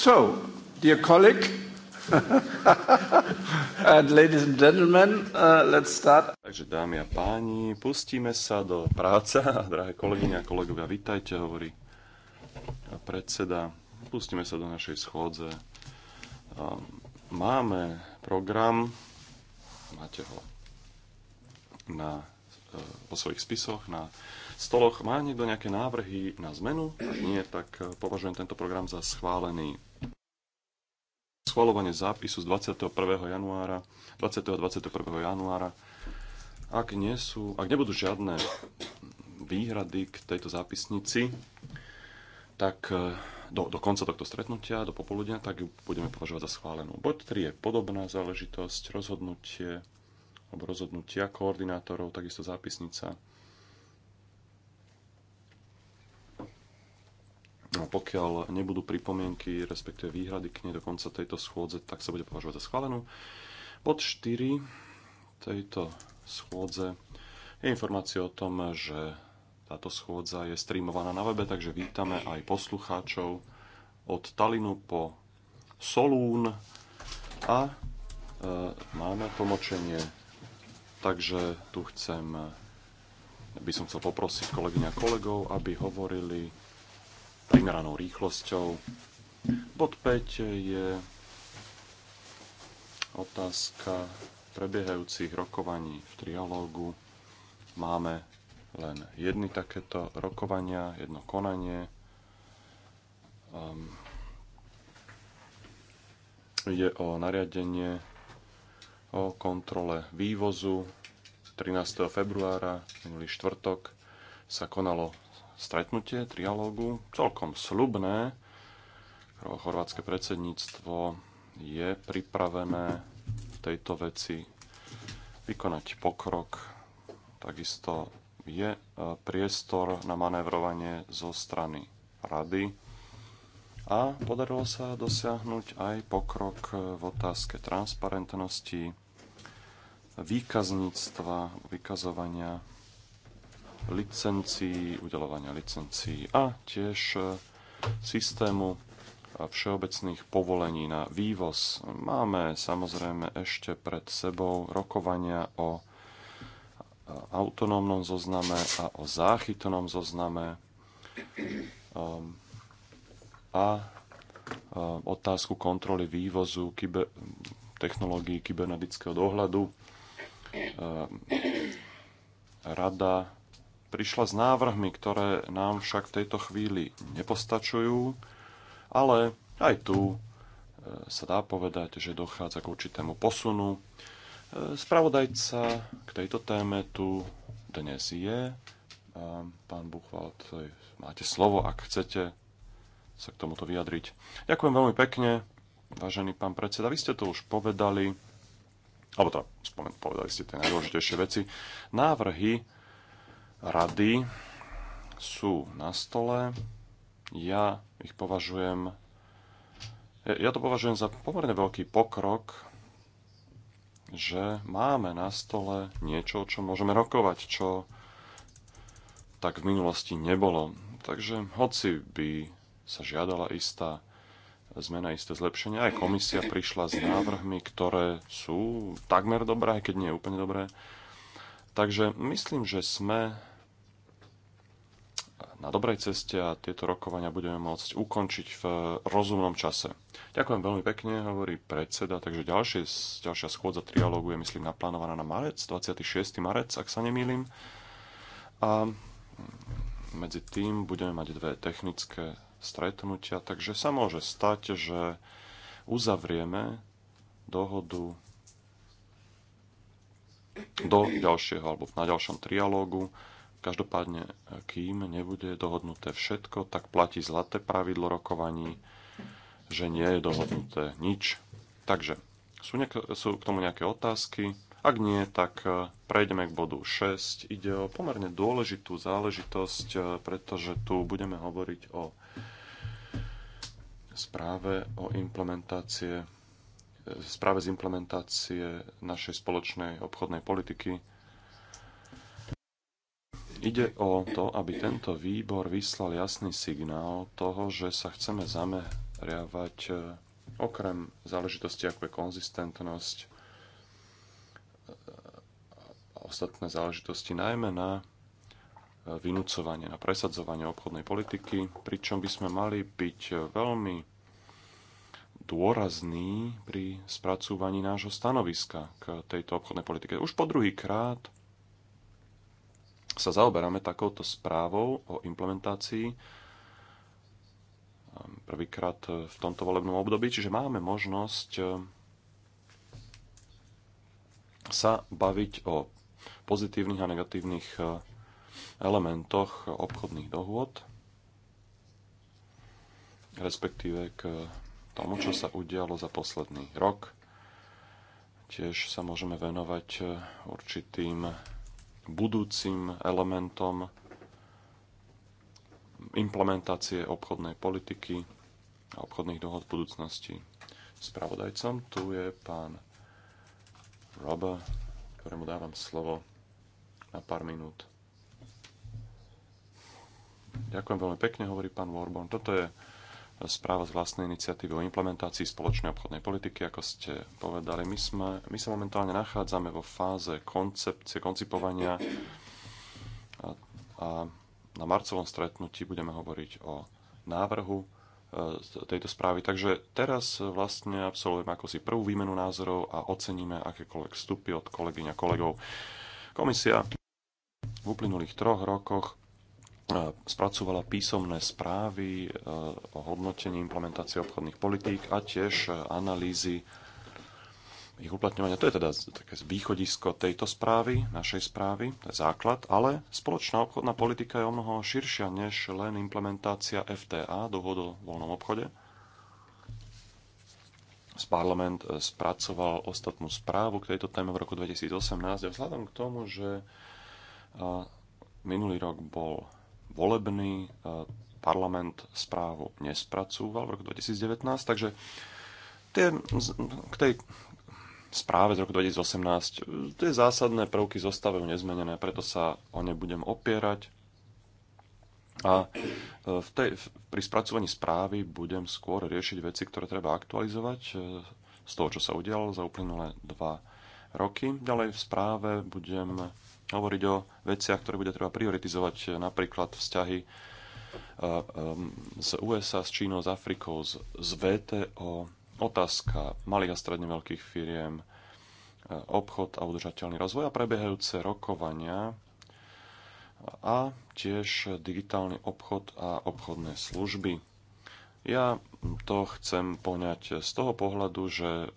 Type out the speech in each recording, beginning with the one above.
So, dear colleague, and ladies and gentlemen, uh, let's start. Takže dámy a páni, pustíme sa do práce. Drahé kolegyne a kolegovia, vitajte, hovorí predseda. Pustíme sa do našej schôdze. Um, máme program, máte ho na, uh, po svojich spisoch na stoloch. Má niekto nejaké návrhy na zmenu? Ak nie, tak uh, považujem tento program za schválený schvalovanie zápisu z 21. januára, 20. a 21. januára. Ak, nie sú, ak nebudú žiadne výhrady k tejto zápisnici, tak e, do, do konca tohto stretnutia, do popoludnia, tak ju budeme považovať za schválenú. Bod 3 je podobná záležitosť, rozhodnutie alebo rozhodnutia koordinátorov, takisto zápisnica Pokiaľ nebudú pripomienky, respektíve výhrady k nej do konca tejto schôdze, tak sa bude považovať za schválenú. Bod 4 tejto schôdze je informácia o tom, že táto schôdza je streamovaná na webe, takže vítame aj poslucháčov od Talinu po Solún a e, máme tlmočenie. Takže tu chcem, by som chcel poprosiť kolegyňa kolegov, aby hovorili primeranou rýchlosťou. Bod 5 je otázka prebiehajúcich rokovaní v trialógu. Máme len jedny takéto rokovania, jedno konanie. Um, ide o nariadenie o kontrole vývozu. 13. februára, minulý štvrtok, sa konalo stretnutie trialógu, celkom slubné. Chorvátske predsedníctvo je pripravené v tejto veci vykonať pokrok. Takisto je e, priestor na manévrovanie zo strany rady a podarilo sa dosiahnuť aj pokrok v otázke transparentnosti, výkazníctva, vykazovania licencií, udelovania licencií a tiež e, systému e, všeobecných povolení na vývoz. Máme samozrejme ešte pred sebou rokovania o e, autonómnom zozname a o záchytnom zozname ehm, a otázku kontroly vývozu kyber, technológií kybernetického dohľadu. Ehm, rada prišla s návrhmi, ktoré nám však v tejto chvíli nepostačujú, ale aj tu e, sa dá povedať, že dochádza k určitému posunu. E, spravodajca k tejto téme tu dnes je. Pán Buchwald, máte slovo, ak chcete sa k tomuto vyjadriť. Ďakujem veľmi pekne, vážený pán predseda. Vy ste to už povedali, alebo teda povedali ste tie najdôležitejšie veci. Návrhy rady sú na stole. Ja ich považujem ja to považujem za pomerne veľký pokrok, že máme na stole niečo, čo môžeme rokovať, čo tak v minulosti nebolo. Takže hoci by sa žiadala istá zmena, isté zlepšenie, aj komisia prišla s návrhmi, ktoré sú takmer dobré, aj keď nie je úplne dobré. Takže myslím, že sme na dobrej ceste a tieto rokovania budeme môcť ukončiť v rozumnom čase. Ďakujem veľmi pekne, hovorí predseda, takže ďalšie, ďalšia schôdza trialógu je, myslím, naplánovaná na marec, 26. marec, ak sa nemýlim. A medzi tým budeme mať dve technické stretnutia, takže sa môže stať, že uzavrieme dohodu do ďalšieho alebo na ďalšom trialógu Každopádne, kým nebude dohodnuté všetko, tak platí zlaté pravidlo rokovaní, že nie je dohodnuté nič. Takže sú, nek- sú k tomu nejaké otázky? Ak nie, tak e, prejdeme k bodu 6. Ide o pomerne dôležitú záležitosť, e, pretože tu budeme hovoriť o správe o implementácie e, správe z implementácie našej spoločnej obchodnej politiky Ide o to, aby tento výbor vyslal jasný signál toho, že sa chceme zameriavať e, okrem záležitosti ako je konzistentnosť e, a ostatné záležitosti najmä na e, vynúcovanie, na presadzovanie obchodnej politiky, pričom by sme mali byť veľmi dôrazní pri spracúvaní nášho stanoviska k tejto obchodnej politike. Už po druhý krát sa zaoberáme takouto správou o implementácii ehm, prvýkrát v tomto volebnom období, čiže máme možnosť ehm, sa baviť o pozitívnych a negatívnych ehm, elementoch obchodných dohôd, respektíve k tomu, čo sa udialo za posledný rok. Tiež sa môžeme venovať určitým budúcim elementom implementácie obchodnej politiky a obchodných dohod v budúcnosti. Spravodajcom tu je pán Roba, ktorému dávam slovo na pár minút. Ďakujem veľmi pekne, hovorí pán Warborn. Toto je správa z vlastnej iniciatívy o implementácii spoločnej obchodnej politiky, ako ste povedali. My, sme, my sa momentálne nachádzame vo fáze koncepcie, koncipovania a, a na marcovom stretnutí budeme hovoriť o návrhu e, tejto správy. Takže teraz vlastne absolvujeme ako si prvú výmenu názorov a oceníme akékoľvek vstupy od kolegyň a kolegov. Komisia v uplynulých troch rokoch spracovala písomné správy e, o hodnotení implementácie obchodných politík a tiež e, analýzy ich uplatňovania. To je teda také východisko tejto správy, našej správy, to je základ, ale spoločná obchodná politika je o mnoho širšia než len implementácia FTA, dohod o voľnom obchode. Parlament e, spracoval ostatnú správu k tejto téme v roku 2018 a vzhľadom k tomu, že minulý rok bol volebný e, parlament správu nespracúval v roku 2019, takže tie, k tej správe z roku 2018 e, tie zásadné prvky zostávajú nezmenené, preto sa o ne budem opierať. A e, v tej, pri spracovaní správy budem skôr riešiť veci, ktoré treba aktualizovať z toho, čo sa udialo za uplynulé dva roky. Ďalej v správe budem hovoriť o veciach, ktoré bude treba prioritizovať, napríklad vzťahy um, z USA, s Čínou, s Afrikou, z VTO, otázka malých a stredne veľkých firiem, obchod a udržateľný rozvoj a prebiehajúce rokovania a tiež digitálny obchod a obchodné služby. Ja to chcem poňať z toho pohľadu, že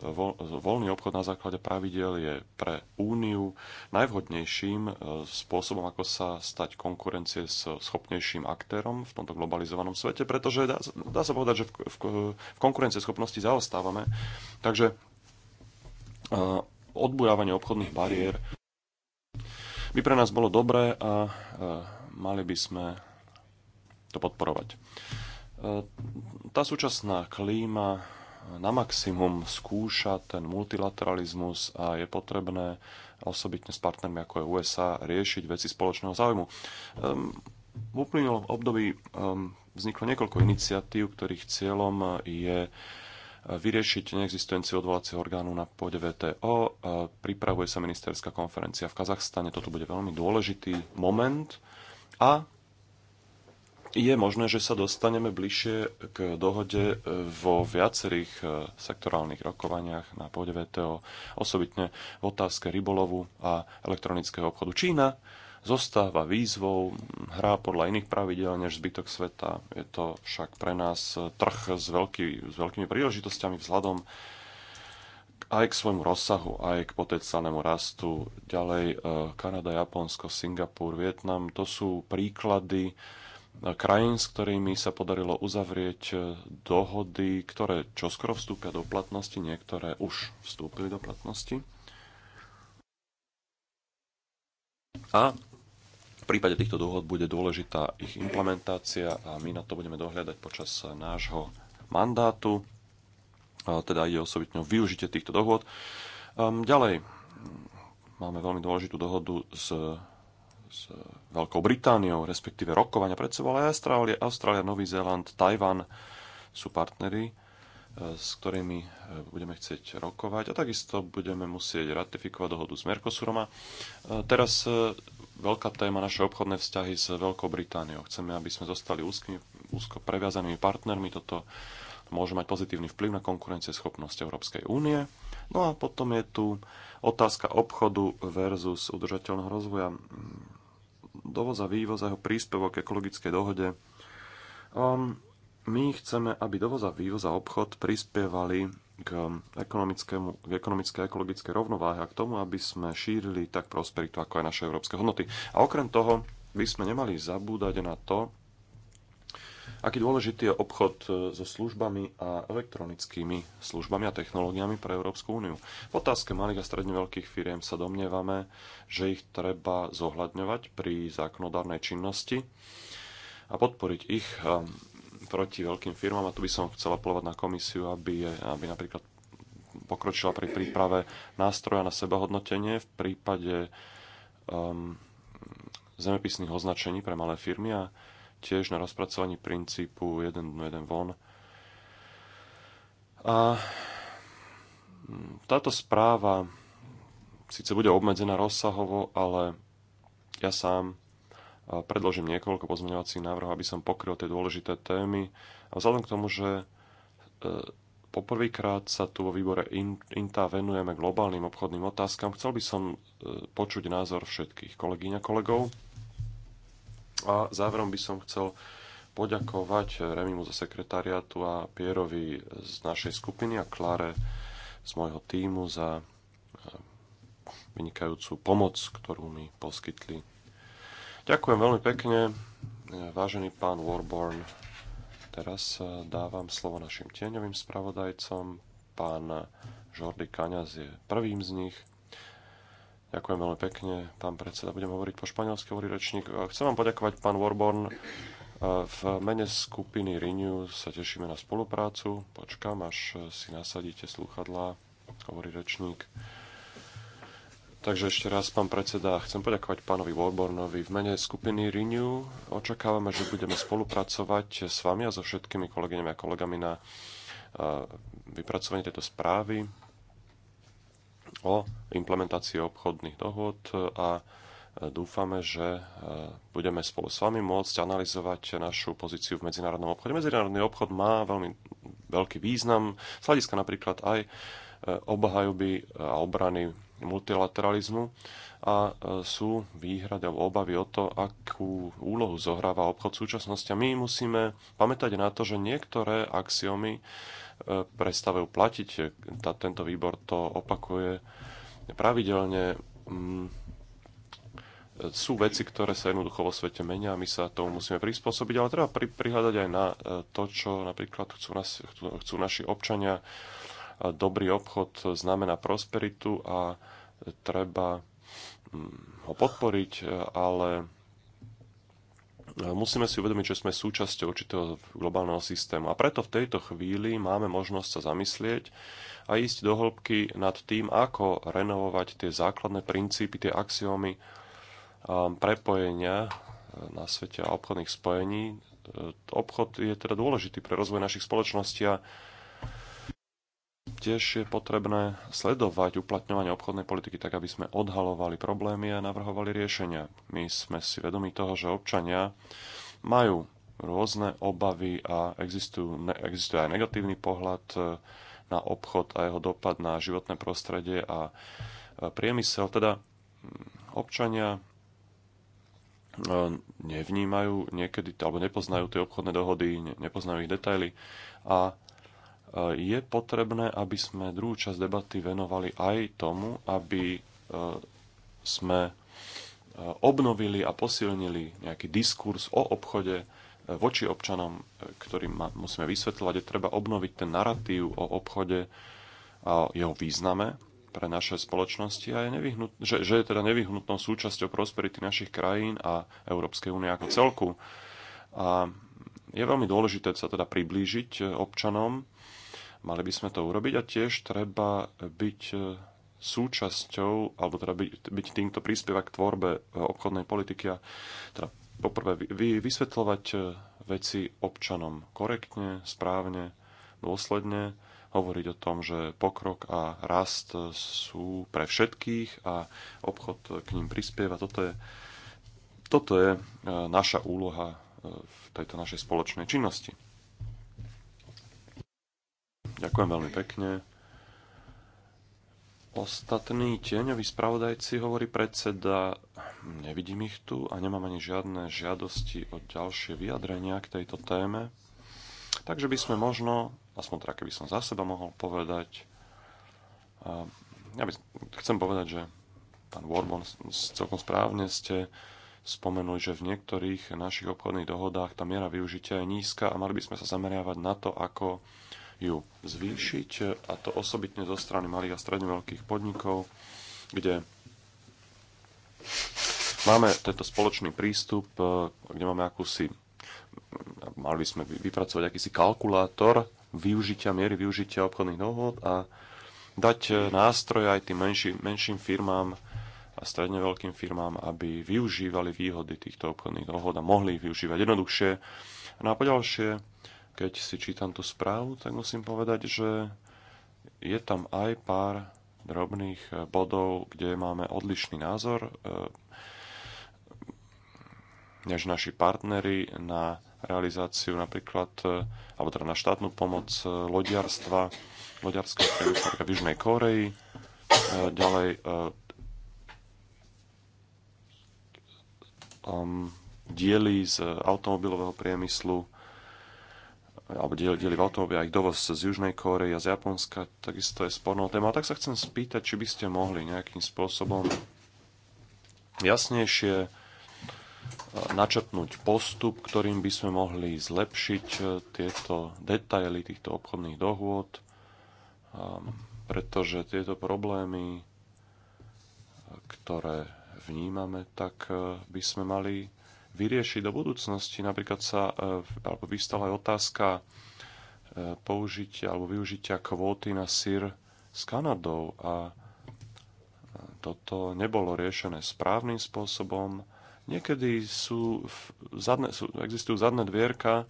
voľný obchod na základe pravidel je pre Úniu najvhodnejším e, spôsobom, ako sa stať konkurencie s schopnejším aktérom v tomto globalizovanom svete, pretože dá, dá sa povedať, že v, v, v konkurencie schopnosti zaostávame. Takže e, odburávanie obchodných bariér by pre nás bolo dobré a e, mali by sme to podporovať. E, tá súčasná klíma na maximum skúša ten multilateralizmus a je potrebné osobitne s partnermi ako je USA riešiť veci spoločného záujmu. V uplynulom období vzniklo niekoľko iniciatív, ktorých cieľom je vyriešiť neexistenciu odvolacieho orgánu na pôde VTO. E, pripravuje sa ministerská konferencia v Kazachstane, toto bude veľmi dôležitý moment. A je možné, že sa dostaneme bližšie k dohode vo viacerých e, sektorálnych rokovaniach na pôde VTO, osobitne v otázke rybolovu a elektronického obchodu. Čína zostáva výzvou, hrá podľa iných pravidel než zbytok sveta. Je to však pre nás e, trh s, veľký, s veľkými príležitosťami vzhľadom aj k svojmu rozsahu, aj k potenciálnemu rastu. Ďalej e, Kanada, Japonsko, Singapur, Vietnam, to sú príklady E, krajín, s ktorými sa podarilo uzavrieť e, dohody, ktoré čoskoro vstúpia do platnosti, niektoré už vstúpili do platnosti. A v prípade týchto dohod bude dôležitá ich implementácia a my na to budeme dohľadať počas nášho mandátu, e, teda ide osobitne o využitie týchto dohod. Ehm, ďalej, máme veľmi dôležitú dohodu s s Veľkou Britániou, respektíve rokovania pred sebou, ale aj Austrália, Austrália Nový Zéland, Tajvan sú partnery, e, s ktorými e, budeme chcieť rokovať a takisto budeme musieť ratifikovať dohodu s Mercosurom. A e, teraz veľká téma naše obchodné vzťahy s Veľkou Britániou. Chceme, aby sme zostali úzky, úzko previazanými partnermi. Toto môže mať pozitívny vplyv na konkurencieschopnosť Európskej únie. No a potom je tu otázka obchodu versus udržateľného rozvoja dovoz a vývoz a jeho príspevok k ekologickej dohode. Um, my chceme, aby dovoz a vývoz a obchod prispievali k, ekonomickému, k ekonomické a ekologické rovnováhe a k tomu, aby sme šírili tak prosperitu, ako aj naše európske hodnoty. A okrem toho by sme nemali zabúdať na to, aký dôležitý je obchod e, so službami a elektronickými službami a technológiami pre Európsku úniu. V otázke malých a stredne veľkých firiem sa domnievame, že ich treba zohľadňovať pri zákonodárnej činnosti a podporiť ich e, proti veľkým firmám. A tu by som chcela plovať na komisiu, aby, aby napríklad pokročila pri príprave nástroja na sebahodnotenie v prípade um, zemepisných označení pre malé firmy a tiež na rozpracovaní princípu jeden dnu, jeden von. A táto správa síce bude obmedzená rozsahovo, ale ja sám predložím niekoľko pozmeňovacích návrhov, aby som pokryl tie dôležité témy. A vzhľadom k tomu, že e, poprvýkrát sa tu vo výbore INTA venujeme globálnym obchodným otázkam, chcel by som e, počuť názor všetkých kolegyň a kolegov. A záverom by som chcel poďakovať Remimu za sekretariátu a Pierovi z našej skupiny a Klare z môjho týmu za eh, vynikajúcu pomoc, ktorú mi poskytli. Ďakujem veľmi pekne, eh, vážený pán Warborn. Teraz eh, dávam slovo našim tieňovým spravodajcom. Pán Jordi Kaňaz je prvým z nich. Ďakujem veľmi pekne, pán predseda. Budem hovoriť po španielsky, hovorí rečník. E, chcem vám poďakovať, pán Warborn. E, v mene skupiny Renew sa tešíme na spoluprácu. Počkám, až e, si nasadíte slúchadlá, hovorí rečník. Takže ešte raz, pán predseda, chcem poďakovať pánovi Warbornovi. V mene skupiny Renew očakávame, že budeme spolupracovať s vami a so všetkými kolegyňami a kolegami na vypracovanie tejto správy o implementácii obchodných dohod a e, dúfame, že e, budeme spolu s vami môcť analyzovať našu pozíciu v medzinárodnom obchode. Medzinárodný obchod má veľmi veľký význam z hľadiska napríklad aj e, obhajoby a obrany multilateralizmu a sú výhrady alebo obavy o to, akú úlohu zohráva obchod v súčasnosti. A my musíme pamätať na to, že niektoré axiomy prestávajú platiť. Tá, tento výbor to opakuje pravidelne. Mm. Sú veci, ktoré sa jednoducho vo svete menia a my sa tomu musíme prispôsobiť, ale treba pri, prihľadať aj na e, to, čo napríklad chcú, nas, chcú, chcú naši občania. E, dobrý obchod znamená prosperitu a treba mm, ho podporiť, e, ale E, musíme si uvedomiť, že sme súčasťou určitého globálneho systému. A preto v tejto chvíli máme možnosť sa zamyslieť a ísť do hĺbky nad tým, ako renovovať tie základné princípy, tie axiómy e, prepojenia e, na svete a obchodných spojení. Obchod je teda dôležitý pre rozvoj našich spoločností a Tiež je potrebné sledovať uplatňovanie obchodnej politiky tak, aby sme odhalovali problémy a navrhovali riešenia. My sme si vedomi toho, že občania majú rôzne obavy a existujú, ne, existuje aj negatívny pohľad e, na obchod a jeho dopad na životné prostredie a e, priemysel. Teda mm, občania e, nevnímajú niekedy, alebo nepoznajú tie obchodné dohody, nepoznajú ich detaily a E, je potrebné, aby sme druhú časť debaty venovali aj tomu, aby e, sme e, obnovili a posilnili nejaký diskurs o obchode voči občanom, ktorým musíme vysvetľovať, je treba obnoviť ten narratív o obchode a jeho význame pre naše spoločnosti a je nevyhnut, že, že je teda nevyhnutnou súčasťou prosperity našich krajín a Európskej únie ako celku. A je veľmi dôležité sa teda priblížiť občanom Mali by sme to urobiť a tiež treba byť e, súčasťou, alebo teda byť, byť týmto príspevok k tvorbe e, obchodnej politiky a teda poprvé vy, vysvetľovať e, veci občanom korektne, správne, dôsledne, hovoriť o tom, že pokrok a rast sú pre všetkých a obchod k ním prispieva. Toto je, toto je naša úloha v tejto našej spoločnej činnosti. Ďakujem veľmi pekne. Ostatní tieňoví spravodajci, hovorí predseda, nevidím ich tu a nemám ani žiadne žiadosti o ďalšie vyjadrenia k tejto téme. Takže by sme možno, aspoň teda keby som za seba mohol povedať, ja by, chcem povedať, že pán Warbon, celkom správne ste spomenuli, že v niektorých našich obchodných dohodách tá miera využitia je nízka a mali by sme sa zameriavať na to, ako ju zvýšiť, e, a to osobitne zo strany malých a stredne veľkých podnikov, kde máme tento spoločný prístup, e, kde máme akúsi, mali by sme vypracovať akýsi kalkulátor využitia, miery využitia obchodných dohod a dať e, nástroje aj tým menší, menším firmám a stredne veľkým firmám, aby využívali výhody týchto obchodných dohod a mohli ich využívať jednoduchšie. No a poďalšie, keď si čítam tú správu, tak musím povedať, že je tam aj pár drobných bodov, kde máme odlišný názor eh, než naši partnery na realizáciu napríklad, eh, alebo teda na štátnu pomoc eh, lodiarstva, lodiarského priemyslu v Južnej Koreji. Ďalej um, diely z automobilového priemyslu alebo dieli v automobily aj dovoz z Južnej Kórey a z Japonska takisto je spornou téma. Tak sa chcem spýtať, či by ste mohli nejakým spôsobom jasnejšie e, načrtnúť postup, ktorým by sme mohli zlepšiť e, tieto detaily týchto obchodných dohôd, e, pretože tieto problémy, ktoré vnímame, tak by sme mali vyriešiť do budúcnosti. Napríklad sa e, alebo vystala aj otázka e, použitia alebo využitia kvóty na sír s Kanadou a e, toto nebolo riešené správnym spôsobom. Niekedy sú, zadne, sú existujú zadné dvierka,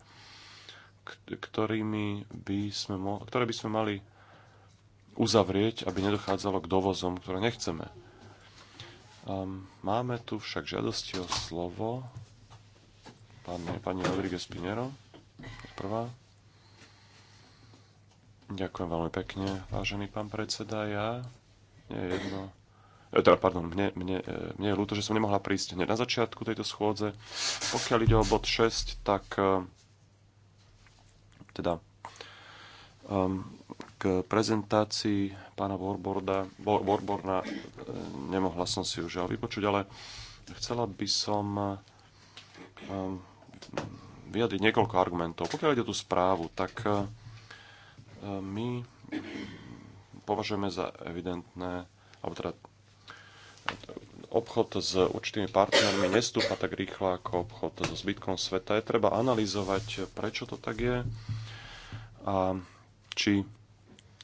ktorými by sme mo- ktoré by sme mali uzavrieť, aby nedochádzalo k dovozom, ktoré nechceme. Um, máme tu však žiadosti o slovo pani Rodríguez Pinero, prvá. Ďakujem veľmi pekne, vážený pán predseda. Ja, nie je jedno, e, teda, pardon, mne, mne, e, mne je ľúto, že som nemohla prísť hneď na začiatku tejto schôdze. Pokiaľ ide o bod 6, tak e, teda um, k prezentácii pána Warborda, Warborna nemohla som si už vypočuť, ale chcela by som um, vyjadriť niekoľko argumentov. Pokiaľ ide o tú správu, tak e, e, my považujeme za evidentné, alebo teda obchod s určitými partnermi nestúpa tak rýchlo ako obchod so zbytkom sveta. Je treba analyzovať, prečo to tak je a či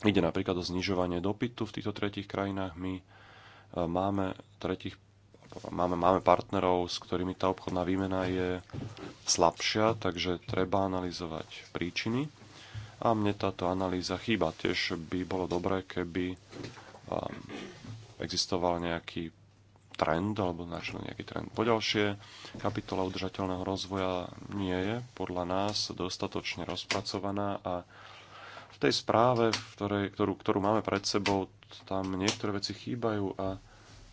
ide napríklad o znižovanie dopytu v týchto tretich krajinách. My e, máme tretich máme, máme partnerov, s ktorými tá obchodná výmena je slabšia, takže treba analyzovať príčiny. A mne táto analýza chýba. Tiež by bolo dobré, keby um, existoval nejaký trend, alebo našiel nejaký trend. Poďalšie, kapitola udržateľného rozvoja nie je podľa nás dostatočne rozpracovaná a v tej správe, v ktorej, ktorú, ktorú máme pred sebou, tam niektoré veci chýbajú a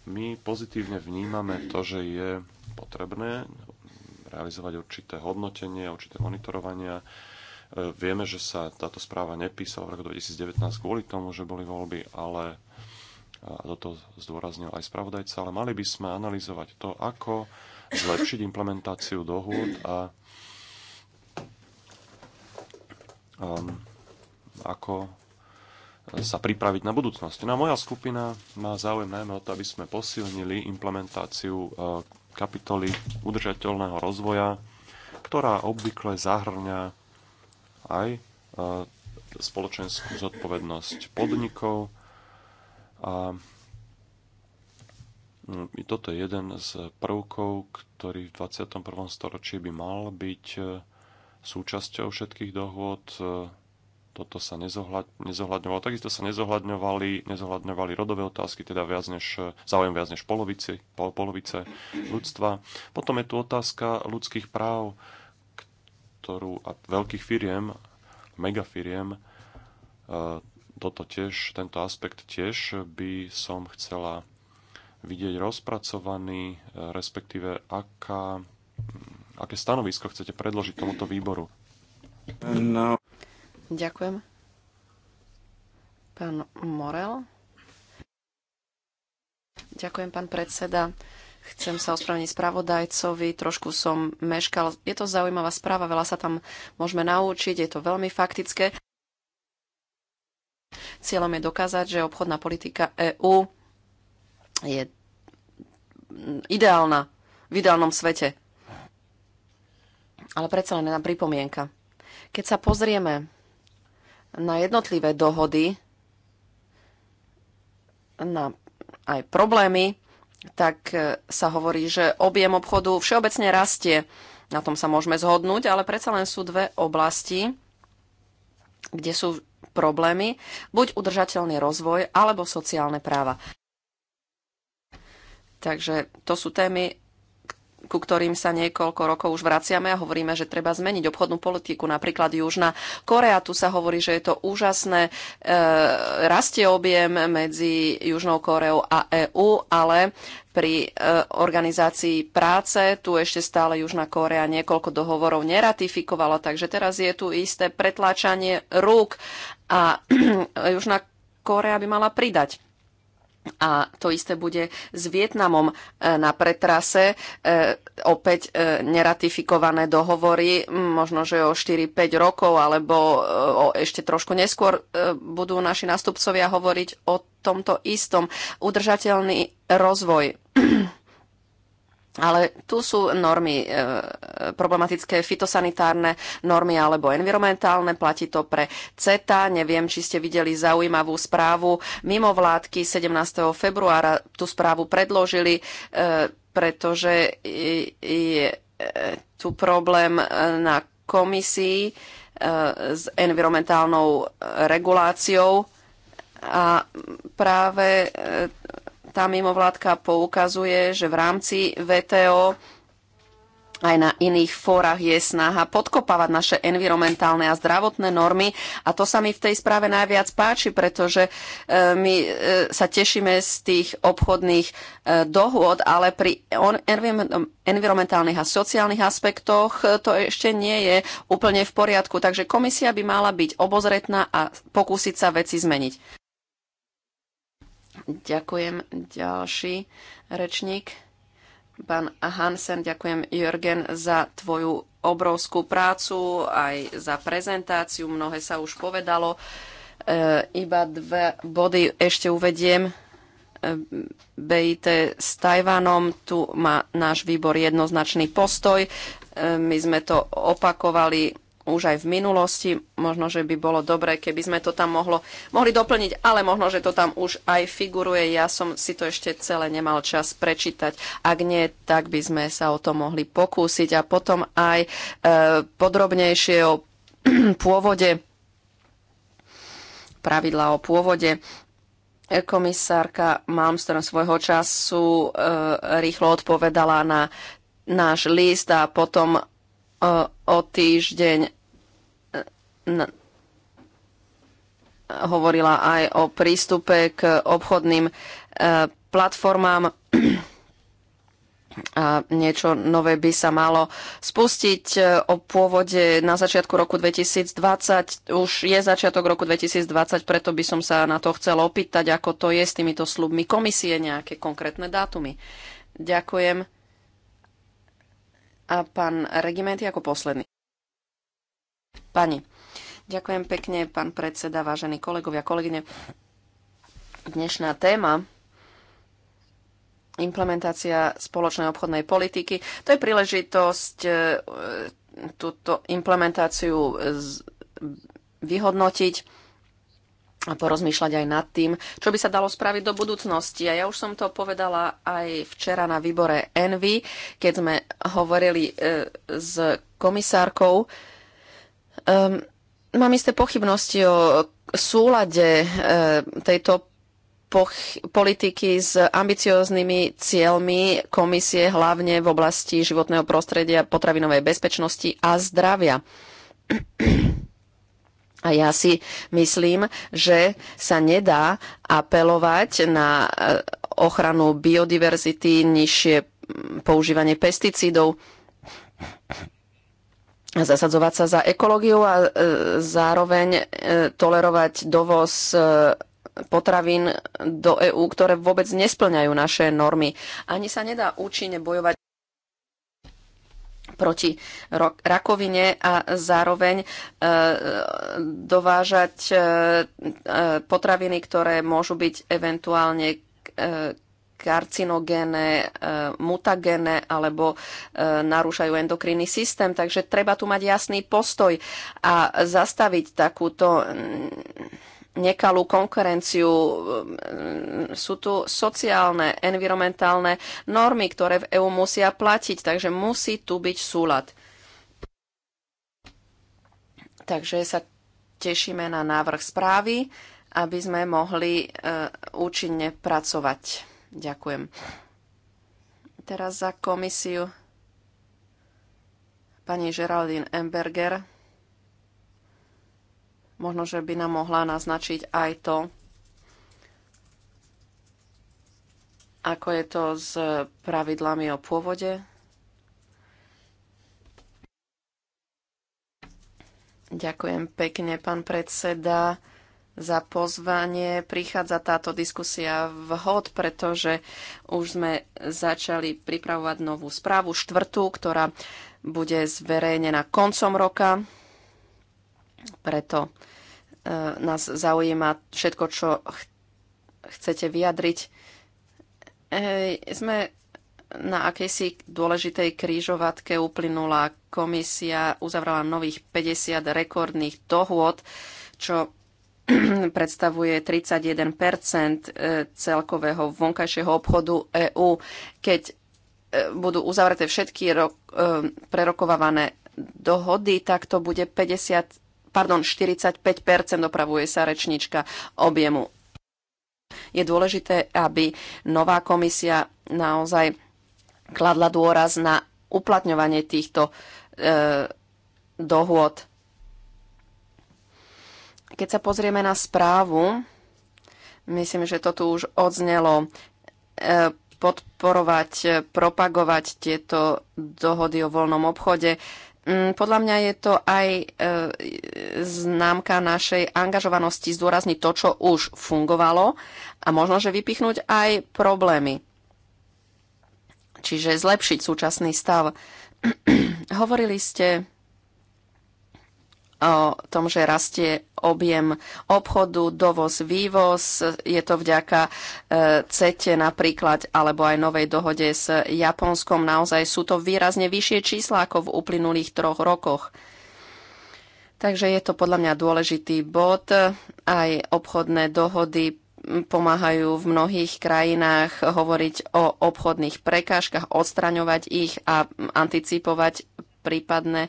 my pozitívne vnímame to, že je potrebné realizovať určité hodnotenie, určité monitorovania. E, vieme, že sa táto správa nepísala v roku 2019 kvôli tomu, že boli voľby, ale a toto zdôraznil aj spravodajca, ale mali by sme analyzovať to, ako zlepšiť implementáciu dohôd a um, ako sa pripraviť na budúcnosť. No a moja skupina má záujem najmä o to, aby sme posilnili implementáciu e, kapitoly udržateľného rozvoja, ktorá obvykle zahrňa aj e, spoločenskú zodpovednosť podnikov. A mm, toto je jeden z prvkov, ktorý v 21. storočí by mal byť e, súčasťou všetkých dohôd toto sa nezohľadňovalo. Takisto sa nezohľadňovali, nezohľadňovali rodové otázky, teda viac než, záujem viac než polovici, pol, polovice ľudstva. Potom je tu otázka ľudských práv, ktorú a veľkých firiem, megafiriem, e, toto tiež, tento aspekt tiež by som chcela vidieť rozpracovaný, e, respektíve aká, aké stanovisko chcete predložiť tomuto výboru. No. Ďakujem. Pán Morel. Ďakujem, pán predseda. Chcem sa ospravedlniť spravodajcovi, trošku som meškal. Je to zaujímavá správa, veľa sa tam môžeme naučiť, je to veľmi faktické. Cieľom je dokázať, že obchodná politika EÚ je ideálna v ideálnom svete. Ale predsa len jedna pripomienka. Keď sa pozrieme na jednotlivé dohody, na aj problémy, tak e, sa hovorí, že objem obchodu všeobecne rastie. Na tom sa môžeme zhodnúť, ale predsa len sú dve oblasti, kde sú problémy, buď udržateľný rozvoj alebo sociálne práva. Takže to sú témy, ku ktorým sa niekoľko rokov už vraciame a hovoríme, že treba zmeniť obchodnú politiku. Napríklad Južná Korea, tu sa hovorí, že je to úžasné, e, rastie objem medzi Južnou Koreou a EÚ, ale pri e, organizácii práce tu ešte stále Južná Korea niekoľko dohovorov neratifikovala, takže teraz je tu isté pretláčanie rúk a Južná Korea by mala pridať. A to isté bude s Vietnamom e, na pretrase. E, opäť e, neratifikované dohovory, možno, že o 4-5 rokov alebo o ešte trošku neskôr budú naši nástupcovia hovoriť o tomto istom. Udržateľný rozvoj ale tu sú normy, e, problematické fitosanitárne normy alebo environmentálne, platí to pre CETA. Neviem, či ste videli zaujímavú správu mimo vládky 17. februára. Tú správu predložili, e, pretože je, je tu problém e, na komisii e, s environmentálnou reguláciou a práve e, tá mimovládka poukazuje, že v rámci VTO aj na iných fórach je snaha podkopávať naše environmentálne a zdravotné normy. A to sa mi v tej správe najviac páči, pretože e, my e, sa tešíme z tých obchodných e, dohôd, ale pri environmentálnych a sociálnych aspektoch to ešte nie je úplne v poriadku. Takže komisia by mala byť obozretná a pokúsiť sa veci zmeniť. Ďakujem ďalší rečník. Pán Hansen, ďakujem Jörgen za tvoju obrovskú prácu, aj za prezentáciu. Mnohé sa už povedalo. E, iba dve body ešte uvediem. E, BIT s Tajvanom, tu má náš výbor jednoznačný postoj. E, my sme to opakovali už aj v minulosti. Možno, že by bolo dobré, keby sme to tam mohlo, mohli doplniť, ale možno, že to tam už aj figuruje. Ja som si to ešte celé nemal čas prečítať. Ak nie, tak by sme sa o to mohli pokúsiť a potom aj e, podrobnejšie o pôvode, pravidla o pôvode. Komisárka Malmström svojho času e, rýchlo odpovedala na náš list a potom o týždeň e, hovorila aj o prístupe k obchodným e, platformám. A niečo nové by sa malo spustiť e, o pôvode na začiatku roku 2020. Už je začiatok roku 2020, preto by som sa na to chcel opýtať, ako to je s týmito slubmi komisie, nejaké konkrétne dátumy. Ďakujem a pán Regimenty ako posledný. Pani, ďakujem pekne, pán predseda, vážení kolegovia, kolegyne. Dnešná téma implementácia spoločnej obchodnej politiky. To je príležitosť e, e, túto implementáciu vyhodnotiť porozmýšľať aj nad tým, čo by sa dalo spraviť do budúcnosti. A ja už som to povedala aj včera na výbore Envy, keď sme hovorili e, s komisárkou. Um, mám isté pochybnosti o súlade e, tejto politiky s ambicióznymi cieľmi komisie, hlavne v oblasti životného prostredia, potravinovej bezpečnosti a zdravia. A ja si myslím, že sa nedá apelovať na eh, ochranu biodiverzity, nižšie používanie pesticídov zasadzovať sa za ekológiu a eh, zároveň eh, tolerovať dovoz potravín do EÚ, ktoré vôbec nesplňajú naše normy. Ani sa nedá účinne bojovať proti rakovine a zároveň e, dovážať e, e, potraviny, ktoré môžu byť eventuálne karcinogéne, mutagéne alebo narúšajú endokrinný systém. Takže treba tu mať jasný postoj a zastaviť takúto nekalú konkurenciu. Sú tu sociálne, environmentálne normy, ktoré v EÚ musia platiť, takže musí tu byť súlad. Takže sa tešíme na návrh správy, aby sme mohli e, účinne pracovať. Ďakujem. Teraz za komisiu pani Geraldine Emberger. Možno, že by nám mohla naznačiť aj to, ako je to s pravidlami o pôvode. Ďakujem pekne, pán predseda, za pozvanie. Prichádza táto diskusia vhod, pretože už sme začali pripravovať novú správu, štvrtú, ktorá bude zverejnená koncom roka. Preto e, nás zaujíma všetko, čo ch chcete vyjadriť. E, sme na akejsi dôležitej krížovatke uplynula komisia, uzavrala nových 50 rekordných dohôd, čo predstavuje 31 e, celkového vonkajšieho obchodu EÚ. Keď e, budú uzavreté všetky prerokovávané dohody, tak to bude 50 pardon, 45 opravuje sa rečnička objemu. Je dôležité, aby nová komisia naozaj kladla dôraz na uplatňovanie týchto e, dohôd. Keď sa pozrieme na správu, myslím, že to tu už odznelo, e, podporovať, propagovať tieto dohody o voľnom obchode Mm, podľa mňa je to aj e, známka našej angažovanosti zdôrazniť to, čo už fungovalo a možno, že vypichnúť aj problémy. Čiže zlepšiť súčasný stav. Hovorili ste o tom, že rastie objem obchodu, dovoz, vývoz. Je to vďaka e, CETE napríklad, alebo aj novej dohode s Japonskom. Naozaj sú to výrazne vyššie čísla ako v uplynulých troch rokoch. Takže je to podľa mňa dôležitý bod. Aj obchodné dohody pomáhajú v mnohých krajinách hovoriť o obchodných prekážkach, odstraňovať ich a anticipovať prípadné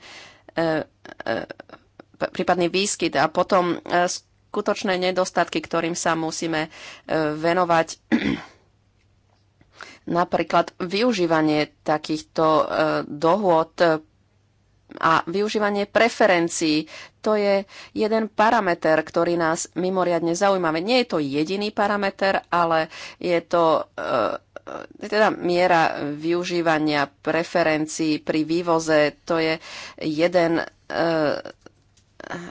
e, e, prípadný výskyt a potom e, skutočné nedostatky, ktorým sa musíme e, venovať. Napríklad využívanie takýchto e, dohôd a využívanie preferencií, to je jeden parameter, ktorý nás mimoriadne zaujíma. Nie je to jediný parameter, ale je to e, teda miera využívania preferencií pri vývoze, to je jeden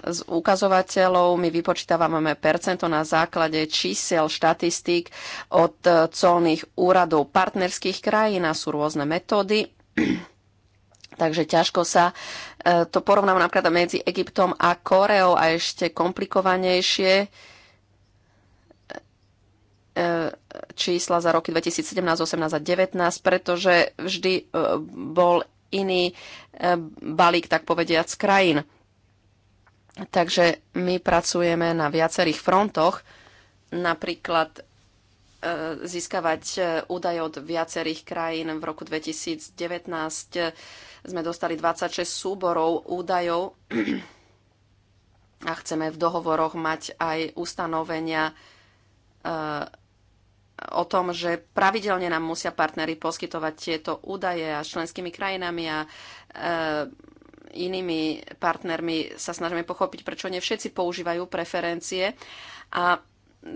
z ukazovateľov. My vypočítavame percento na základe čísel, štatistík od colných úradov partnerských krajín a sú rôzne metódy. Takže ťažko sa e, to porovnáva napríklad medzi Egyptom a Koreou a ešte komplikovanejšie e, čísla za roky 2017, 18 a 19, pretože vždy e, bol iný balík, tak povediať, z krajín. Takže my pracujeme na viacerých frontoch, napríklad e, získavať e, údaje od viacerých krajín. V roku 2019 e, sme dostali 26 súborov údajov a chceme v dohovoroch mať aj ustanovenia o tom, že pravidelne nám musia partnery poskytovať tieto údaje a členskými krajinami a inými partnermi sa snažíme pochopiť, prečo nie všetci používajú preferencie. A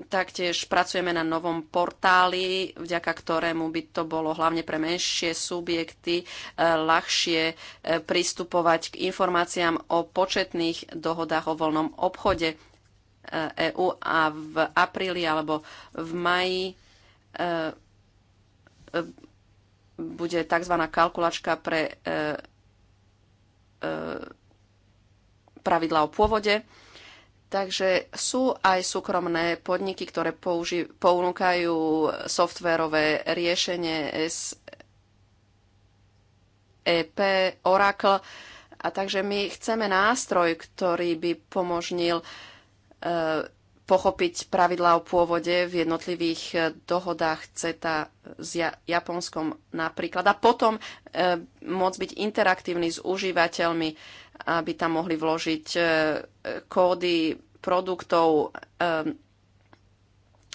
taktiež pracujeme na novom portáli, vďaka ktorému by to bolo hlavne pre menšie subjekty e, ľahšie e, pristupovať k informáciám o početných dohodách o voľnom obchode EÚ e a v apríli alebo v maji bude tzv. kalkulačka pre E, pravidla o pôvode. Takže sú aj súkromné podniky, ktoré použi- ponúkajú softvérové riešenie SEP, Oracle. A takže my chceme nástroj, ktorý by pomožnil e, pochopiť pravidlá o pôvode v jednotlivých eh, dohodách CETA s Japonskom napríklad. A potom e, môcť byť interaktívny s užívateľmi, aby tam mohli vložiť e, kódy produktov e,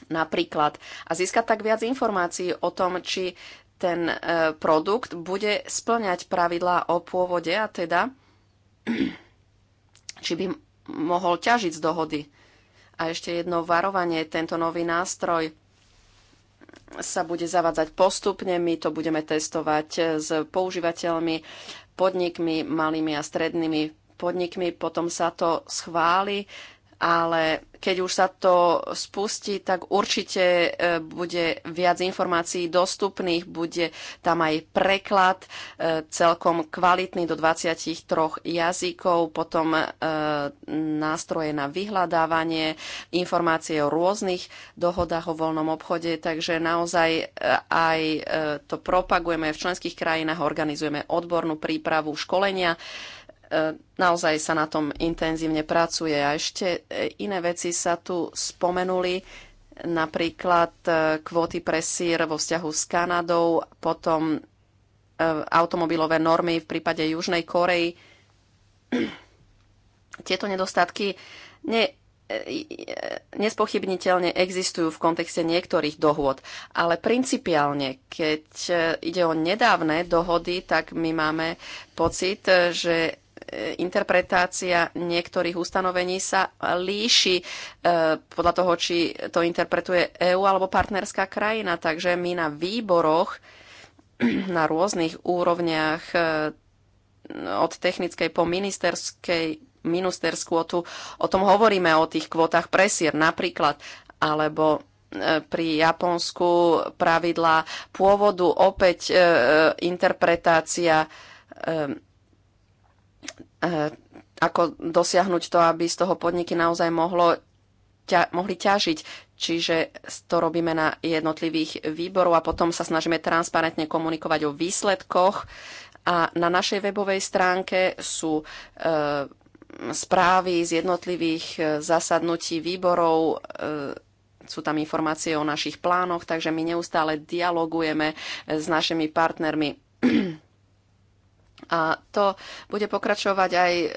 napríklad. A získať tak viac informácií o tom, či ten e, produkt bude splňať pravidlá o pôvode a teda či by mohol ťažiť z dohody. A ešte jedno varovanie, tento nový nástroj sa bude zavádzať postupne, my to budeme testovať s používateľmi, podnikmi, malými a strednými podnikmi, potom sa to schváli ale keď už sa to spustí, tak určite e, bude viac informácií dostupných, bude tam aj preklad e, celkom kvalitný do 23 jazykov, potom e, nástroje na vyhľadávanie, informácie o rôznych dohodách o voľnom obchode, takže naozaj aj to propagujeme v členských krajinách, organizujeme odbornú prípravu, školenia E, naozaj sa na tom intenzívne pracuje. A ešte e, iné veci sa tu spomenuli, napríklad e, kvóty pre sír vo vzťahu s Kanadou, potom automobilové normy v prípade Južnej Korei. Tieto nedostatky ne, nespochybniteľne existujú v kontexte niektorých dohôd, ale principiálne, keď ide o nedávne dohody, tak my máme pocit, že interpretácia niektorých ustanovení sa líši e, podľa toho, či to interpretuje EÚ alebo partnerská krajina. Takže my na výboroch na rôznych úrovniach e, od technickej po ministerskej ministerskú o, tu, o tom hovoríme, o tých kvotách presier napríklad, alebo e, pri Japonsku pravidlá pôvodu opäť e, interpretácia e, Eh, ako dosiahnuť to, aby z toho podniky naozaj mohlo, ťa, mohli ťažiť. Čiže to robíme na jednotlivých výborov a potom sa snažíme transparentne komunikovať o výsledkoch. A na našej webovej stránke sú e, správy z jednotlivých eh, zasadnutí výborov. E, sú tam informácie o našich plánoch, takže my neustále dialogujeme s našimi partnermi A to bude pokračovať aj e,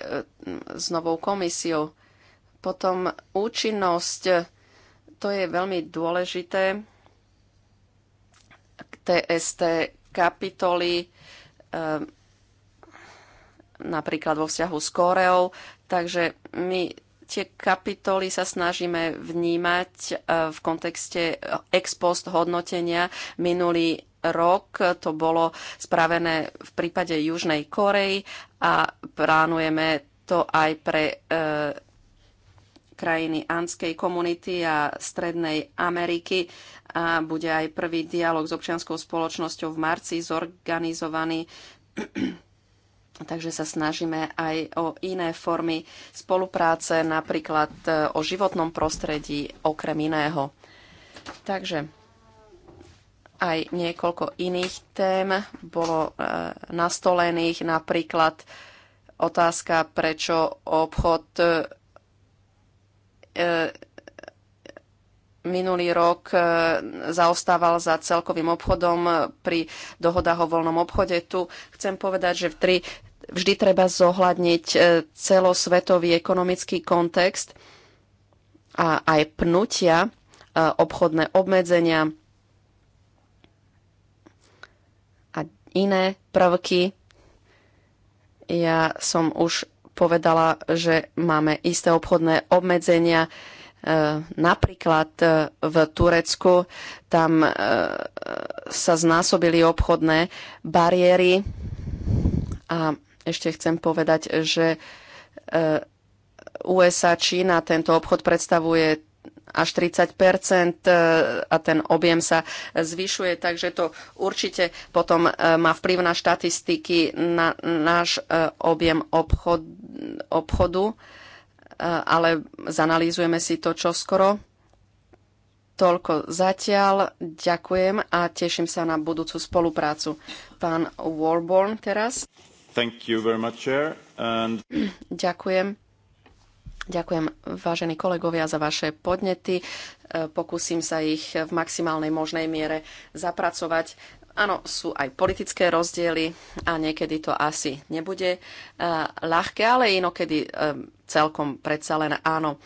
s novou komisiou. Potom účinnosť, to je veľmi dôležité. TST kapitoly, e, napríklad vo vzťahu s Koreou. Takže my tie kapitoly sa snažíme vnímať e, v kontexte ex post hodnotenia. Minulý rok. To bolo spravené v prípade Južnej Korei a plánujeme to aj pre e, krajiny Anskej komunity a Strednej Ameriky a bude aj prvý dialog s občianskou spoločnosťou v marci zorganizovaný. Takže sa snažíme aj o iné formy spolupráce, napríklad e, o životnom prostredí okrem iného. Takže aj niekoľko iných tém bolo e, nastolených, napríklad otázka, prečo obchod e, e, minulý rok zaostával za celkovým obchodom pri dohodách o voľnom obchode. Tu chcem povedať, že v tri, vždy treba zohľadniť celosvetový ekonomický kontext a aj pnutia, obchodné obmedzenia, iné prvky. Ja som už povedala, že máme isté obchodné obmedzenia. E, napríklad e, v Turecku tam e, sa znásobili obchodné bariéry a ešte chcem povedať, že USA Čína tento obchod predstavuje až 30 e, a ten objem sa zvyšuje, takže to určite potom e, má vplyv na štatistiky, na náš e, objem obchod, obchodu, ale zanalýzujeme si to čoskoro. Toľko zatiaľ, ďakujem a teším sa na budúcu spoluprácu. Pán Warborn teraz. Thank you very much, Chair. And... Ďakujem. Ďakujem, vážení kolegovia, za vaše podnety. E, pokúsim sa ich v maximálnej možnej miere zapracovať. Áno, sú aj politické rozdiely a niekedy to asi nebude e, ľahké, ale inokedy e, celkom predsa len áno.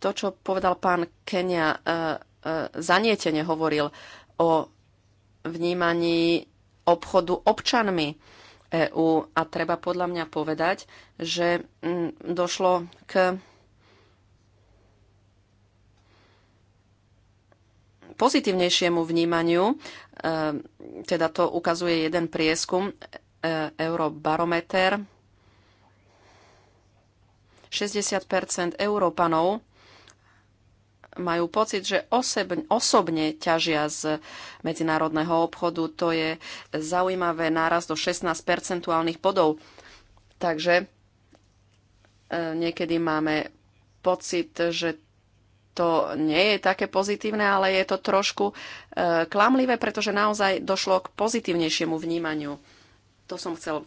To, čo povedal pán Kenia, zanietene hovoril o vnímaní obchodu občanmi EÚ. A treba podľa mňa povedať, že mm, došlo k pozitívnejšiemu vnímaniu, e, teda to ukazuje jeden prieskum, e, Eurobarometer, 60 Európanov majú pocit, že osobne, osobne ťažia z medzinárodného obchodu. To je zaujímavé náraz do 16 percentuálnych bodov. Takže e, niekedy máme pocit, že to nie je také pozitívne, ale je to trošku e, klamlivé, pretože naozaj došlo k pozitívnejšiemu vnímaniu. To som chcel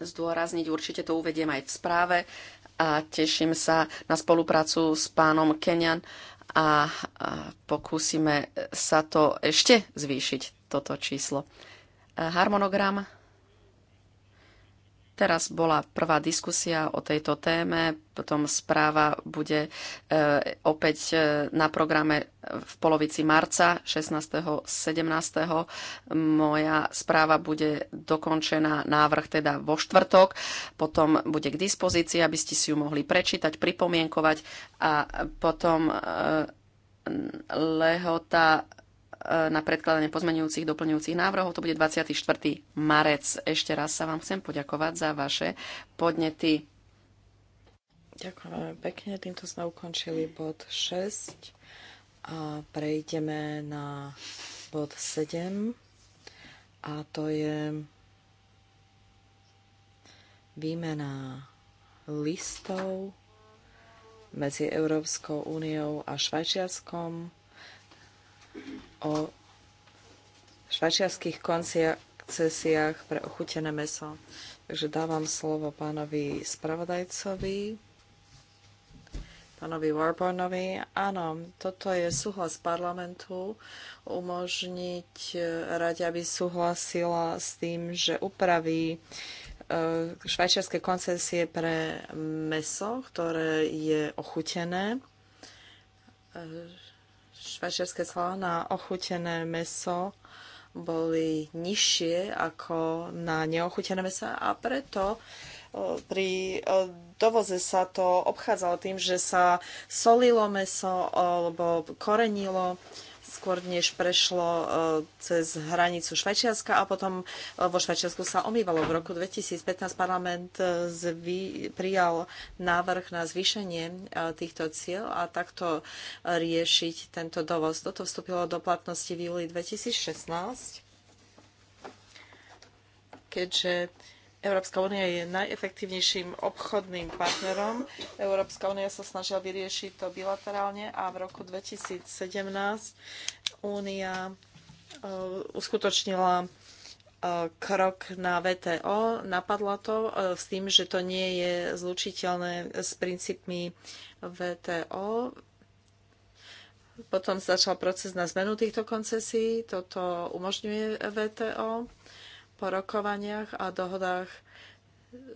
zdôrazniť, určite to uvediem aj v správe. E, a teším sa na spoluprácu s pánom Kenian a pokúsime sa to ešte zvýšiť, toto číslo. Harmonogram Teraz bola prvá diskusia o tejto téme, potom správa bude e, opäť e, na programe v polovici marca 16. 17. Moja správa bude dokončená, návrh teda vo štvrtok, potom bude k dispozícii, aby ste si ju mohli prečítať, pripomienkovať a potom e, lehota na predkladanie pozmenujúcich, doplňujúcich návrhov. To bude 24. marec. Ešte raz sa vám chcem poďakovať za vaše podnety. Ďakujem pekne. Týmto sme ukončili bod 6 a prejdeme na bod 7 a to je výmena listov medzi Európskou úniou a Švajčiarskom o švajčiarských koncesiách pre ochutené meso. Takže dávam slovo pánovi spravodajcovi, pánovi Warbornovi. Áno, toto je súhlas parlamentu umožniť e, rade, aby súhlasila s tým, že upraví e, švajčiarske koncesie pre meso, ktoré je ochutené e, švajčiarske slá na ochutené meso boli nižšie ako na neochutené mesa a preto pri dovoze sa to obchádzalo tým, že sa solilo meso alebo korenilo skôr než prešlo e, cez hranicu Švajčiarska a potom e, vo Švajčiarsku sa omývalo. V roku 2015 parlament e, zvý, prijal návrh na zvýšenie týchto cieľ a takto riešiť tento dovoz. Toto vstúpilo do platnosti v júli 2016 keďže Európska únia je najefektívnejším obchodným partnerom. Európska únia sa snažila vyriešiť to bilaterálne a v roku 2017 únia e, uskutočnila e, krok na VTO, napadla to e, s tým, že to nie je zlučiteľné s princípmi VTO. Potom začal proces na zmenu týchto koncesí, toto umožňuje VTO po rokovaniach a dohodách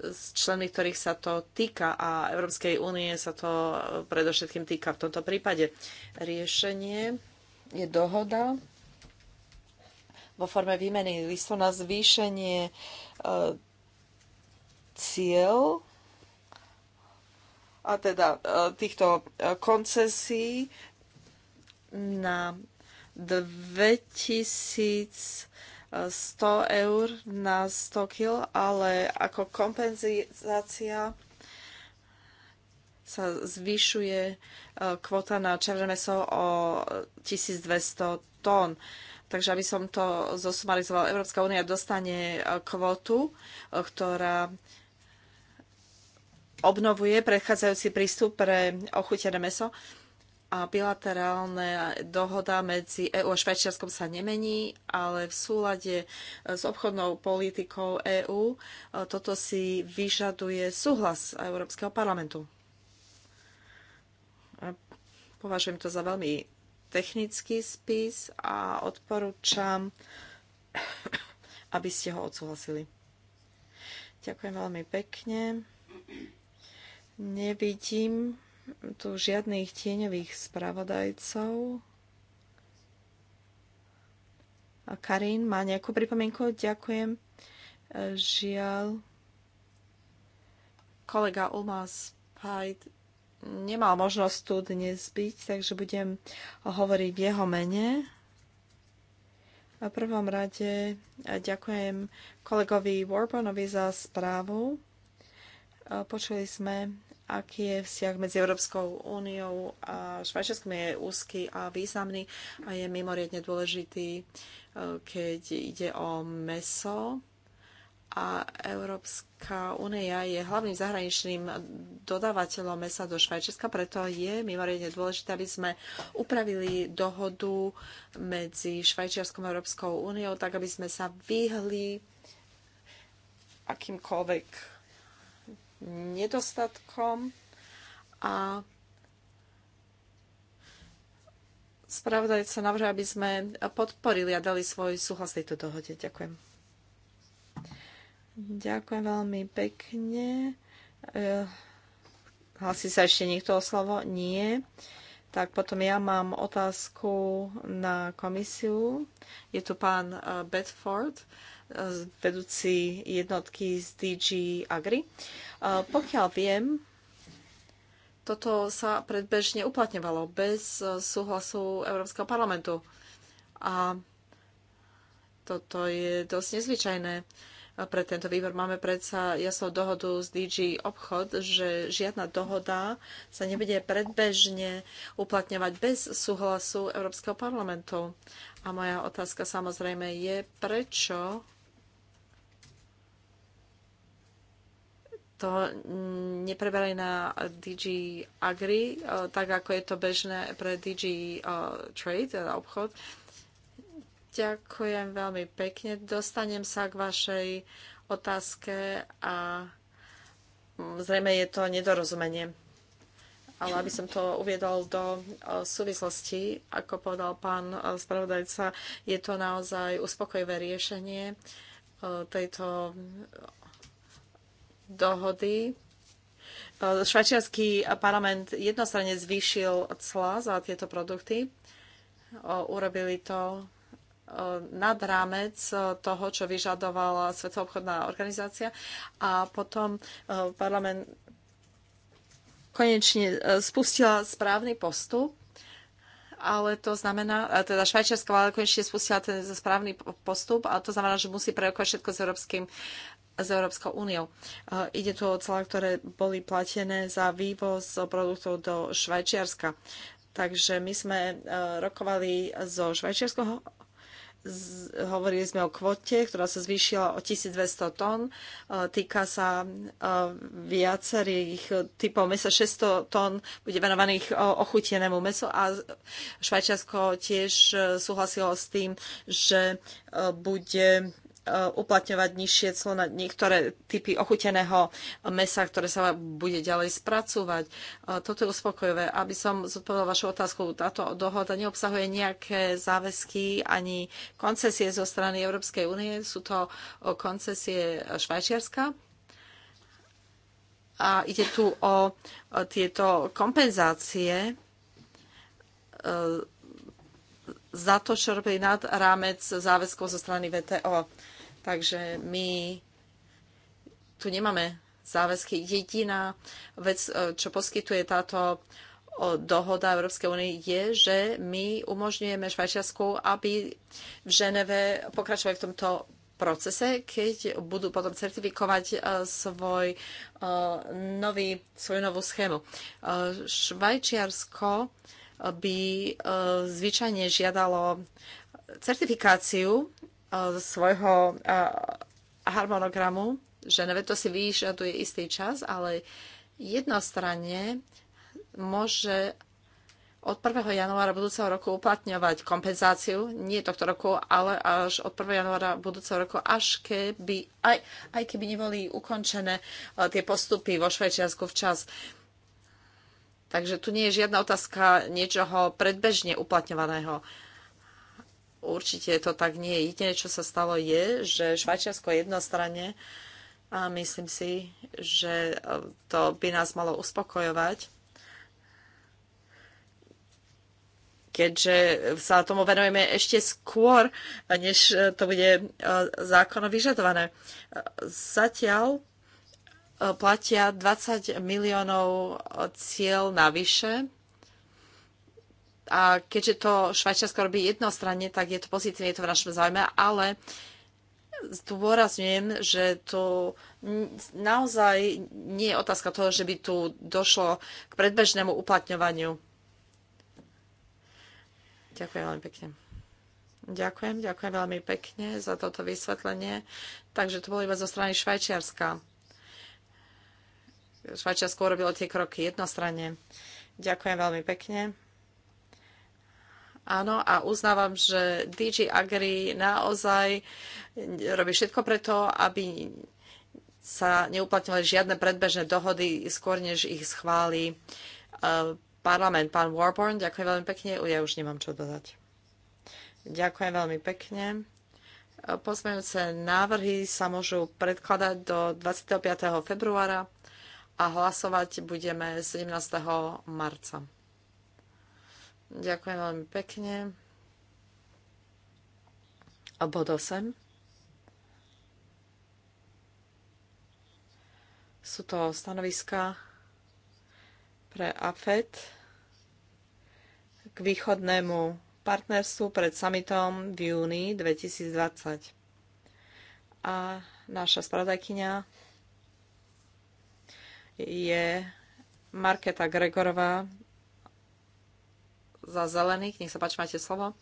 s členmi, ktorých sa to týka a Európskej únie sa to predovšetkým týka v tomto prípade. Riešenie je dohoda vo forme výmeny listov na zvýšenie e, cieľ a teda e, týchto e, koncesí na 2000 100 eur na 100 kg, ale ako kompenzácia sa zvyšuje e, kvota na červené meso o 1200 tón. Takže aby som to zosumarizovala, Európska únia dostane e, kvotu, e, ktorá obnovuje predchádzajúci prístup pre ochutené meso a bilaterálna dohoda medzi EÚ a Švajčiarskom sa nemení, ale v súlade e, s obchodnou politikou EÚ e, toto si vyžaduje súhlas Európskeho parlamentu. Považujem to za veľmi technický spis a odporúčam, aby ste ho odsúhlasili. Ďakujem veľmi pekne. Nevidím tu žiadnych tieňových spravodajcov. A Karin má nejakú pripomienku? Ďakujem. Žiaľ, kolega Ulmas Pajt nemal možnosť tu dnes byť, takže budem hovoriť v jeho mene. V prvom rade ďakujem kolegovi Warbonovi za správu. Počuli sme aký je vzťah medzi Európskou úniou a Švajčiarskom je úzky a významný a je mimoriadne dôležitý, e, keď ide o meso. A Európska únia je hlavným zahraničným dodávateľom mesa do Švajčiarska, preto je mimoriadne dôležité, aby sme upravili dohodu medzi Švajčiarskom a Európskou úniou, tak aby sme sa vyhli akýmkoľvek nedostatkom a spravodajca navrhuje, aby sme podporili a dali svoj súhlas tejto dohode. Ďakujem. Ďakujem veľmi pekne. E, hlasí sa ešte niekto o slovo? Nie. Tak potom ja mám otázku na komisiu. Je tu pán e, Bedford. Uh, vedúci jednotky z DG Agri. Pokiaľ viem, toto sa predbežne uplatňovalo bez e, súhlasu Európskeho parlamentu. A toto je dosť nezvyčajné pre tento výbor. Máme predsa jasnú dohodu z DG Obchod, že žiadna dohoda sa nebude predbežne uplatňovať bez súhlasu Európskeho parlamentu. A moja otázka samozrejme je, prečo to nepreberali na DG Agri, e, tak ako je to bežné pre DG e, Trade, teda obchod. Ďakujem veľmi pekne. Dostanem sa k vašej otázke a mm, zrejme je to nedorozumenie. Ale aby som to uviedol do e, súvislosti, ako povedal pán spravodajca, je to naozaj uspokojivé riešenie tejto dohody. E, Švajčiarsky parlament jednostranne zvýšil cla za tieto produkty. E, urobili to e, nad rámec toho, čo vyžadovala Svetová obchodná organizácia. A potom parlament konečne spustila správny postup ale to znamená, teda švajčiarska vláda konečne spustila ten správny postup a to znamená, že musí prerokovať všetko s Európskym s Európskou úniou. E, ide tu o clá, ktoré boli platené za vývoz produktov do Švajčiarska. Takže my sme e, rokovali zo Švajčiarskoho hovorili sme o kvote, ktorá sa zvýšila o 1200 tón. E, týka sa viacerých typov mesa. 600 tón bude venovaných ochutenému mesu a Švajčiarsko tiež súhlasilo s tým, že bude Eh, uplatňovať nižšie clo na niektoré typy ochuteného mesa, ktoré sa bude ďalej spracovať. Eh, toto je uspokojivé. Aby som zodpovedal vašu otázku, táto dohoda neobsahuje nejaké záväzky ani koncesie zo strany Európskej únie. Sú to eh, koncesie Švajčiarska. A ide tu o tieto kompenzácie za to, čo robí nad rámec záväzkov zo strany VTO. Takže my tu nemáme záväzky. Jediná vec, e, čo poskytuje táto dohoda Európskej únie je, že my umožňujeme Švajčiarsku, aby v Ženeve pokračovali v tomto procese, keď budú potom certifikovať e, svoj e, nový, svoju novú schému. Švajčiarsko by zvyčajne žiadalo certifikáciu Eh, svojho eh, harmonogramu že na To si vyžaduje istý čas, ale jednostranne môže od 1. januára budúceho roku uplatňovať kompenzáciu, nie tohto roku, ale až od 1. januára budúceho roku, až keby, aj, aj keby neboli ukončené eh, tie postupy vo Švajčiarsku včas. Takže tu nie je žiadna otázka niečoho predbežne uplatňovaného určite to tak nie je. Jedine, čo sa stalo, je, že Švajčiarsko jednostranne a myslím si, že e, to by nás malo uspokojovať, keďže sa tomu venujeme ešte skôr, než e, to bude e, zákonom vyžadované. Zatiaľ platia 20 miliónov cieľ navyše a keďže to Švajčiarsko robí jednostranne, tak je to pozitívne, je to v našom záujme, ale zdôrazňujem, že to naozaj nie je otázka toho, že by tu došlo k predbežnému uplatňovaniu. Ďakujem veľmi pekne. Ďakujem, ďakujem veľmi pekne za toto vysvetlenie. Takže to bolo iba zo strany Švajčiarska. Švajčiarsko urobilo tie kroky jednostranne. Ďakujem veľmi pekne. Áno, a uznávam, že DG Agri naozaj robí všetko preto, aby sa neuplatňovali žiadne predbežné dohody skôr, než ich schváli e, parlament. Pán Warborn, ďakujem veľmi pekne. Ja už nemám čo dodať. Ďakujem veľmi pekne. E, Pozmejúce návrhy sa môžu predkladať do 25. februára a hlasovať budeme 17. marca. Ďakujem veľmi pekne. A bod 8. Sú to stanoviska pre AFET k východnému partnerstvu pred summitom v júni 2020. A naša spravodajkynia je Marketa Gregorová za zelených. Nech sa páči, máte slovo.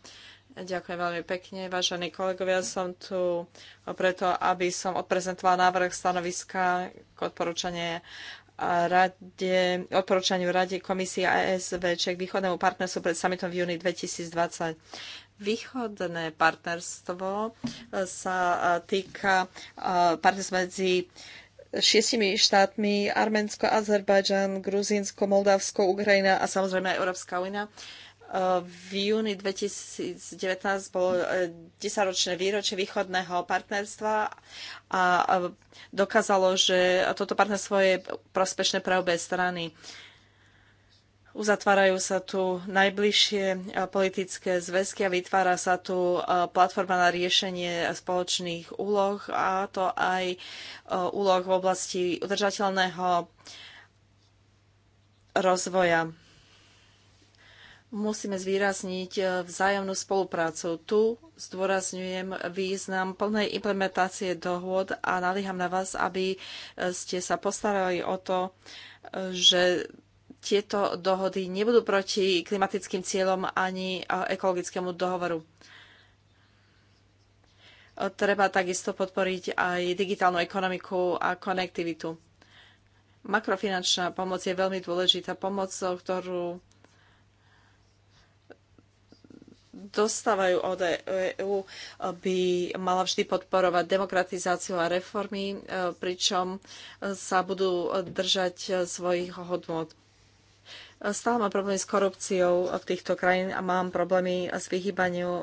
Ďakujem veľmi pekne, vážení kolegovia. Som tu preto, aby som odprezentovala návrh stanoviska k odporúčanie rade, odporúčaniu Rade komisie ASV e k východnému partnerstvu pred summitom v júni 2020. Východné partnerstvo sa týka partnerstva medzi šiestimi štátmi Arménsko, Azerbajdžan, Gruzínsko, Moldavsko, Ukrajina a samozrejme aj Európska únia. V júni 2019 bolo 10-ročné e, výročie východného partnerstva a dokázalo, že toto partnerstvo je prospešné pre obe strany. Uzatvárajú sa tu najbližšie e, politické zväzky a vytvára sa tu e, platforma na riešenie spoločných úloh a to aj úloh v oblasti udržateľného rozvoja musíme zvýrazniť e, vzájomnú spoluprácu. Tu zdôrazňujem význam plnej implementácie dohôd a nalíham na vás, aby e, ste sa postarali o to, e, že tieto dohody nebudú proti klimatickým cieľom ani ekologickému dohovoru. Treba takisto podporiť aj digitálnu ekonomiku a konektivitu. Makrofinančná pomoc je veľmi dôležitá pomoc, ktorú dostávajú od EÚ, by mala vždy podporovať demokratizáciu a reformy, e, pričom sa budú držať svojich hodnot. Stále mám problémy s korupciou v týchto krajín a mám problémy s,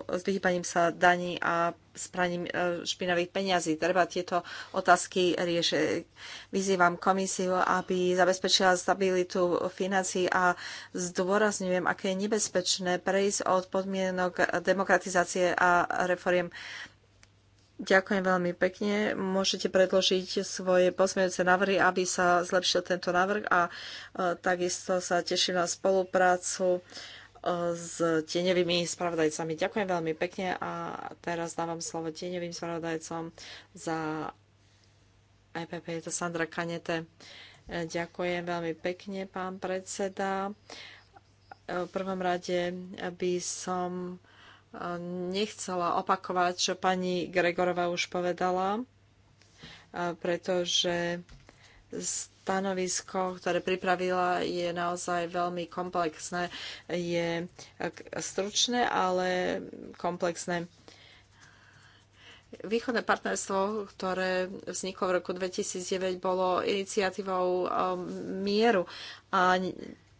s vyhýbaním sa daní a s praním e, špinavých peňazí. Treba tieto otázky riešiť. Vyzývam komisiu, aby zabezpečila stabilitu financií a zdôrazňujem, aké je nebezpečné prejsť od podmienok demokratizácie a reforiem Ďakujem veľmi pekne. Môžete predložiť svoje pozmeňujúce návrhy, aby sa zlepšil tento návrh a e, takisto sa teším na spoluprácu e, s tieňovými spravodajcami. Ďakujem veľmi pekne a teraz dávam slovo tieňovým spravodajcom za EPP. Je to Sandra Kanete. E, ďakujem veľmi pekne, pán predseda. V prvom rade by som nechcela opakovať, čo pani Gregorová už povedala, pretože stanovisko, ktoré pripravila, je naozaj veľmi komplexné. Je stručné, ale komplexné. Východné partnerstvo, ktoré vzniklo v roku 2009, bolo iniciatívou um, mieru a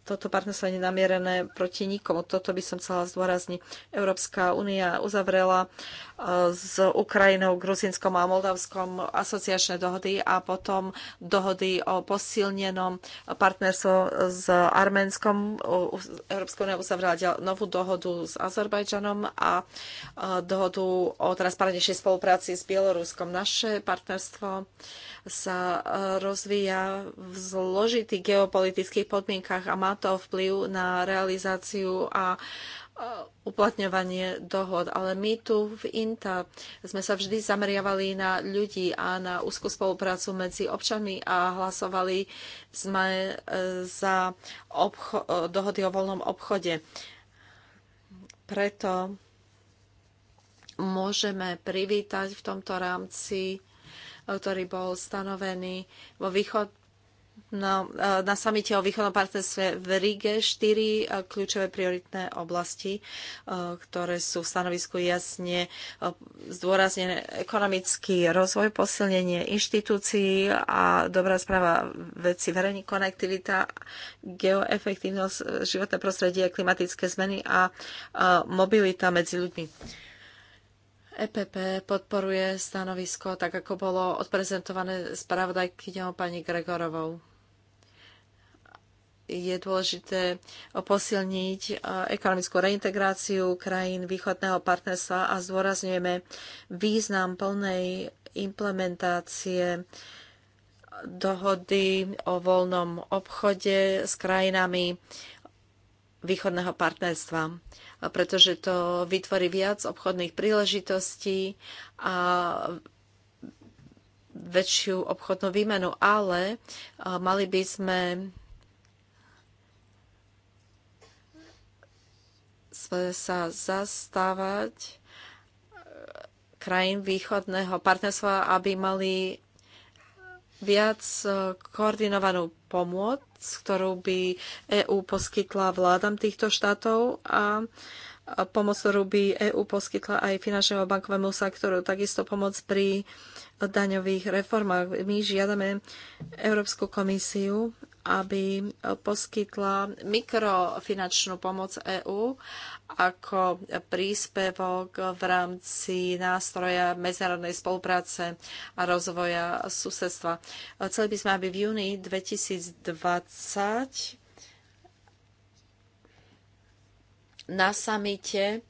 toto partnerstvo je namierené proti nikomu. Toto by som chcela zdôrazniť. Európska únia uzavrela s Ukrajinou, Gruzinskom a Moldavskom asociačné dohody a potom dohody o posilnenom partnerstvo s Arménskom. Európska únia uzavrela novú dohodu s Azerbajdžanom a dohodu o transparentnejšej spolupráci s Bieloruskom. Naše partnerstvo sa e, rozvíja v zložitých geopolitických podmienkach a má to vplyv na realizáciu a uplatňovanie dohod, ale my tu v INTA sme sa vždy zameriavali na ľudí a na úzkú spoluprácu medzi občanmi a hlasovali sme e, za e, dohody o voľnom obchode. Preto môžeme privítať v tomto rámci, e, ktorý bol stanovený vo východ No. E, na samite o východnom partnerstve v Ríge štyri e, kľúčové prioritné oblasti, e, ktoré sú v stanovisku jasne zdôraznené. Ekonomický rozvoj, posilnenie inštitúcií a dobrá správa veci verejní, konektivita, geoefektívnosť, životné prostredie, klimatické zmeny a mobilita medzi ľuďmi. EPP podporuje stanovisko, tak ako bolo odprezentované spravodajkyňou pani Gregorovou je dôležité posilniť eh, ekonomickú reintegráciu krajín východného partnerstva a zdôrazňujeme význam plnej implementácie dohody o voľnom obchode s krajinami východného partnerstva, pretože to vytvorí viac obchodných príležitostí a väčšiu obchodnú výmenu, ale eh, mali by sme sa zastávať e, krajín východného partnerstva, aby mali viac e, koordinovanú pomoc, ktorú by EÚ poskytla vládam týchto štátov a pomoc, ktorú by EÚ poskytla aj finančnému bankovému sektoru, takisto pomoc pri daňových reformách. My žiadame Európsku komisiu, aby e, poskytla mikrofinančnú pomoc EÚ ako príspevok v rámci nástroja medzinárodnej spolupráce a rozvoja susedstva. E, chceli by sme, aby v júni 2020 na samite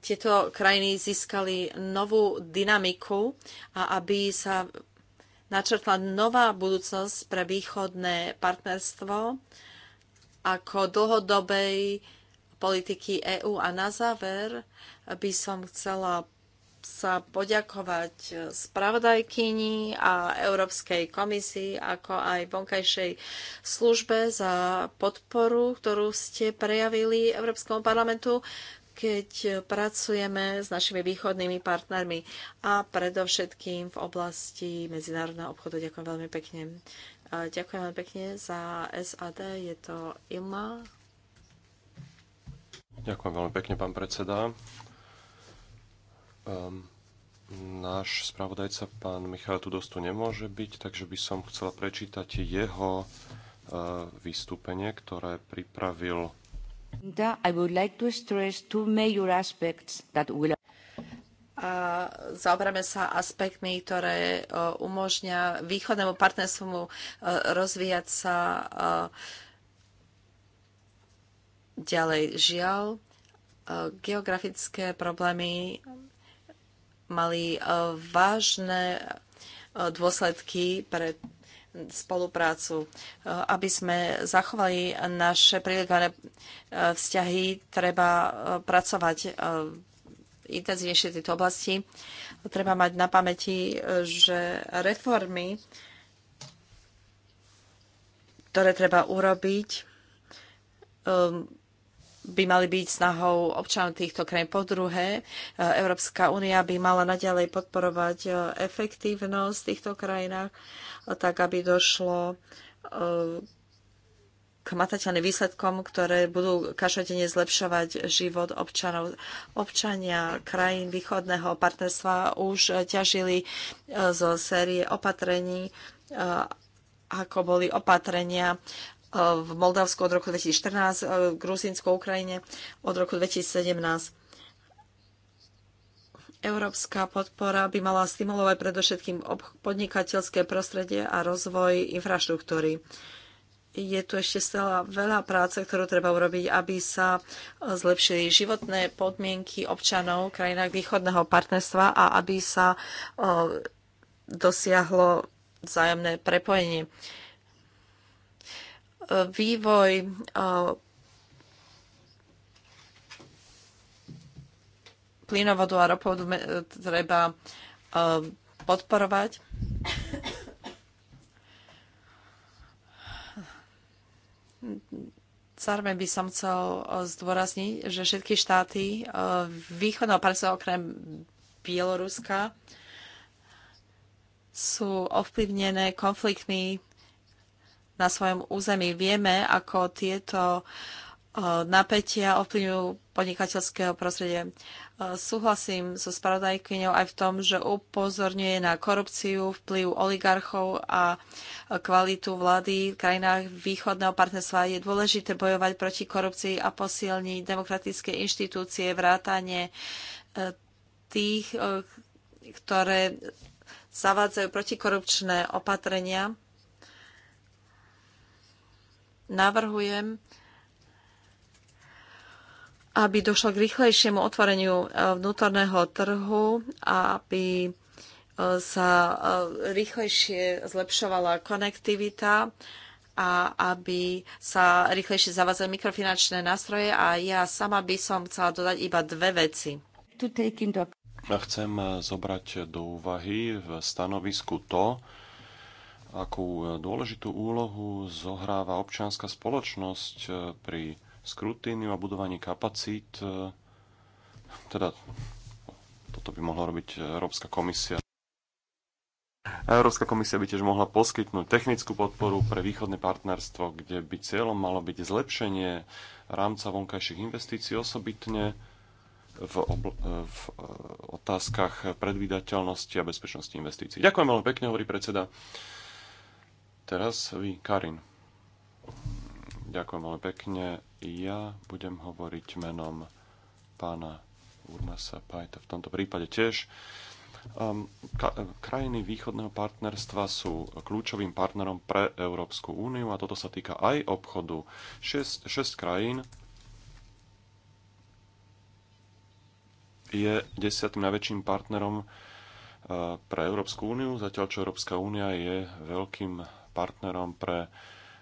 tieto krajiny získali novú dynamiku a aby sa načrtla nová budúcnosť pre východné partnerstvo ako dlhodobej politiky EÚ. A na záver by som chcela sa poďakovať spravodajkyni a Európskej komisii, ako aj vonkajšej službe za podporu, ktorú ste prejavili Európskom parlamentu keď pracujeme s našimi východnými partnermi a predovšetkým v oblasti medzinárodného obchodu. Ďakujem veľmi pekne. Ďakujem veľmi pekne za SAD. Je to Ilma. Ďakujem veľmi pekne, pán predseda. Um, náš spravodajca, pán Michal Tudos, tu nemôže byť, takže by som chcela prečítať jeho uh, vystúpenie, ktoré pripravil a zaoberáme sa aspektmi, ktoré e, umožňa východnému partnerstvu e, rozvíjať sa e, ďalej. Žiaľ, geografické problémy mali vážne dôsledky pre spoluprácu. Eh, aby sme zachovali naše prilegované eh, vzťahy, treba eh, pracovať intenzívnejšie v tejto oblasti. Treba mať na pamäti, že reformy, ktoré treba urobiť, by mali byť snahou občanov týchto krajín. Po druhé, e, Európska únia by mala naďalej podporovať e, efektívnosť v týchto krajinách, e, tak aby došlo k matateľným výsledkom, ktoré budú každodenne zlepšovať život občanov. Občania krajín východného partnerstva už ťažili zo série opatrení, ako boli opatrenia v Moldavsku od roku 2014, e, v Gruzínsku, Ukrajine od roku 2017. Európska podpora by mala stimulovať predovšetkým podnikateľské prostredie a rozvoj infraštruktúry. Je tu ešte stále veľa práce, ktorú treba urobiť, aby sa zlepšili životné podmienky občanov v krajinách východného partnerstva a aby sa e, dosiahlo vzájomné prepojenie vývoj e, plynovodu a ropovodu treba e, podporovať. Zároveň by som chcel e, zdôrazniť, že všetky štáty východného partnerstva okrem Bieloruska sú ovplyvnené konfliktmi na svojom území. Vieme, ako tieto e, napätia ovplyvňujú podnikateľského prostredia. E, súhlasím so spravodajkyňou aj v tom, že upozorňuje na korupciu, vplyv oligarchov a kvalitu vlády v krajinách východného partnerstva. Je dôležité bojovať proti korupcii a posilniť demokratické inštitúcie, vrátanie e, tých, ktoré zavádzajú protikorupčné opatrenia navrhujem, aby došlo k rýchlejšiemu otvoreniu e, vnútorného trhu, aby e, sa e, rýchlejšie zlepšovala konektivita a aby sa rýchlejšie zavazali mikrofinančné nástroje a ja sama by som chcela dodať iba dve veci. Chcem zobrať do úvahy v stanovisku to, akú e, dôležitú úlohu zohráva občianská spoločnosť e, pri skrutíniu a budovaní kapacít. E, teda toto by mohla robiť Európska komisia. Európska komisia by tiež mohla poskytnúť technickú podporu pre východné partnerstvo, kde by cieľom malo byť zlepšenie rámca vonkajších investícií, osobitne v, obl- v otázkach predvídateľnosti a bezpečnosti investícií. Ďakujem veľmi pekne, hovorí predseda. Teraz vy, Karin. Ďakujem veľmi pekne. Ja budem hovoriť menom pána Urmasa Pajta v tomto prípade tiež. Um, ka- krajiny východného partnerstva sú kľúčovým partnerom pre Európsku úniu a toto sa týka aj obchodu. 6, krajín je desiatým najväčším partnerom eh, pre Európsku úniu, zatiaľ čo Európska únia je veľkým partnerom pre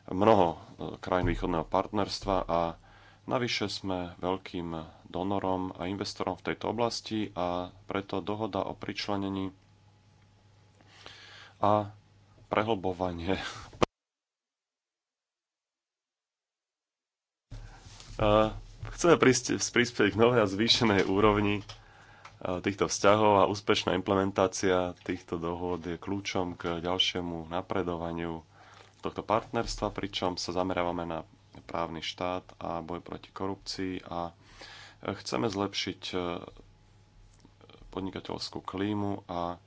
mnoho e, krajín východného partnerstva a navyše sme veľkým donorom a investorom v tejto oblasti a preto dohoda o pričlenení a prehlbovanie e, chceme prispieť k novej a zvýšenej úrovni Eh, týchto vzťahov a úspešná implementácia týchto dohôd je kľúčom k ďalšiemu napredovaniu tohto partnerstva, pričom sa zamerávame na právny štát a boj proti korupcii a eh, chceme zlepšiť eh, podnikateľskú klímu a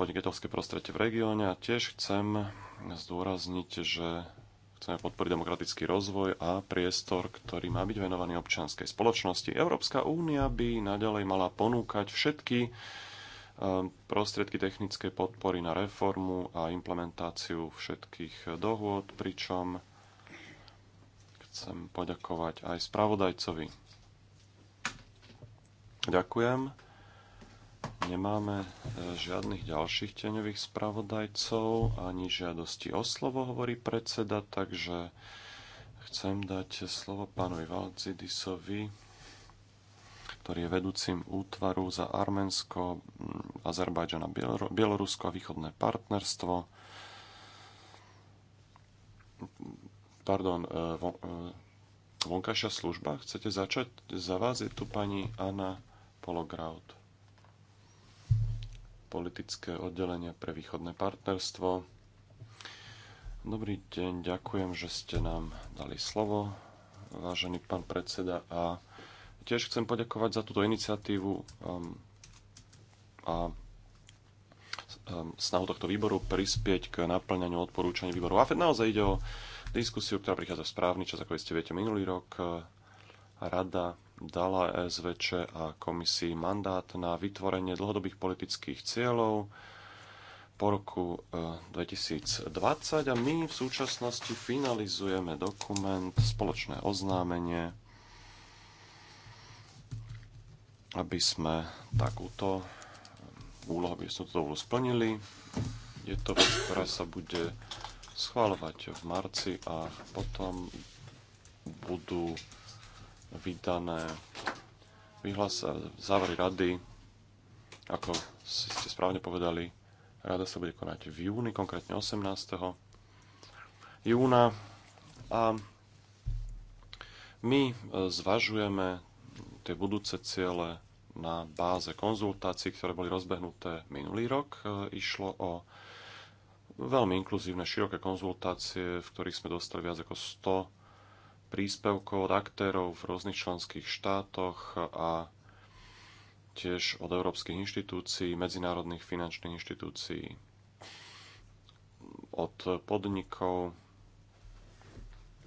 podnikateľské prostredie v regióne a tiež chcem zdôrazniť, že chceme podporiť demokratický rozvoj a priestor, ktorý má byť venovaný občianskej spoločnosti. Európska únia by naďalej mala ponúkať všetky eh, prostriedky technickej podpory na reformu a implementáciu všetkých dohôd, pričom chcem poďakovať aj spravodajcovi. Ďakujem. Nemáme e, žiadnych ďalších teňových spravodajcov ani žiadosti o slovo, hovorí predseda, takže chcem dať slovo pánovi Valcidisovi, ktorý je vedúcim útvaru za Arménsko, Azerbajdžan a Bielorusko a východné partnerstvo. Pardon, e, e, vonkajšia služba. Chcete začať? Za vás je tu pani Anna Polograut politické oddelenie pre východné partnerstvo. Dobrý deň, ďakujem, že ste nám dali slovo, vážený pán predseda. A tiež chcem poďakovať za túto iniciatívu um, a um, snahu tohto výboru prispieť k naplňaniu odporúčaní výboru A e Naozaj ide o diskusiu, ktorá prichádza v správny čas, ako ste viete, minulý rok. Rada dala SVČ a komisii mandát na vytvorenie dlhodobých politických cieľov po roku 2020 e, a my v súčasnosti finalizujeme dokument, spoločné oznámenie, aby sme takúto e, úlohu, aby sme túto úlohu splnili. Je to vec, ktorá sa bude schváľovať v marci a potom budú vydané vyhlas, závery rady, ako ste správne povedali, rada sa bude konať v júni, konkrétne 18. júna. A my e, zvažujeme tie budúce ciele na báze konzultácií, ktoré boli rozbehnuté minulý rok. E, išlo o veľmi inkluzívne, široké konzultácie, v ktorých sme dostali viac ako 100 príspevkov od aktérov v rôznych členských štátoch a tiež od európskych inštitúcií, medzinárodných finančných inštitúcií, od podnikov,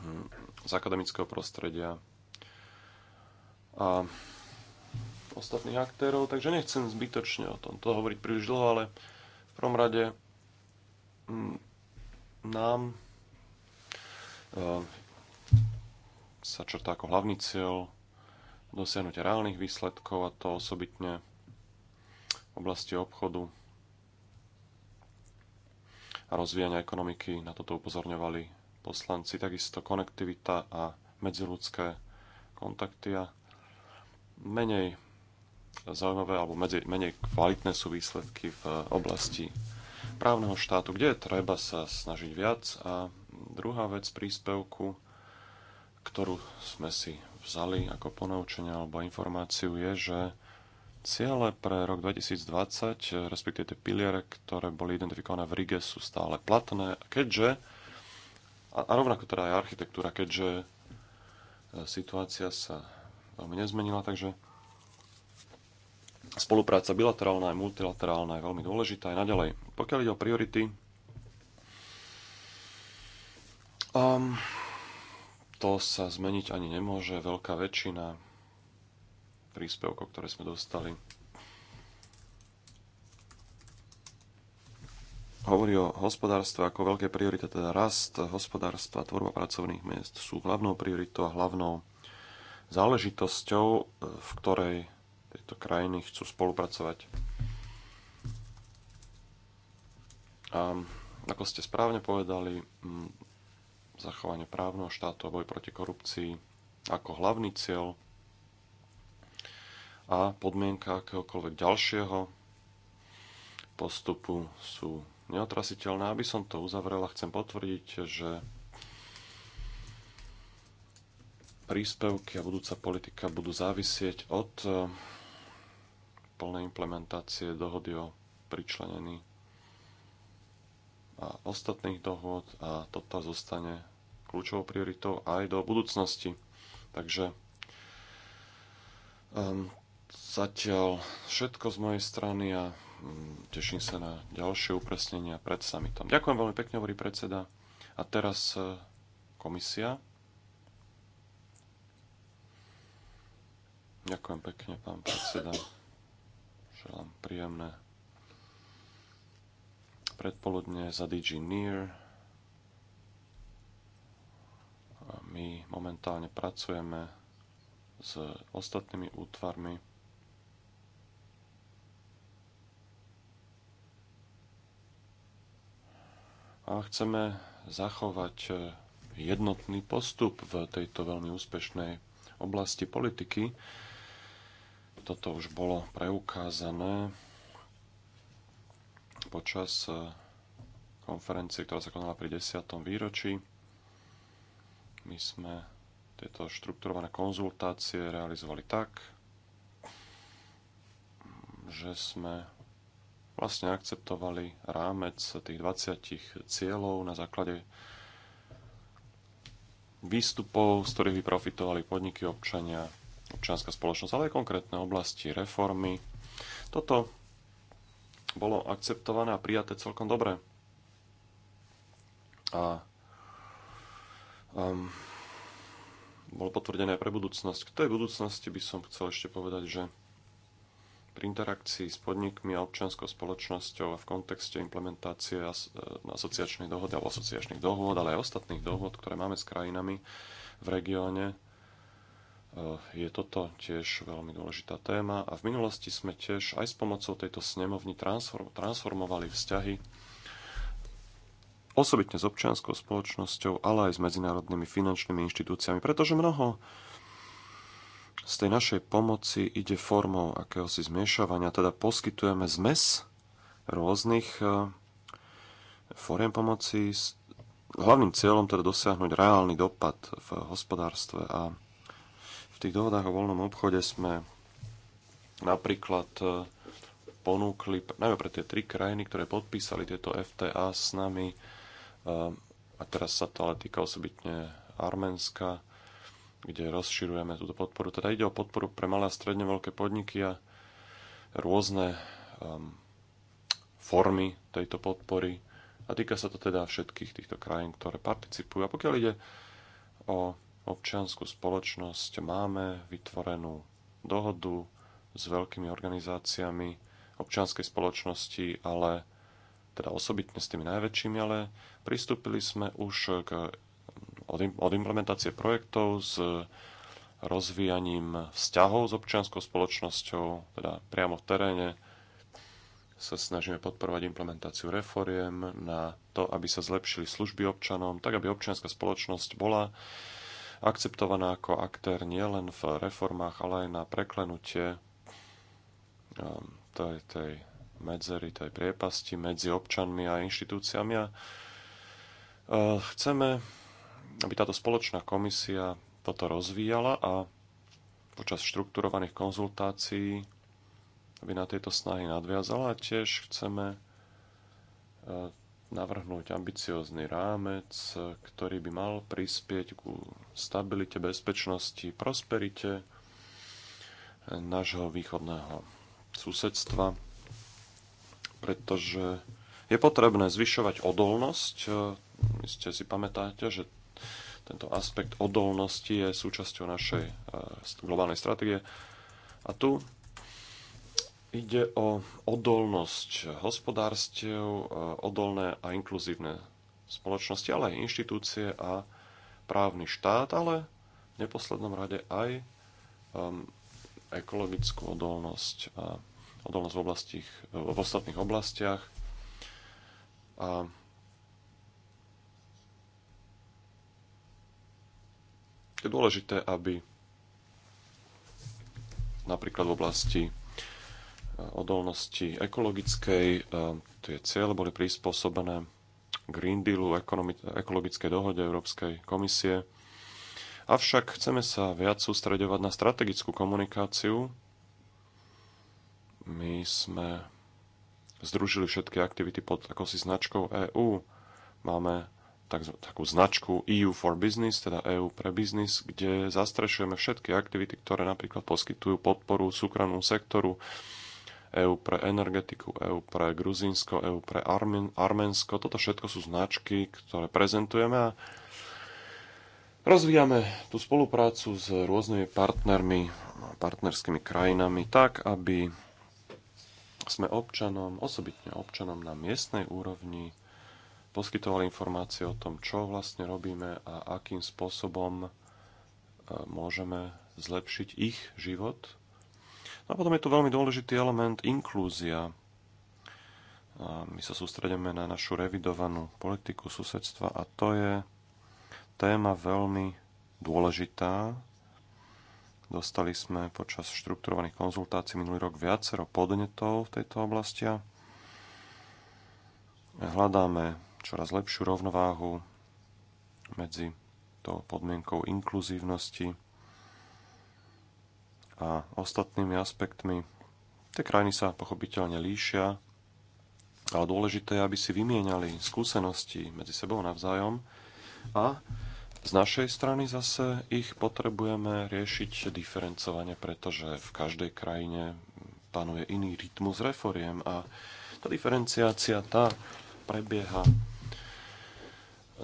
hm, z akademického prostredia a ostatných aktérov, takže nechcem zbytočne o tomto hovoriť príliš dlho, ale v prvom rade hm, nám hm, sa črta ako hlavný cieľ dosiahnuť reálnych výsledkov a to osobitne v oblasti obchodu a rozvíjania ekonomiky. Na toto upozorňovali poslanci. Takisto konektivita a medziludské kontakty a menej zaujímavé alebo medzi, menej kvalitné sú výsledky v oblasti právneho štátu, kde je treba sa snažiť viac. A druhá vec príspevku ktorú sme si vzali ako ponaučenie alebo informáciu, je, že ciele pre rok 2020, respektíve tie piliere, ktoré boli identifikované v Rige, sú stále platné, keďže, a rovnako teda aj architektúra, keďže e, situácia sa veľmi nezmenila, takže spolupráca bilaterálna aj multilaterálna je veľmi dôležitá aj naďalej. Pokiaľ ide o priority, um, to sa zmeniť ani nemôže. Veľká väčšina príspevkov, ktoré sme dostali, hovorí o hospodárstve ako veľké priorite, teda rast hospodárstva, tvorba pracovných miest sú hlavnou prioritou a hlavnou záležitosťou, e, v ktorej tieto krajiny chcú spolupracovať. A ako ste správne povedali, zachovanie právneho štátu a boj proti korupcii ako hlavný cieľ a podmienka akéhokoľvek ďalšieho postupu sú neotrasiteľné. Aby som to uzavrela, chcem potvrdiť, že príspevky a budúca politika budú závisieť od eh, plnej implementácie dohody o pričlenení a ostatných dohôd a toto zostane kľúčovou prioritou aj do budúcnosti. Takže um, zatiaľ všetko z mojej strany a um, teším sa na ďalšie upresnenia pred samitom. Ďakujem veľmi pekne, hovorí predseda. A teraz uh, komisia. Ďakujem pekne, pán predseda. Želám príjemné predpoludne za DG Near. A my momentálne pracujeme s ostatnými útvarmi. A chceme zachovať eh, jednotný postup v tejto veľmi úspešnej oblasti politiky. Toto už bolo preukázané počas e, konferencie, ktorá sa konala pri 10. výročí. My sme tieto štrukturované konzultácie realizovali tak, že sme vlastne akceptovali rámec tých 20 cieľov na základe výstupov, z ktorých by profitovali podniky občania, občianská spoločnosť, ale aj konkrétne oblasti reformy. Toto bolo akceptované a prijaté celkom dobre. A um, bolo potvrdené aj pre budúcnosť. K tej budúcnosti by som chcel ešte povedať, že pri interakcii s podnikmi a občianskou spoločnosťou a v kontexte implementácie asociačných dohod alebo asociačných dohôd, ale aj ostatných dohôd, ktoré máme s krajinami v regióne, Eh, je toto tiež veľmi dôležitá téma a v minulosti sme tiež aj s pomocou tejto snemovny transformovali vzťahy osobitne s občianskou spoločnosťou, ale aj s medzinárodnými finančnými inštitúciami, pretože mnoho z tej našej pomoci ide formou akéhosi zmiešavania, teda poskytujeme zmes rôznych eh, fóriem pomoci s hlavným cieľom teda dosiahnuť reálny dopad v hospodárstve a v tých dohodách o voľnom obchode sme napríklad e, ponúkli, najmä pre tie tri krajiny, ktoré podpísali tieto FTA s nami, e, a teraz sa to ale týka osobitne Arménska, kde rozširujeme túto podporu. Teda ide o podporu pre malé a stredne veľké podniky a rôzne um, formy tejto podpory. A týka sa to teda všetkých týchto krajín, ktoré participujú. A pokiaľ ide o občianskú spoločnosť máme vytvorenú dohodu s veľkými organizáciami občianskej spoločnosti, ale teda osobitne s tými najväčšími, ale pristúpili sme už k, od, od implementácie projektov s rozvíjaním vzťahov s občianskou spoločnosťou, teda priamo v teréne sa snažíme podporovať implementáciu reforiem na to, aby sa zlepšili služby občanom, tak aby občianská spoločnosť bola akceptovaná ako aktér nielen v reformách, ale aj na preklenutie ehm, tej, tej medzery, tej priepasti medzi občanmi a inštitúciami. A ehm, chceme, aby táto spoločná komisia toto rozvíjala a počas štrukturovaných konzultácií, aby na tieto snahy nadviazala. A tiež chceme ehm, navrhnúť ambiciózny rámec, ktorý by mal prispieť ku stabilite, bezpečnosti, prosperite nášho východného susedstva, pretože je potrebné zvyšovať odolnosť. Ste si pamätáte, že tento aspekt odolnosti je súčasťou našej eh, globálnej stratégie. A tu Ide o odolnosť hospodárstiev, e, odolné a inkluzívne spoločnosti, ale aj inštitúcie a právny štát, ale v neposlednom rade aj um, ekologickú odolnosť a odolnosť v, oblasti, v ostatných oblastiach. A je dôležité, aby napríklad v oblasti odolnosti ekologickej. E, tie cieľ boli prispôsobené Green Dealu, ekologickej dohode Európskej komisie. Avšak chceme sa viac sústreďovať na strategickú komunikáciu. My sme združili všetky aktivity pod akosi značkou EU. Máme tak, takú značku EU for Business, teda EU pre biznis, kde zastrešujeme všetky aktivity, ktoré napríklad poskytujú podporu súkromnému sektoru, EU pre energetiku, EU pre Gruzínsko, EU pre Armin, Arménsko. Toto všetko sú značky, ktoré prezentujeme a rozvíjame tú spoluprácu s rôznymi partnermi, no, partnerskými krajinami tak, aby sme občanom, osobitne občanom na miestnej úrovni poskytovali informácie o tom, čo vlastne robíme a akým spôsobom e, môžeme zlepšiť ich život No a potom je tu veľmi dôležitý element inklúzia. A my sa sústredíme na našu revidovanú politiku susedstva a to je téma veľmi dôležitá. Dostali sme počas štrukturovaných konzultácií minulý rok viacero podnetov v tejto oblasti. Hľadáme čoraz lepšiu rovnováhu medzi tou podmienkou inkluzívnosti a ostatnými aspektmi. Tie krajiny sa pochopiteľne líšia, ale dôležité je, aby si vymieniali skúsenosti medzi sebou navzájom a z našej strany zase ich potrebujeme riešiť diferencovane, pretože v každej krajine panuje iný rytmus reforiem a tá diferenciácia tá prebieha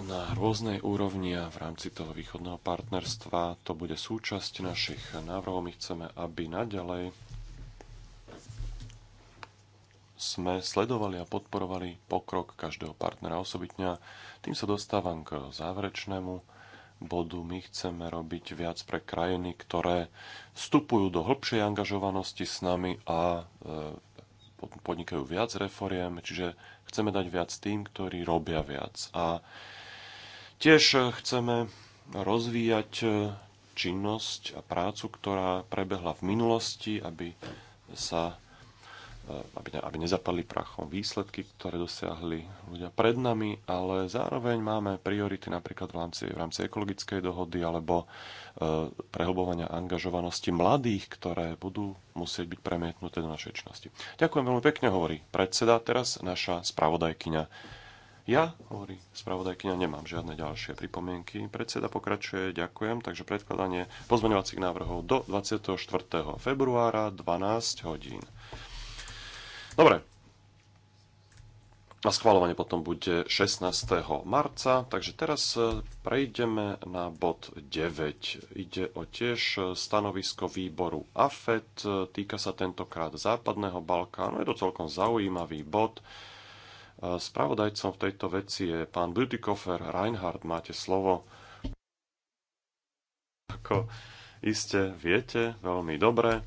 na rôznej úrovni a v rámci toho východného partnerstva. To bude súčasť našich návrhov. My chceme, aby naďalej sme sledovali a podporovali pokrok každého partnera osobitňa. Tým sa dostávam k záverečnému bodu. My chceme robiť viac pre krajiny, ktoré vstupujú do hĺbšej angažovanosti s nami a e, podnikajú viac reforiem, čiže chceme dať viac tým, ktorí robia viac. A Tiež eh, chceme rozvíjať eh, činnosť a prácu, ktorá prebehla v minulosti, aby sa eh, aby, ne, aby nezapadli prachom výsledky, ktoré dosiahli ľudia pred nami, ale zároveň máme priority napríklad v rámci, v rámci ekologickej dohody alebo e, prehlbovania angažovanosti mladých, ktoré budú musieť byť premietnuté do našej činnosti. Ďakujem veľmi pekne, hovorí predseda, teraz naša spravodajkyňa ja, hovorí spravodajkyňa, nemám žiadne ďalšie pripomienky. Predseda pokračuje, ďakujem. Takže predkladanie pozmeňovacích návrhov do 24. februára 12 hodín. Dobre. A schváľovanie potom bude 16. marca. Takže teraz e, prejdeme na bod 9. Ide o tiež stanovisko výboru AFET. E, Týka sa tentokrát Západného Balkánu. Je to celkom zaujímavý bod Spravodajcom v tejto veci je pán Bütikofer. Reinhard, máte slovo. Ako iste viete veľmi dobre,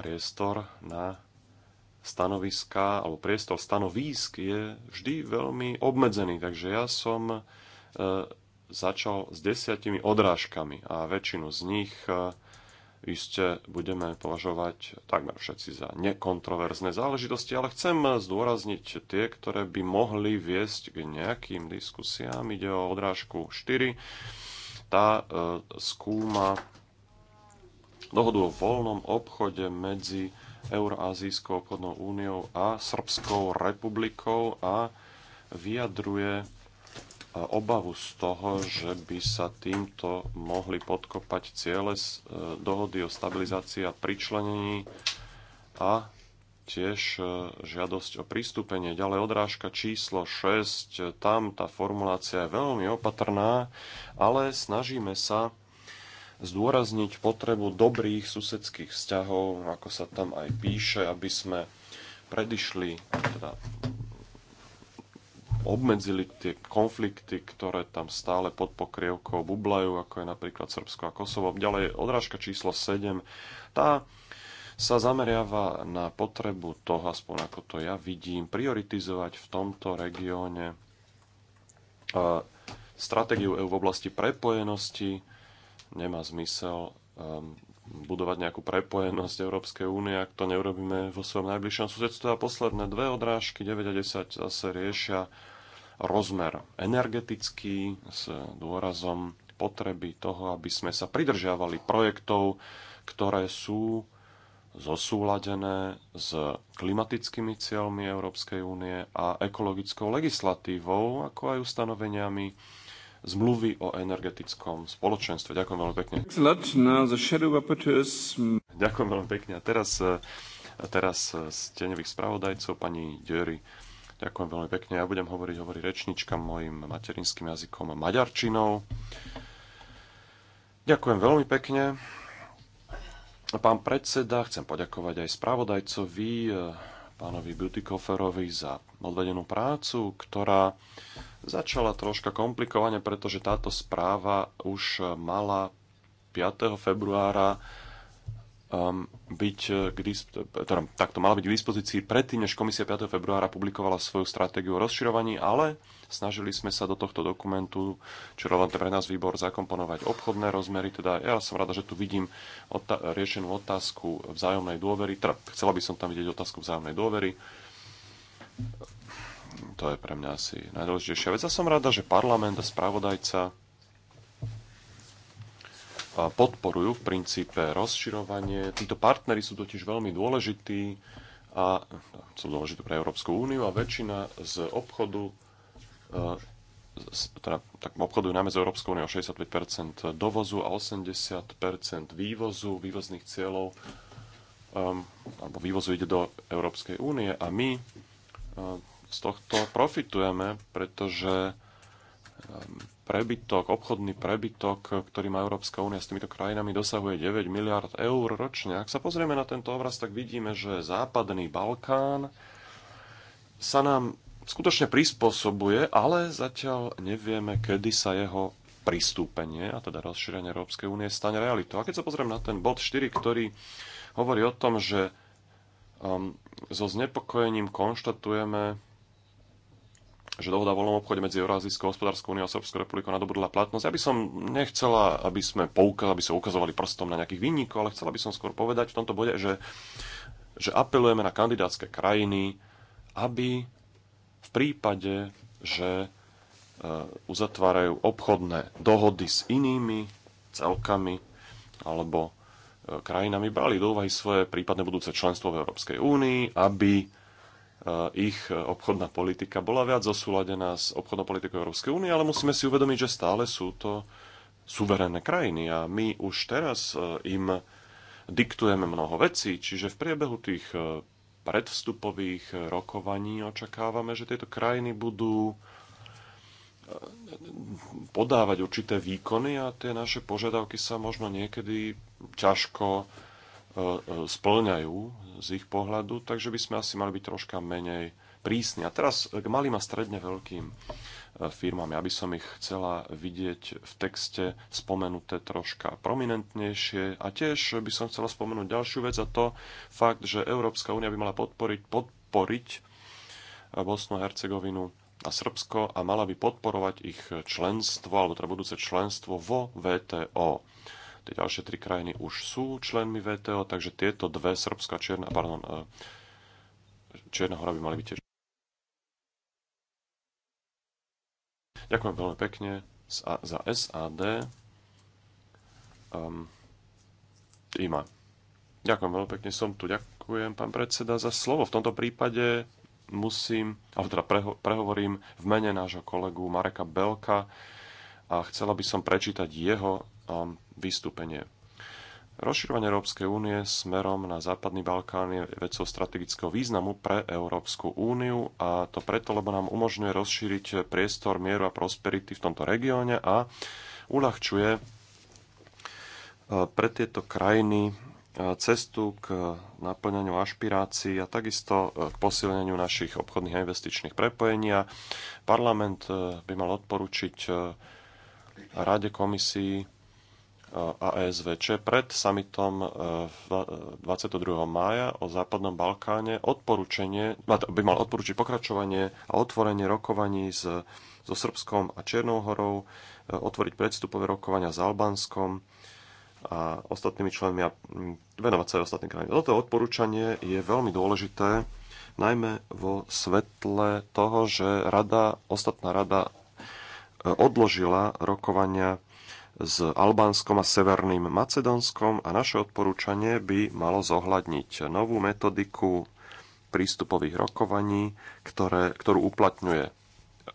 priestor na stanoviska alebo priestor stanovísk je vždy veľmi obmedzený. Takže ja som e, začal s desiatimi odrážkami a väčšinu z nich e, iste budeme považovať takmer všetci za nekontroverzné záležitosti, ale chcem zdôrazniť tie, ktoré by mohli viesť k nejakým diskusiám. Ide o odrážku 4. Tá e, skúma dohodu o voľnom obchode medzi Euroazijskou obchodnou úniou a Srbskou republikou a vyjadruje obavu z toho, že by sa týmto mohli podkopať ciele e, dohody o stabilizácii a pričlenení a tiež e, žiadosť o prístupenie. Ďalej odrážka číslo 6, tam tá formulácia je veľmi opatrná, ale snažíme sa zdôrazniť potrebu dobrých susedských vzťahov, ako sa tam aj píše, aby sme predišli, teda obmedzili tie konflikty, ktoré tam stále pod pokrievkou bublajú, ako je napríklad Srbsko a Kosovo. Ďalej odrážka číslo 7. Tá sa zameriava na potrebu toho, aspoň ako to ja vidím, prioritizovať v tomto regióne e, stratégiu EU v oblasti prepojenosti. Nemá zmysel e, budovať nejakú prepojenosť Európskej únie, ak to neurobíme vo svojom najbližšom susedstve. A posledné dve odrážky, 9 a 10, zase riešia rozmer energetický s dôrazom potreby toho, aby sme sa pridržiavali projektov, ktoré sú zosúladené s klimatickými cieľmi Európskej únie a ekologickou legislatívou, ako aj ustanoveniami zmluvy o energetickom spoločenstve. Ďakujem veľmi pekne. Ďakujem veľmi pekne. A teraz, teraz z teňových spravodajcov pani Dery. Ďakujem veľmi pekne. Ja budem hovoriť, hovorí rečnička mojim materinským jazykom maďarčinou. Ďakujem veľmi pekne. Pán predseda, chcem poďakovať aj spravodajcovi, pánovi Butikoferovi za odvedenú prácu, ktorá začala troška komplikovane, pretože táto správa už mala 5. februára um, byť k teda, takto mala byť k dispozícii predtým, než komisia 5. februára publikovala svoju stratégiu o rozširovaní, ale snažili sme sa do tohto dokumentu, čo relevantné pre nás výbor, zakomponovať obchodné rozmery. Teda ja som rada, že tu vidím riešenú otázku vzájomnej dôvery. Teda, chcela by som tam vidieť otázku vzájomnej dôvery to je pre mňa asi najdôležitejšia vec. A som rada, že parlament a spravodajca podporujú v princípe rozširovanie. Títo partnery sú totiž veľmi dôležití a no, sú dôležité pre Európsku úniu a väčšina z obchodu teda, tak obchodujú najmä s Európskou úniou 65% dovozu a 80% vývozu, vývozných cieľov um, alebo vývozu ide do Európskej únie a my z tohto profitujeme, pretože ehm, prebytok, obchodný prebytok, ktorý má Európska únia s týmito krajinami, dosahuje 9 miliard eur ročne. Ak sa pozrieme na tento obraz, tak vidíme, že západný Balkán sa nám skutočne prispôsobuje, ale zatiaľ nevieme, kedy sa jeho pristúpenie, a teda rozšírenie Európskej únie, stane realitou. A keď sa pozriem na ten bod 4, ktorý hovorí o tom, že um, so znepokojením konštatujeme, že dohoda o voľnom obchode medzi Eurázijskou hospodárskou úniou a Srbskou republikou nadobudla platnosť. Ja by som nechcela, aby sme poukali aby sa ukazovali prstom na nejakých výnikov, ale chcela by som skôr povedať v tomto bode, že, že apelujeme na kandidátske krajiny, aby v prípade, že e, uzatvárajú obchodné dohody s inými celkami alebo e, krajinami brali do úvahy svoje prípadne budúce členstvo v Európskej únii, aby Eh, ich eh, obchodná politika bola viac zosúladená s obchodnou politikou Európskej únie, ale musíme si uvedomiť, že stále sú to suverénne krajiny a my už teraz eh, im diktujeme mnoho vecí, čiže v priebehu tých predvstupových rokovaní očakávame, že tieto krajiny budú podávať určité výkony a tie naše požiadavky sa možno niekedy ťažko E, e, splňajú z ich pohľadu, takže by sme asi mali byť troška menej prísni. A teraz k malým a stredne veľkým e, firmám. Ja by som ich chcela vidieť v texte spomenuté troška prominentnejšie. A tiež by som chcela spomenúť ďalšiu vec a to fakt, že Európska únia by mala podporiť, podporiť Bosnu a Hercegovinu a Srbsko a mala by podporovať ich členstvo, alebo teda budúce členstvo vo VTO. Tie ďalšie tri krajiny už sú členmi VTO, takže tieto dve, Srbska, Čierna, pardon, e, Čierna hora by mali byť tiež. Ďakujem veľmi pekne za SAD. Um, ehm, Ima. Ďakujem veľmi pekne, som tu. Ďakujem, pán predseda, za slovo. V tomto prípade musím, alebo teda preho, prehovorím v mene nášho kolegu Mareka Belka a chcela by som prečítať jeho vystúpenie. Rozširovanie Európskej únie smerom na Západný Balkán je vecou strategického významu pre Európsku úniu a to preto, lebo nám umožňuje rozšíriť priestor mieru a prosperity v tomto regióne a uľahčuje e, pre tieto krajiny e, cestu k naplňaniu ašpirácií a takisto e, k posilneniu našich obchodných a investičných prepojení. Parlament by mal odporučiť Rade komisii a ASVČ pred summitom 22. E, e, mája o Západnom Balkáne odporúčenie, by mal odporúčiť pokračovanie a otvorenie rokovaní s, so Srbskom a Černou horou, e, otvoriť predstupové rokovania s Albánskom a ostatnými členmi a venovať sa aj ostatným krajinám. Toto odporúčanie je veľmi dôležité, najmä vo svetle toho, že rada, ostatná rada odložila rokovania s Albánskom a Severným Macedónskom a naše odporúčanie by malo zohľadniť novú metodiku prístupových rokovaní, ktoré, ktorú uplatňuje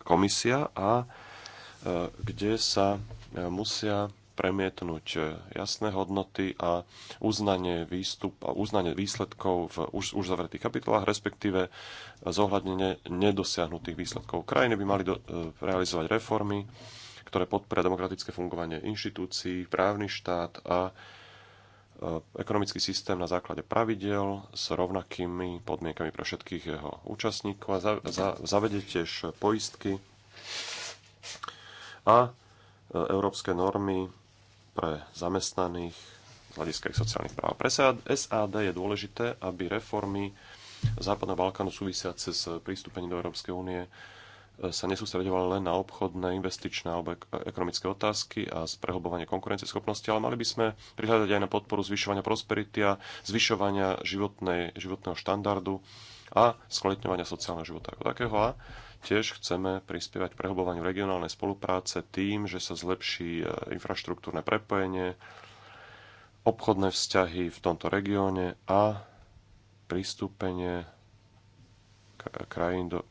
komisia a e, kde sa e, musia premietnúť e, jasné hodnoty a uznanie, výstup, a uznanie výsledkov v už, už zavretých kapitolách, respektíve zohľadnenie nedosiahnutých výsledkov. Krajiny by mali do, realizovať reformy ktoré podporia demokratické fungovanie inštitúcií, právny štát a e, ekonomický systém na základe pravidel s rovnakými podmienkami pre všetkých jeho účastníkov a za, za, zavede tiež poistky a e, európske normy pre zamestnaných z hľadiska ich sociálnych práv. Pre SAD je dôležité, aby reformy Západného Balkánu súvisiace s prístupením do Európskej únie E, sa nesústredovala len na obchodné, investičné alebo e, ekonomické otázky a sprehobovanie konkurencieschopnosti, ale mali by sme prihľadať aj na podporu zvyšovania prosperity a zvyšovania životnej, životného štandardu a skvalitňovania sociálneho života ako takého. A tiež chceme prispievať prehlbovaniu regionálnej spolupráce tým, že sa zlepší e, infraštruktúrne prepojenie, obchodné vzťahy v tomto regióne a pristúpenie krajín do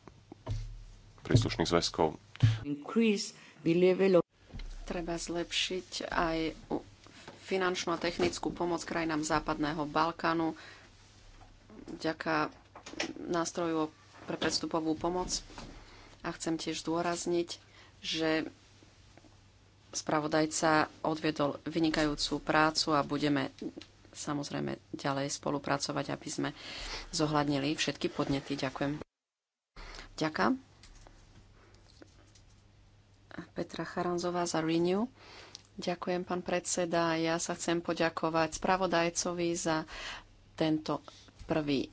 príslušných zväzkov. Treba zlepšiť aj finančnú a technickú pomoc krajinám Západného Balkánu vďaka nástroju pre predstupovú pomoc. A chcem tiež zdôrazniť, že spravodajca odviedol vynikajúcu prácu a budeme samozrejme ďalej spolupracovať, aby sme zohľadnili všetky podnety. Ďakujem. Ďakujem. Petra Charanzová za Renew. Ďakujem, pán predseda. Ja sa chcem poďakovať spravodajcovi za tento prvý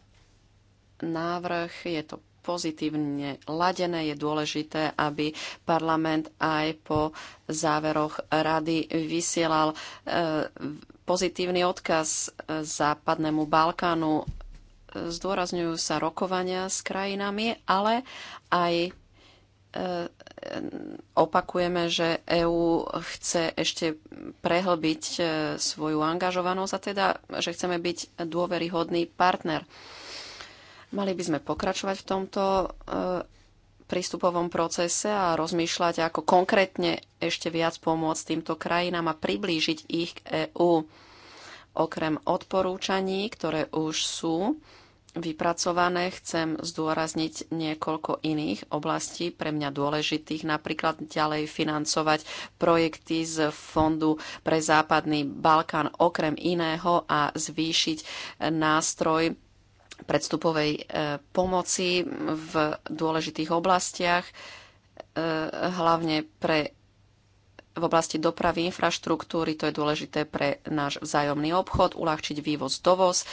návrh. Je to pozitívne ladené. Je dôležité, aby parlament aj po záveroch rady vysielal e, pozitívny odkaz západnému Balkánu. Zdôrazňujú sa rokovania s krajinami, ale aj opakujeme, že EÚ chce ešte prehlbiť e, svoju angažovanosť a teda, že chceme byť dôveryhodný partner. Mali by sme pokračovať v tomto e, prístupovom procese a rozmýšľať, ako konkrétne ešte viac pomôcť týmto krajinám a priblížiť ich k EÚ. Okrem odporúčaní, ktoré už sú, vypracované. Chcem zdôrazniť niekoľko iných oblastí pre mňa dôležitých, napríklad ďalej financovať projekty z Fondu pre západný Balkán okrem iného a zvýšiť nástroj predstupovej e, pomoci v dôležitých oblastiach, e, hlavne pre v oblasti dopravy, infraštruktúry, to je dôležité pre náš vzájomný obchod, uľahčiť vývoz, dovoz e,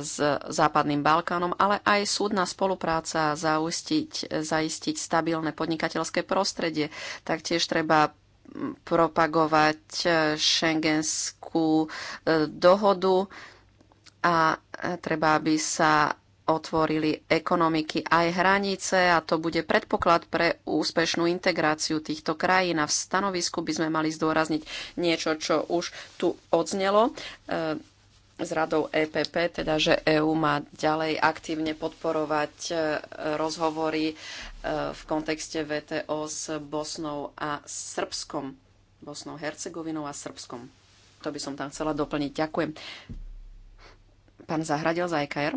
s Západným Balkánom, ale aj súdna spolupráca, zaistiť, zaistiť stabilné podnikateľské prostredie. Taktiež treba propagovať e, šengenskú e, dohodu a treba, aby sa otvorili ekonomiky aj hranice a to bude predpoklad pre úspešnú integráciu týchto krajín. A v stanovisku by sme mali zdôrazniť niečo, čo už tu odznelo s e, radou EPP, teda že EÚ má ďalej aktívne podporovať e, rozhovory e, v kontexte VTO s Bosnou a Srbskom. Bosnou, Hercegovinou a Srbskom. To by som tam chcela doplniť. Ďakujem. Pán Zahradil za EKR.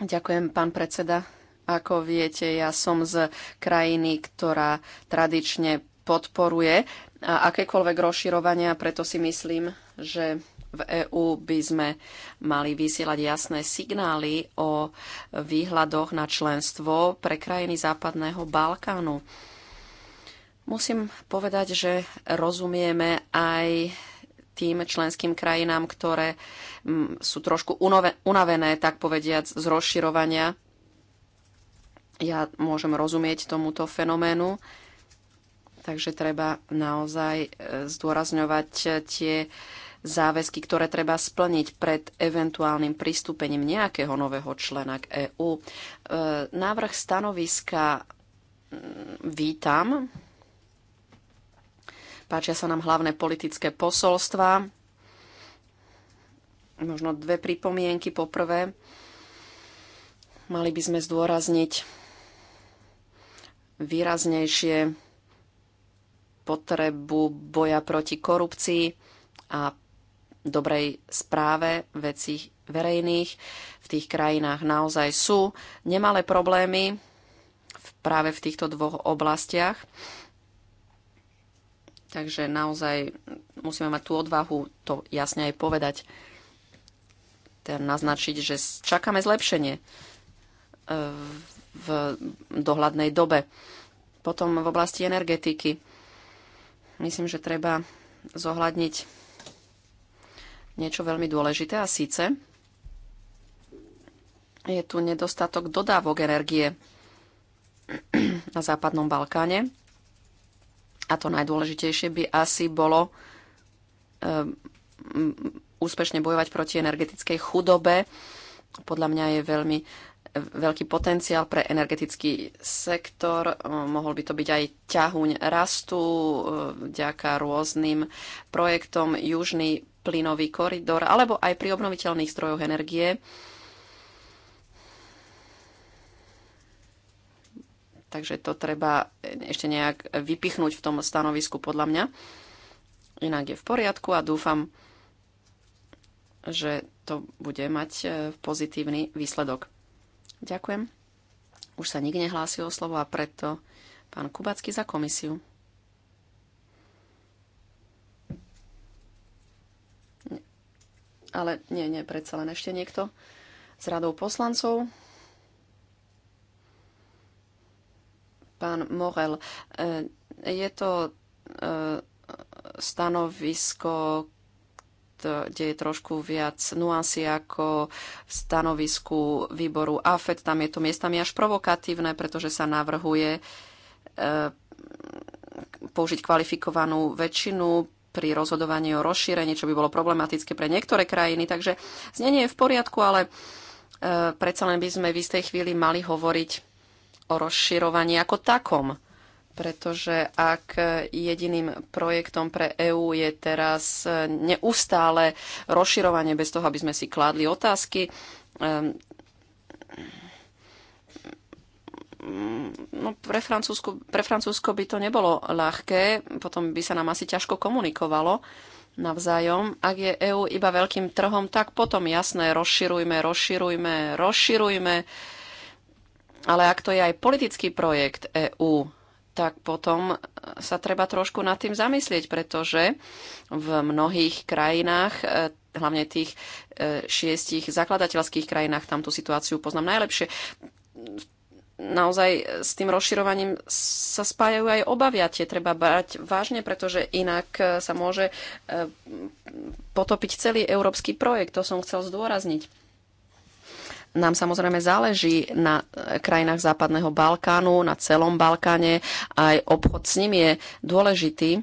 Ďakujem, pán predseda. Ako viete, ja som z krajiny, ktorá tradične podporuje akékoľvek rozširovania, preto si myslím, že v EÚ by sme mali vysielať jasné signály o výhľadoch na členstvo pre krajiny Západného Balkánu. Musím povedať, že rozumieme aj tým členským krajinám, ktoré mm, sú trošku unavené, tak povediac, z rozširovania. Ja môžem rozumieť tomuto fenoménu, takže treba naozaj e, zdôrazňovať e, tie záväzky, ktoré treba splniť pred eventuálnym pristúpením nejakého nového člena k EÚ. E, návrh stanoviska mm, vítam. Páčia sa nám hlavné politické posolstva. Možno dve pripomienky. Poprvé, mali by sme zdôrazniť výraznejšie potrebu boja proti korupcii a dobrej správe vecí verejných. V tých krajinách naozaj sú nemalé problémy práve v týchto dvoch oblastiach. Takže naozaj musíme mať tú odvahu to jasne aj povedať. Teda naznačiť, že čakáme zlepšenie e, v dohľadnej dobe. Potom v oblasti energetiky. Myslím, že treba zohľadniť niečo veľmi dôležité a síce je tu nedostatok dodávok energie na západnom Balkáne. A to najdôležitejšie by asi bolo ehm, úspešne bojovať proti energetickej chudobe. Podľa mňa je veľmi veľký potenciál pre energetický sektor. Mohol by to byť aj ťahuň rastu eh, vďaka rôznym projektom Južný plynový koridor alebo aj pri obnoviteľných zdrojoch energie Takže to treba ešte nejak vypichnúť v tom stanovisku podľa mňa. Inak je v poriadku a dúfam, že to bude mať e, pozitívny výsledok. Ďakujem. Už sa nik nehlásil o slovo a preto pán Kubacký za komisiu. Ale nie, nie, predsa len ešte niekto s radou poslancov. pán Morel. Eh, je to eh, stanovisko, kde je trošku viac nuansy ako v stanovisku výboru AFED. Tam je to miestami až provokatívne, pretože sa navrhuje eh, použiť kvalifikovanú väčšinu pri rozhodovaní o rozšírení, čo by bolo problematické pre niektoré krajiny. Takže znenie je v poriadku, ale predsa len by sme v istej chvíli mali hovoriť o rozširovaní ako takom. Pretože ak jediným projektom pre EÚ je teraz neustále rozširovanie bez toho, aby sme si kládli otázky, ehm, no pre, Francúzsko, pre Francúzsko by to nebolo ľahké, potom by sa nám asi ťažko komunikovalo navzájom. Ak je EÚ iba veľkým trhom, tak potom jasné, rozširujme, rozširujme, rozširujme. rozširujme ale ak to je aj politický projekt EÚ, tak potom sa treba trošku nad tým zamyslieť, pretože v mnohých krajinách, e, hlavne tých e, šiestich zakladateľských krajinách, tam tú situáciu poznám najlepšie, naozaj s tým rozširovaním sa spájajú aj obavia. Tie treba brať vážne, pretože inak e, sa môže potopiť celý európsky projekt. To som chcel zdôrazniť. Nám samozrejme záleží na eh, krajinách Západného Balkánu, na celom Balkáne. Aj obchod s nimi je dôležitý. Eh,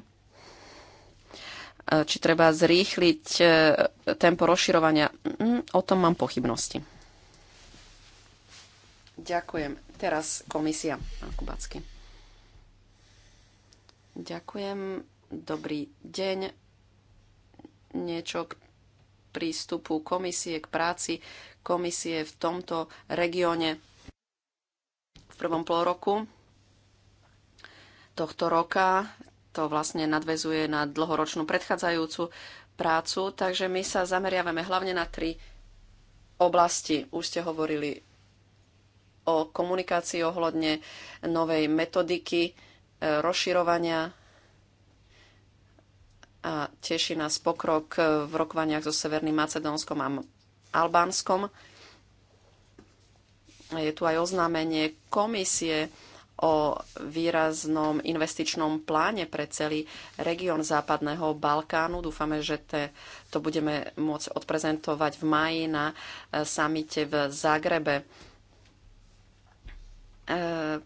či treba zrýchliť eh, tempo rozširovania, mm, o tom mám pochybnosti. Ďakujem. Teraz komisia, pán Kubacky. Ďakujem. Dobrý deň. Niečo k prístupu komisie k práci komisie v tomto regióne v prvom pol roku tohto roka. To vlastne nadvezuje na dlhoročnú predchádzajúcu prácu, takže my sa zameriavame hlavne na tri oblasti. Už ste hovorili o komunikácii ohľadne novej metodiky e, rozširovania a teší nás pokrok v rokovaniach so Severným Macedónskom a Albánskom. Je tu aj oznámenie komisie o výraznom investičnom pláne pre celý región Západného Balkánu. Dúfame, že te, to budeme môcť odprezentovať v maji na e, samite v Zagrebe. E,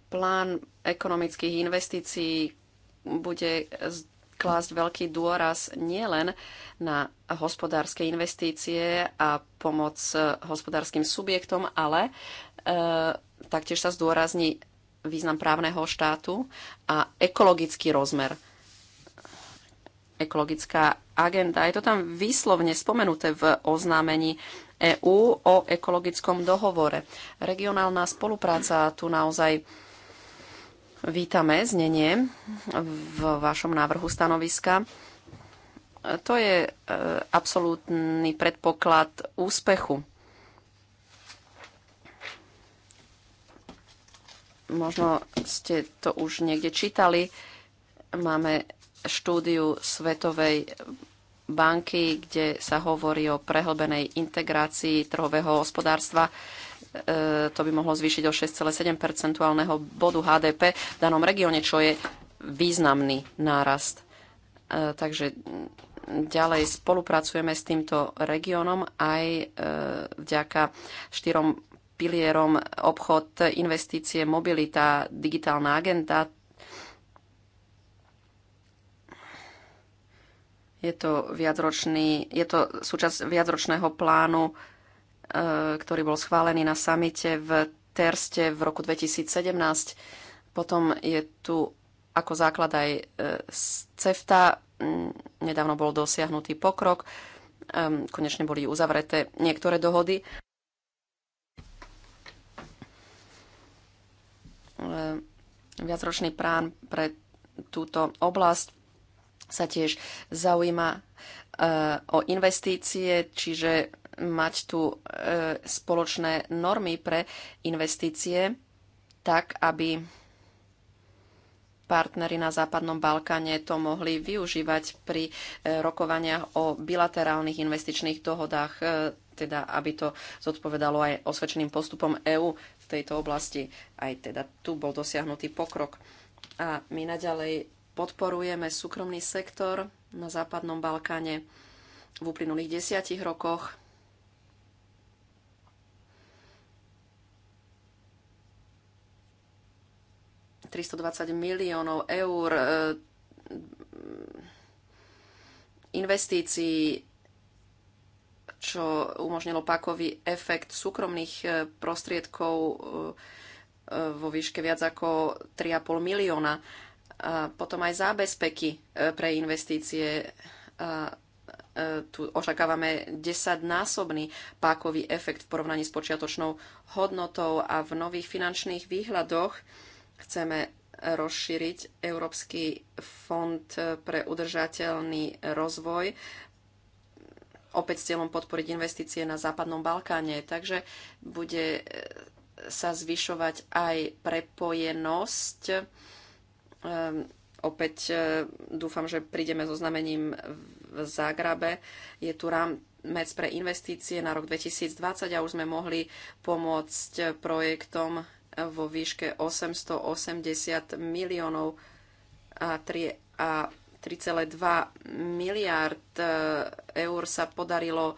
plán ekonomických investícií bude klásť veľký dôraz nielen na hospodárske investície a pomoc eh, hospodárskym subjektom, ale e, taktiež sa zdôrazní význam právneho štátu a ekologický rozmer. Ekologická agenda. Je to tam výslovne spomenuté v oznámení EÚ o ekologickom dohovore. Regionálna spolupráca tu naozaj Vítame znenie v vašom návrhu stanoviska. To je e, absolútny predpoklad úspechu. Možno ste to už niekde čítali. Máme štúdiu Svetovej banky, kde sa hovorí o prehlbenej integrácii trhového hospodárstva to by mohlo zvýšiť o 6,7 percentuálneho bodu HDP v danom regióne, čo je významný nárast. E, takže ďalej spolupracujeme s týmto regiónom aj e, vďaka štyrom pilierom obchod, investície, mobilita, digitálna agenda. Je to, viacročný, je to súčasť viacročného plánu E, ktorý bol schválený na samite v Terste v roku 2017. Potom je tu ako základ aj e, CEFTA. Mm, nedávno bol dosiahnutý pokrok. E, konečne boli uzavreté niektoré dohody. Viacročný plán pre túto oblasť sa tiež zaujíma o investície, čiže mať tu e, spoločné normy pre investície, tak aby partnery na Západnom Balkáne to mohli využívať pri e, rokovaniach o bilaterálnych investičných dohodách, e, teda aby to zodpovedalo aj osvedčeným postupom EÚ v tejto oblasti. Aj teda tu bol dosiahnutý pokrok. A my naďalej podporujeme súkromný sektor na Západnom Balkáne v uplynulých desiatich rokoch. 320 miliónov eur e, investícií, čo umožnilo pakový efekt súkromných e, prostriedkov e, vo výške viac ako 3,5 milióna. A potom aj zábezpeky pre investície. A tu očakávame 10-násobný pákový efekt v porovnaní s počiatočnou hodnotou a v nových finančných výhľadoch Chceme rozšíriť Európsky fond pre udržateľný rozvoj opäť s cieľom podporiť investície na Západnom Balkáne. Takže bude e, sa zvyšovať aj prepojenosť. E, opäť e, dúfam, že prídeme so znamením v Zágrabe. Je tu rámec pre investície na rok 2020 a už sme mohli pomôcť projektom vo výške 880 miliónov a 3 a 3,2 miliard e, eur sa podarilo e,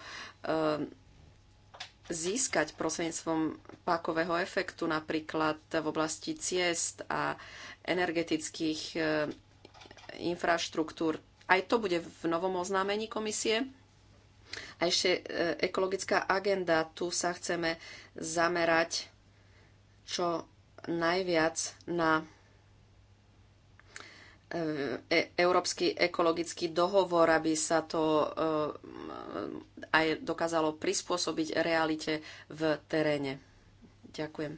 získať prostredníctvom pákového efektu napríklad v oblasti ciest a energetických e, infraštruktúr. Aj to bude v novom oznámení komisie. A ešte ekologická agenda. Tu sa chceme zamerať čo najviac na e, e, Európsky ekologický dohovor, aby sa to e, aj dokázalo prispôsobiť realite v teréne. Ďakujem.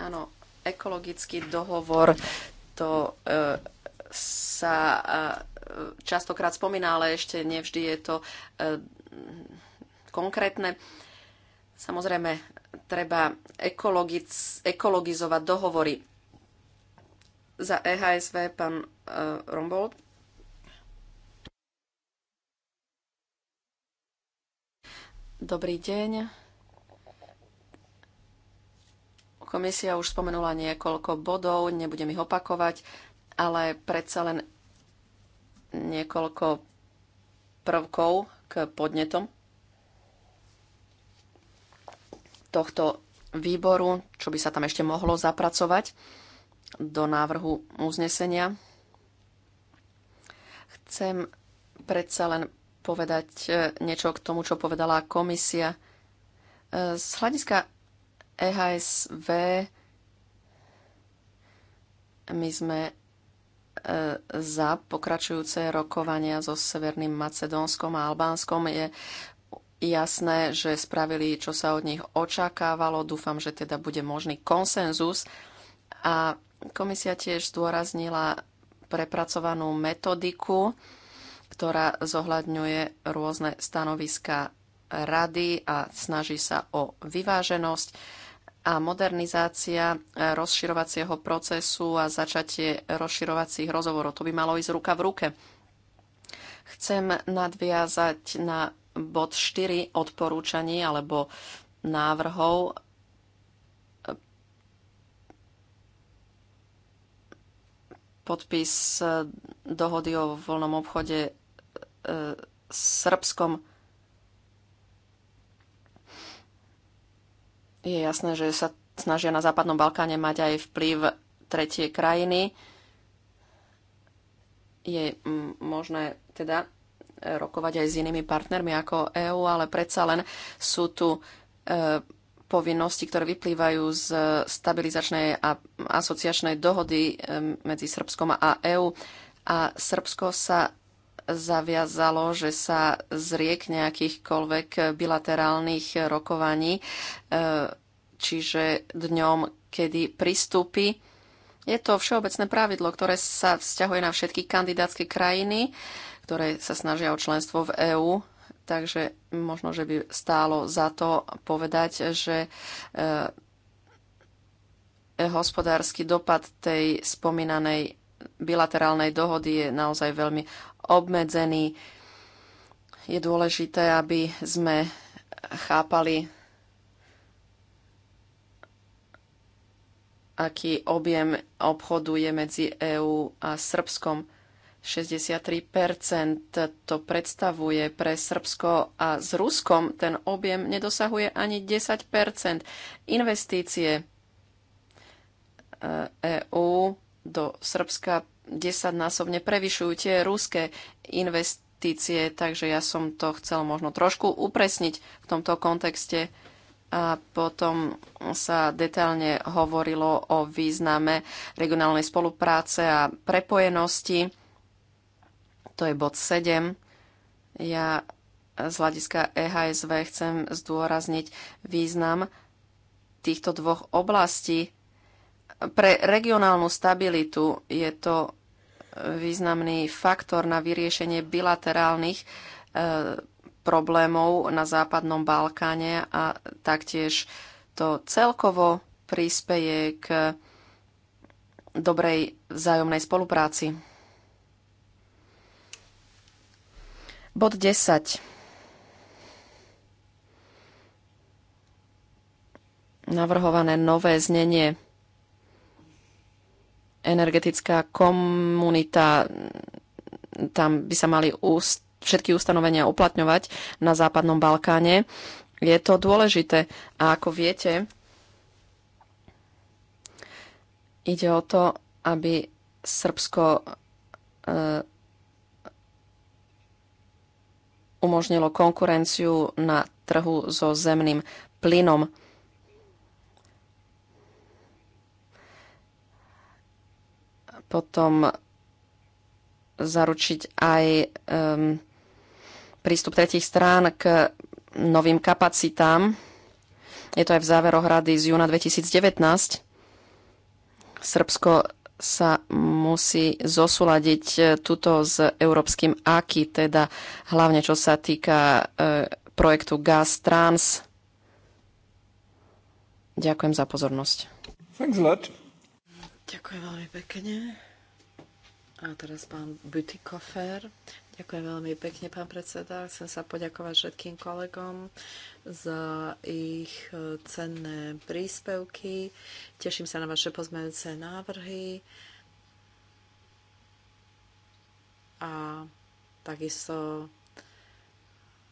Áno, ekologický dohovor to sa častokrát spomína, ale ešte nevždy je to konkrétne. Samozrejme, treba ekologizovať dohovory. Za EHSV pán uh, Rombold. Dobrý deň. Komisia už spomenula niekoľko bodov, nebudem ich opakovať, ale predsa len niekoľko prvkov k podnetom. tohto výboru, čo by sa tam ešte mohlo zapracovať do návrhu uznesenia. Chcem predsa len povedať e, niečo k tomu, čo povedala komisia. E, z hľadiska EHSV my sme e, za pokračujúce rokovania so Severným Macedónskom a Albánskom. Je jasné, že spravili, čo sa od nich očakávalo. Dúfam, že teda bude možný konsenzus. A komisia tiež zdôraznila prepracovanú metodiku, ktorá zohľadňuje rôzne stanoviska rady a snaží sa o vyváženosť a modernizácia rozširovacieho procesu a začatie rozširovacích rozhovorov. To by malo ísť ruka v ruke. Chcem nadviazať na bod 4 odporúčaní alebo návrhov podpis eh, dohody o voľnom obchode eh, s Srbskom. Je jasné, že sa snažia na Západnom Balkáne mať aj vplyv tretie krajiny. Je mm, možné teda rokovať aj s inými partnermi ako EÚ, ale predsa len sú tu e, povinnosti, ktoré vyplývajú z stabilizačnej a asociačnej dohody e, medzi Srbskom a EÚ. A Srbsko sa zaviazalo, že sa zriek nejakýchkoľvek bilaterálnych rokovaní, e, čiže dňom, kedy pristúpi. Je to všeobecné pravidlo, ktoré sa vzťahuje na všetky kandidátske krajiny ktoré sa snažia o členstvo v EÚ. Takže možno, že by stálo za to povedať, že e, hospodársky dopad tej spomínanej bilaterálnej dohody je naozaj veľmi obmedzený. Je dôležité, aby sme chápali, aký objem obchodu je medzi EÚ a Srbskom 63% to predstavuje pre Srbsko a s Ruskom ten objem nedosahuje ani 10 Investície EÚ e do Srbska 10-násobne prevyšujú tie ruské investície, takže ja som to chcel možno trošku upresniť v tomto kontexte. A potom sa detailne hovorilo o význame regionálnej spolupráce a prepojenosti to je bod 7. Ja z hľadiska EHSV chcem zdôrazniť význam týchto dvoch oblastí. Pre regionálnu stabilitu je to významný faktor na vyriešenie bilaterálnych e, problémov na Západnom Balkáne a taktiež to celkovo prispeje k dobrej vzájomnej spolupráci. Bod 10. Navrhované nové znenie energetická komunita, tam by sa mali úst, všetky ustanovenia uplatňovať na Západnom Balkáne. Je to dôležité a ako viete, ide o to, aby Srbsko e, umožnilo konkurenciu na trhu so zemným plynom. Potom zaručiť aj um, prístup tretich strán k novým kapacitám. Je to aj v záveroch rady z júna 2019. Srbsko sa musí zosúľadiť e, tuto s európskym AKI, teda hlavne čo sa týka e, projektu Gas Trans. Ďakujem za pozornosť. Thanks a lot. Ďakujem veľmi pekne. A teraz pán Butikofer. Ďakujem veľmi pekne, pán predseda. Chcem sa poďakovať všetkým kolegom za ich e, cenné príspevky. Teším sa na vaše pozmeňujúce návrhy. A takisto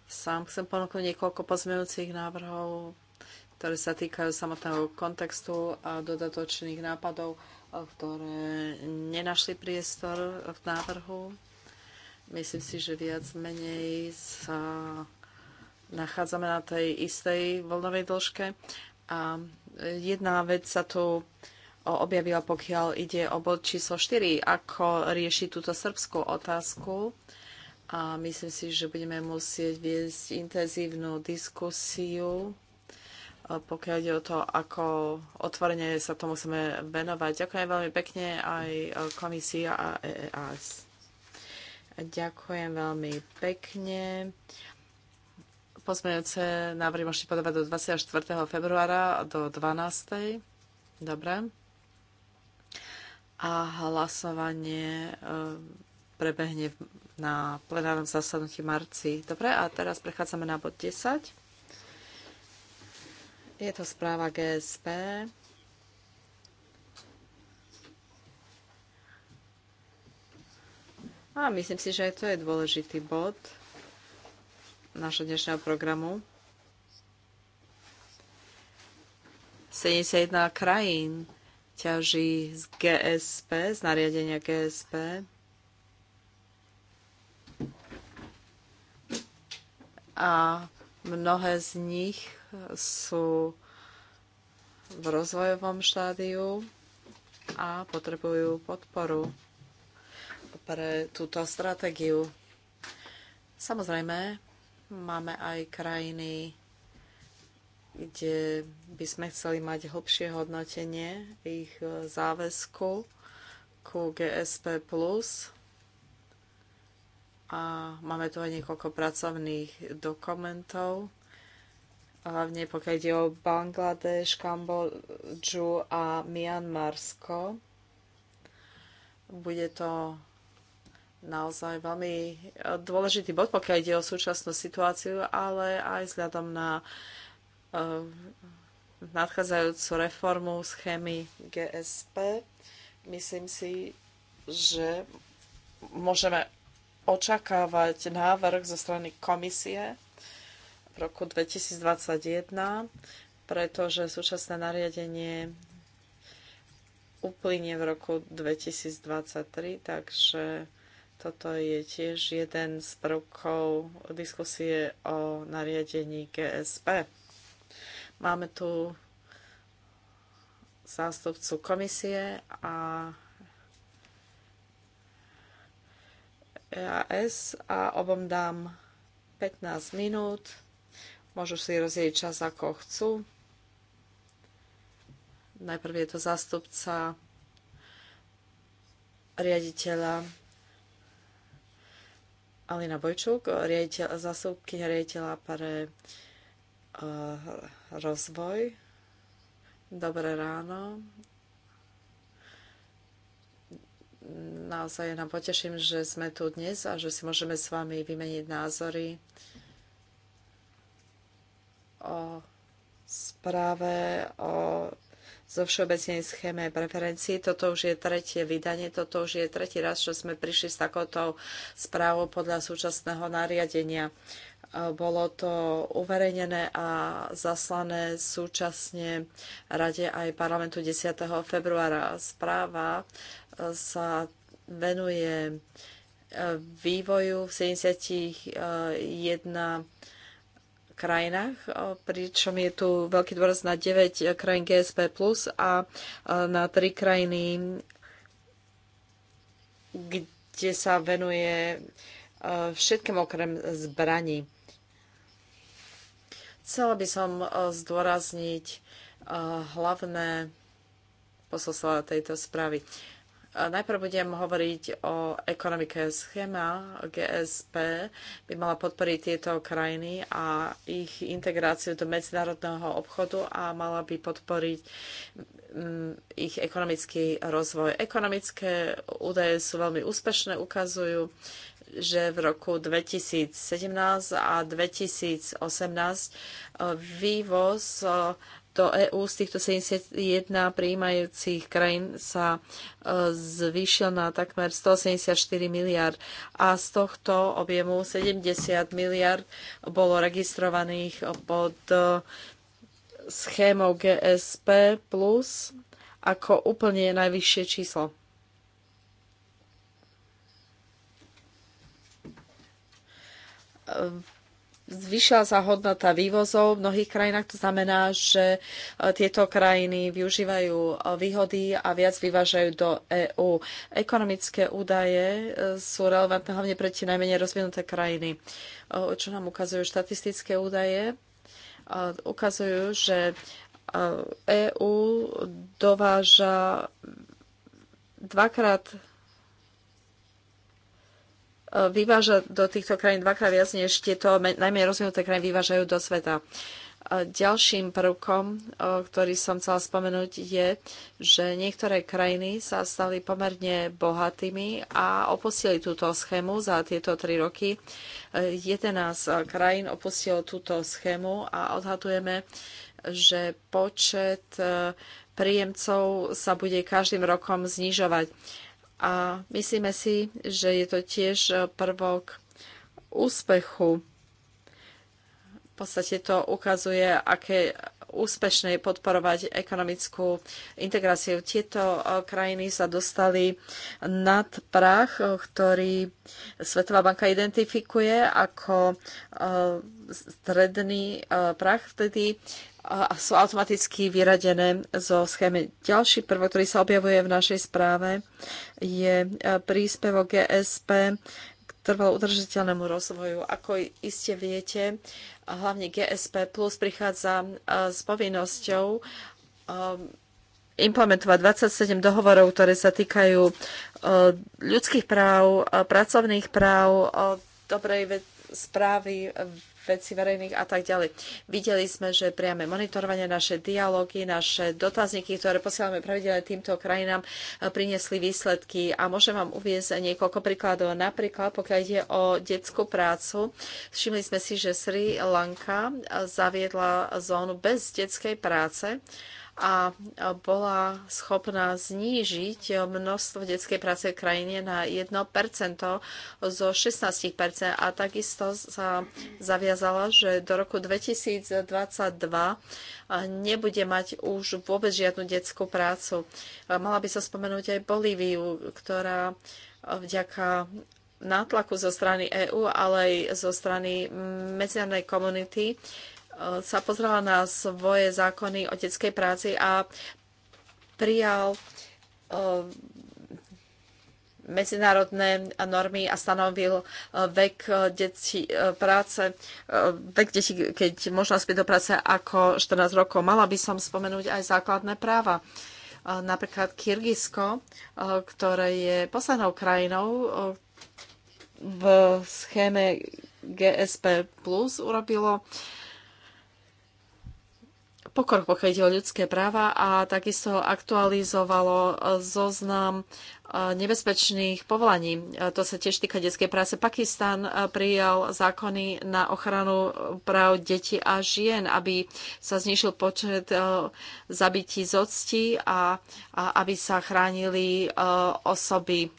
sám chcem ponúknuť niekoľko pozmeňujúcich návrhov, ktoré sa týkajú samotného kontextu a dodatočných nápadov, ktoré nenašli priestor v návrhu Myslím si, že viac menej sa nachádzame na tej istej voľnovej dĺžke. A jedna vec sa tu objavila, pokiaľ ide o bod číslo 4, ako riešiť túto srbskú otázku. A myslím si, že budeme musieť viesť intenzívnu diskusiu, e, pokiaľ ide o to, ako otvorene sa to musíme venovať. Ďakujem veľmi pekne aj e, komisia a EEAS. Ďakujem veľmi pekne. Posmejúce návrhy môžete podávať do 24. februára do 12. Dobre. A hlasovanie eh, prebehne na plenárnom zasadnutí marci. Dobre, a teraz prechádzame na bod 10. Je to správa GSP. A myslím si, že aj to je dôležitý bod našho dnešného programu. 71 krajín ťaží z GSP, z nariadenia GSP. A mnohé z nich sú v rozvojovom štádiu a potrebujú podporu pre túto stratégiu. Samozrejme, máme aj krajiny, kde by sme chceli mať hlbšie hodnotenie ich e, záväzku ku GSP+. A máme tu aj niekoľko pracovných dokumentov, hlavne pokiaľ ide o Bangladeš, Kambodžu a Mianmarsko. Bude to naozaj veľmi e, dôležitý bod, pokiaľ ide o súčasnú situáciu, ale aj vzhľadom na uh, nadchádzajúcu reformu schémy GSP. Myslím si, že môžeme očakávať návrh zo strany komisie v roku 2021, pretože súčasné nariadenie uplynie v roku 2023, takže toto je tiež jeden z prvkov diskusie o nariadení GSP. Máme tu zástupcu komisie a EAS a obom dám 15 minút. Môžu si rozdieť čas ako chcú. Najprv je to zástupca riaditeľa Alina Bojčuk, riaditeľ, zásuvky riaditeľa pre uh, rozvoj. Dobré ráno. Naozaj nám poteším, že sme tu dnes a že si môžeme s vami vymeniť názory o správe o zo všeobecnej schéme preferencií. Toto už je tretie vydanie, toto už je tretí raz, čo sme prišli s takouto správou podľa súčasného nariadenia. E, bolo to uverejnené a zaslané súčasne Rade aj parlamentu 10. februára. Správa e, sa venuje e, vývoju v 71 krajinách, pričom je tu veľký dôraz na 9 e, krajín GSP plus a e, na 3 krajiny, kde sa venuje e, všetkým okrem zbraní. Chcela by som zdôrazniť hlavné posolstvo tejto správy. Najprv budem hovoriť o ekonomike. Schéma GSP by mala podporiť tieto krajiny a ich integráciu do medzinárodného obchodu a mala by podporiť mm, ich ekonomický rozvoj. Ekonomické údaje sú veľmi úspešné, ukazujú, že v roku 2017 a 2018 e, vývoz e, týchto EÚ z týchto 71 prijímajúcich krajín sa e, zvýšil na takmer 174 miliard a z tohto objemu 70 miliard bolo registrovaných pod e, schémou GSP plus ako úplne najvyššie číslo. V zvyšila sa hodnota vývozov v mnohých krajinách. To znamená, že e, tieto krajiny využívajú e, výhody a viac vyvážajú do EÚ. Ekonomické údaje e, sú relevantné hlavne pre tie najmenej rozvinuté krajiny, čo nám ukazujú štatistické údaje. Ukazujú, že EÚ dováža dvakrát E, vyváža do týchto krajín dvakrát viac, než tieto najmenej rozvinuté krajiny vyvážajú do sveta. E, ďalším prvkom, e, ktorý som chcela spomenúť, je, že niektoré krajiny sa stali pomerne bohatými a opustili túto schému za tieto tri roky. 11 krajín opustilo túto schému a odhadujeme, že počet príjemcov sa bude každým rokom znižovať a myslíme si, že je to tiež prvok úspechu. V podstate to ukazuje, aké úspešné je podporovať ekonomickú integráciu. Tieto e, krajiny sa dostali nad prach, e, ktorý Svetová banka identifikuje ako e, stredný prach. Vtedy a sú automaticky vyradené zo schémy. Ďalší prvok, ktorý sa objavuje v našej správe, je e, príspevok GSP k trvalo udržiteľnému rozvoju. Ako iste viete, hlavne GSP Plus prichádza e, s povinnosťou e, implementovať 27 dohovorov, ktoré sa týkajú ľudských práv, pracovných práv, dobrej správy, vecí verejných a tak ďalej. Videli sme, že priame monitorovanie, naše dialógy, naše dotazníky, ktoré posielame pravidelne týmto krajinám, e, priniesli výsledky. A môžem vám uviezť niekoľko príkladov. Napríklad, pokiaľ ide o detskú prácu, všimli sme si, že Sri Lanka e, zaviedla zónu bez detskej práce a bola schopná znížiť množstvo detskej práce v krajine na 1% zo 16%. A takisto sa zaviazala, že do roku 2022 nebude mať už vôbec žiadnu detskú prácu. Mala by sa spomenúť aj Bolíviu, ktorá vďaka nátlaku zo strany EÚ, ale aj zo strany medzinárodnej komunity sa pozrela na svoje zákony o detskej práci a prijal e, medzinárodné normy a stanovil e, vek e, detí práce, vek detí, keď možno spieť do práce ako 14 rokov. Mala by som spomenúť aj základné práva. Napríklad Kyrgyzsko, ktoré je poslednou krajinou v schéme GSP+, urobilo pokrok, pokiaľ ide o ľudské práva a takisto aktualizovalo e, zoznam e, nebezpečných povolaní. E, to sa tiež týka detskej práce. Pakistan prijal zákony na ochranu práv detí a žien, aby sa znišil počet zabití z octi a, aby sa chránili osoby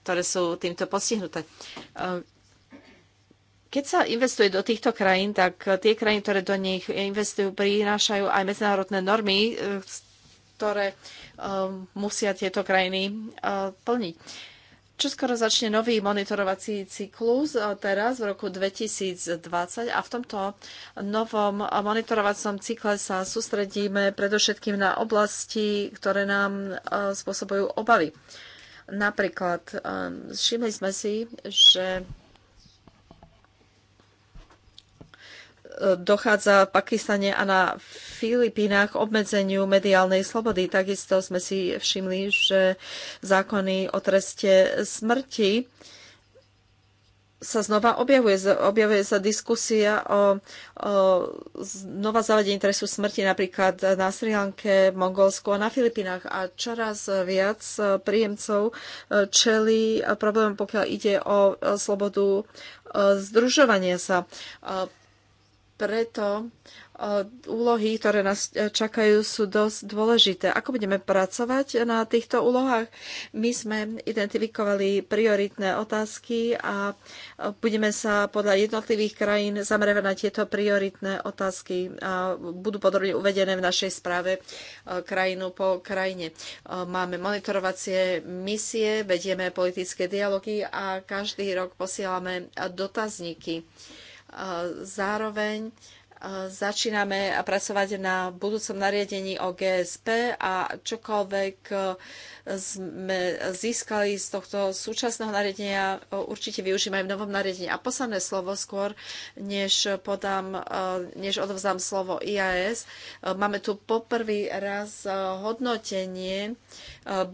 ktoré sú týmto postihnuté. Keď sa investuje do týchto krajín, tak eh, tie krajiny, ktoré do nich investujú, prinášajú aj medzinárodné normy, eh, ktoré um, musia tieto krajiny uh, plniť. skoro začne nový monitorovací cyklus teraz v roku 2020 a v tomto novom monitorovacom cykle sa sústredíme predovšetkým na oblasti, ktoré nám spôsobujú obavy. Napríklad všimli sme si, že dochádza v Pakistane a na Filipínach obmedzeniu mediálnej slobody. Takisto sme si všimli, že zákony o treste smrti sa znova objavuje. Objavuje sa diskusia o, o znova zavedení trestu smrti napríklad na Sri Lanke, v Mongolsku a na Filipinách. A čoraz viac príjemcov e, čelí problém, pokiaľ ide o slobodu e, združovania sa e, preto e, úlohy, ktoré nás e, čakajú, sú dosť dôležité. Ako budeme pracovať na týchto úlohách? My sme identifikovali prioritné otázky a e, budeme sa podľa jednotlivých krajín zamerať na tieto prioritné otázky. A budú podrobne uvedené v našej správe krajinu po krajine. Máme monitorovacie misie, vedieme politické dialógy a každý rok posielame dotazníky. Zároveň e, začíname pracovať na budúcom nariadení o GSP a čokoľvek e, sme získali z tohto súčasného nariadenia, e, určite využijem aj v novom nariadení. A posledné slovo skôr, než, podám, než odovzdám slovo IAS, máme tu poprvý raz hodnotenie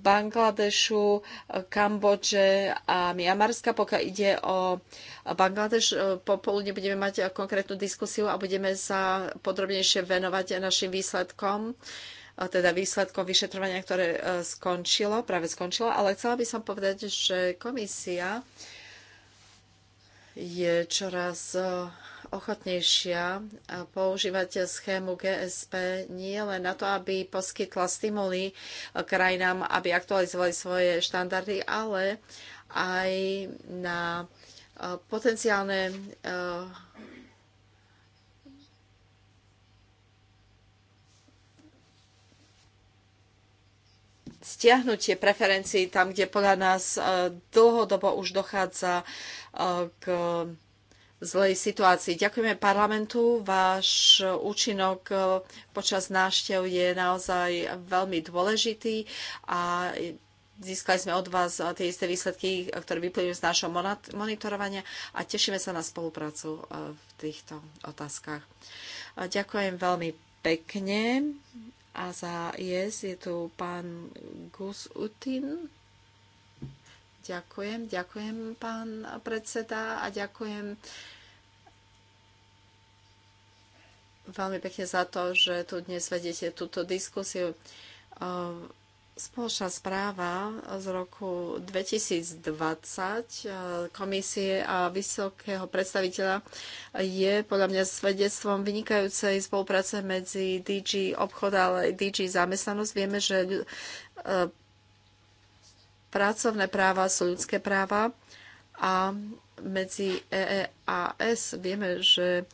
Bangladešu, Kambodže a Miamarska, pokiaľ ide o Bangladeš. E, popoludne budeme mať e, konkrétnu diskusiu a budeme sa podrobnejšie venovať našim výsledkom teda výsledkom vyšetrovania, ktoré e, skončilo, práve skončilo, ale chcela by som povedať, že komisia je čoraz ochotnejšia používať schému GSP nie len na to, aby poskytla stimuly krajinám, aby aktualizovali svoje štandardy, ale aj na Eh, potenciálne eh, stiahnutie preferencií tam, kde podľa nás eh, dlhodobo už dochádza k zlej situácii. Ďakujeme parlamentu. Váš účinok počas náštev je naozaj veľmi dôležitý a Získali sme od vás eh, tie isté výsledky, eh, ktoré vyplývajú z nášho monitorovania a tešíme sa na spoluprácu eh, v týchto otázkach. Ďakujem veľmi pekne. A za yes je tu pán Gus Utin. Ďakujem, ďakujem pán predseda a ďakujem veľmi pekne za to, že tu dnes vedete túto diskusiu spoločná správa z roku 2020 eh, komisie a vysokého predstaviteľa je podľa mňa svedectvom vynikajúcej spolupráce medzi DG obchod a DG zamestnanosť. Vieme, že eh, pracovné práva sú ľudské práva a medzi EEAS vieme, že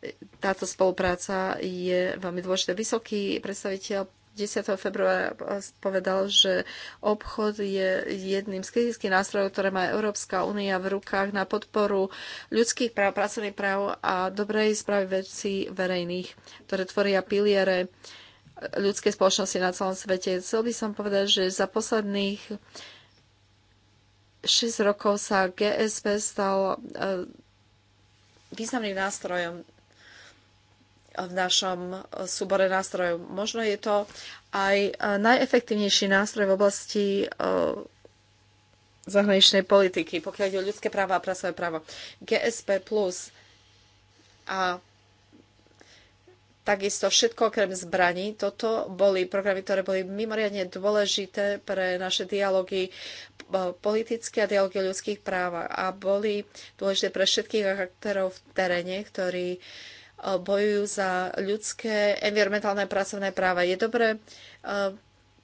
eh, táto spolupráca je veľmi dôležitá. Vysoký predstaviteľ 10. februára povedal, že obchod je jedným z kritických nástrojov, ktoré má Európska únia v rukách na podporu ľudských práv, pracovných práv a dobrej správy vecí verejných, ktoré tvoria piliere ľudskej spoločnosti na celom svete. Chcel by som povedať, že za posledných 6 rokov sa GSP stal eh, významným nástrojom v našom e, súbore nástrojov. Možno je to aj e, najefektívnejší nástroj v oblasti e, zahraničnej politiky, pokiaľ ide o ľudské práva a prasové právo. GSP plus a takisto všetko okrem zbraní. Toto boli programy, ktoré boli mimoriadne dôležité pre naše dialógy politické a dialógy o ľudských právach a boli dôležité pre všetkých aktérov v teréne, ktorí uh, bojujú za ľudské, environmentálne pracovné práva. Je dobré e,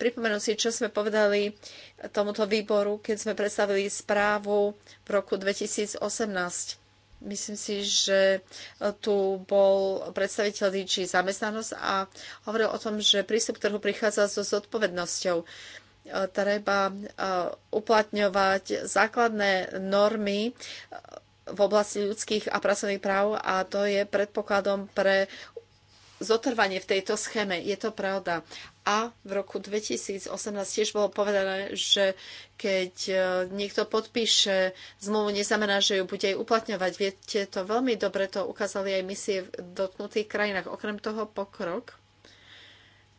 pripomenúť si, čo sme povedali tomuto výboru, keď sme predstavili správu v roku 2018. Myslím si, že tu bol predstaviteľ DG zamestnanosť a hovoril o tom, že prístup, ktorý prichádza so zodpovednosťou, e, treba e, uplatňovať základné normy v oblasti ľudských a pracovných práv a to je predpokladom pre zotrvanie v tejto schéme. Je to pravda. A v roku 2018 tiež bolo povedané, že keď e, niekto podpíše zmluvu, neznamená, že ju bude aj uplatňovať. Viete to veľmi dobre, to ukázali aj misie v dotknutých krajinách. Okrem toho pokrok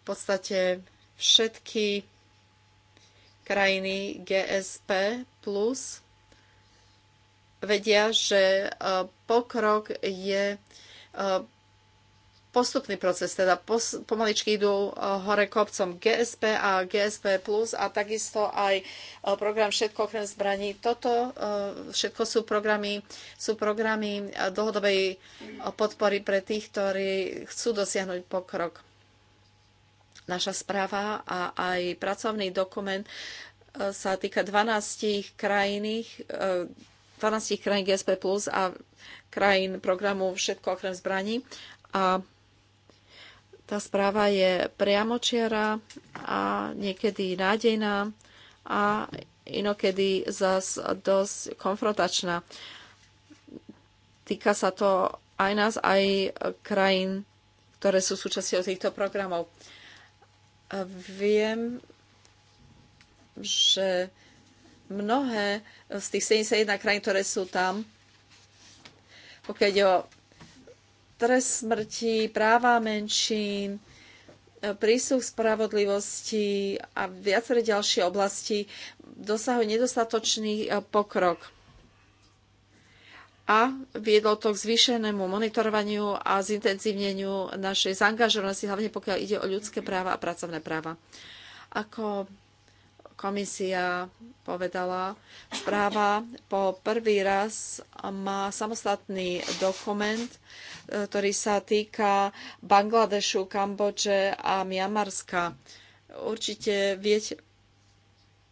v podstate všetky krajiny GSP plus vedia, že e, pokrok je e, postupný proces, teda pos, pomaličky idú e, hore kopcom GSP a GSP+, plus a takisto aj program Všetko okrem zbraní. Toto všetko sú programy, sú programy dlhodobej podpory pre tých, ktorí chcú dosiahnuť pokrok. Naša správa a aj pracovný dokument sa týka 12 krajín, 12 krajín GSP plus a krajín programu Všetko okrem zbraní. A tá správa je priamočiara a niekedy nádejná a inokedy zas dosť konfrontačná. Týka sa to aj nás, aj krajín, ktoré sú súčasťou týchto programov. Viem, že mnohé z tých 71 krajín, ktoré sú tam, pokiaľ ide o trest smrti, práva menšín, prísluh spravodlivosti a viaceré ďalšie oblasti dosahujú nedostatočný e, pokrok. A viedlo to k zvýšenému monitorovaniu a zintenzívneniu našej zaangažovanosti, hlavne pokiaľ ide o ľudské práva a pracovné práva. Ako komisia povedala, správa po prvý raz má samostatný dokument, e, ktorý sa týka Bangladešu, Kambodže a Miamarska. Určite viete,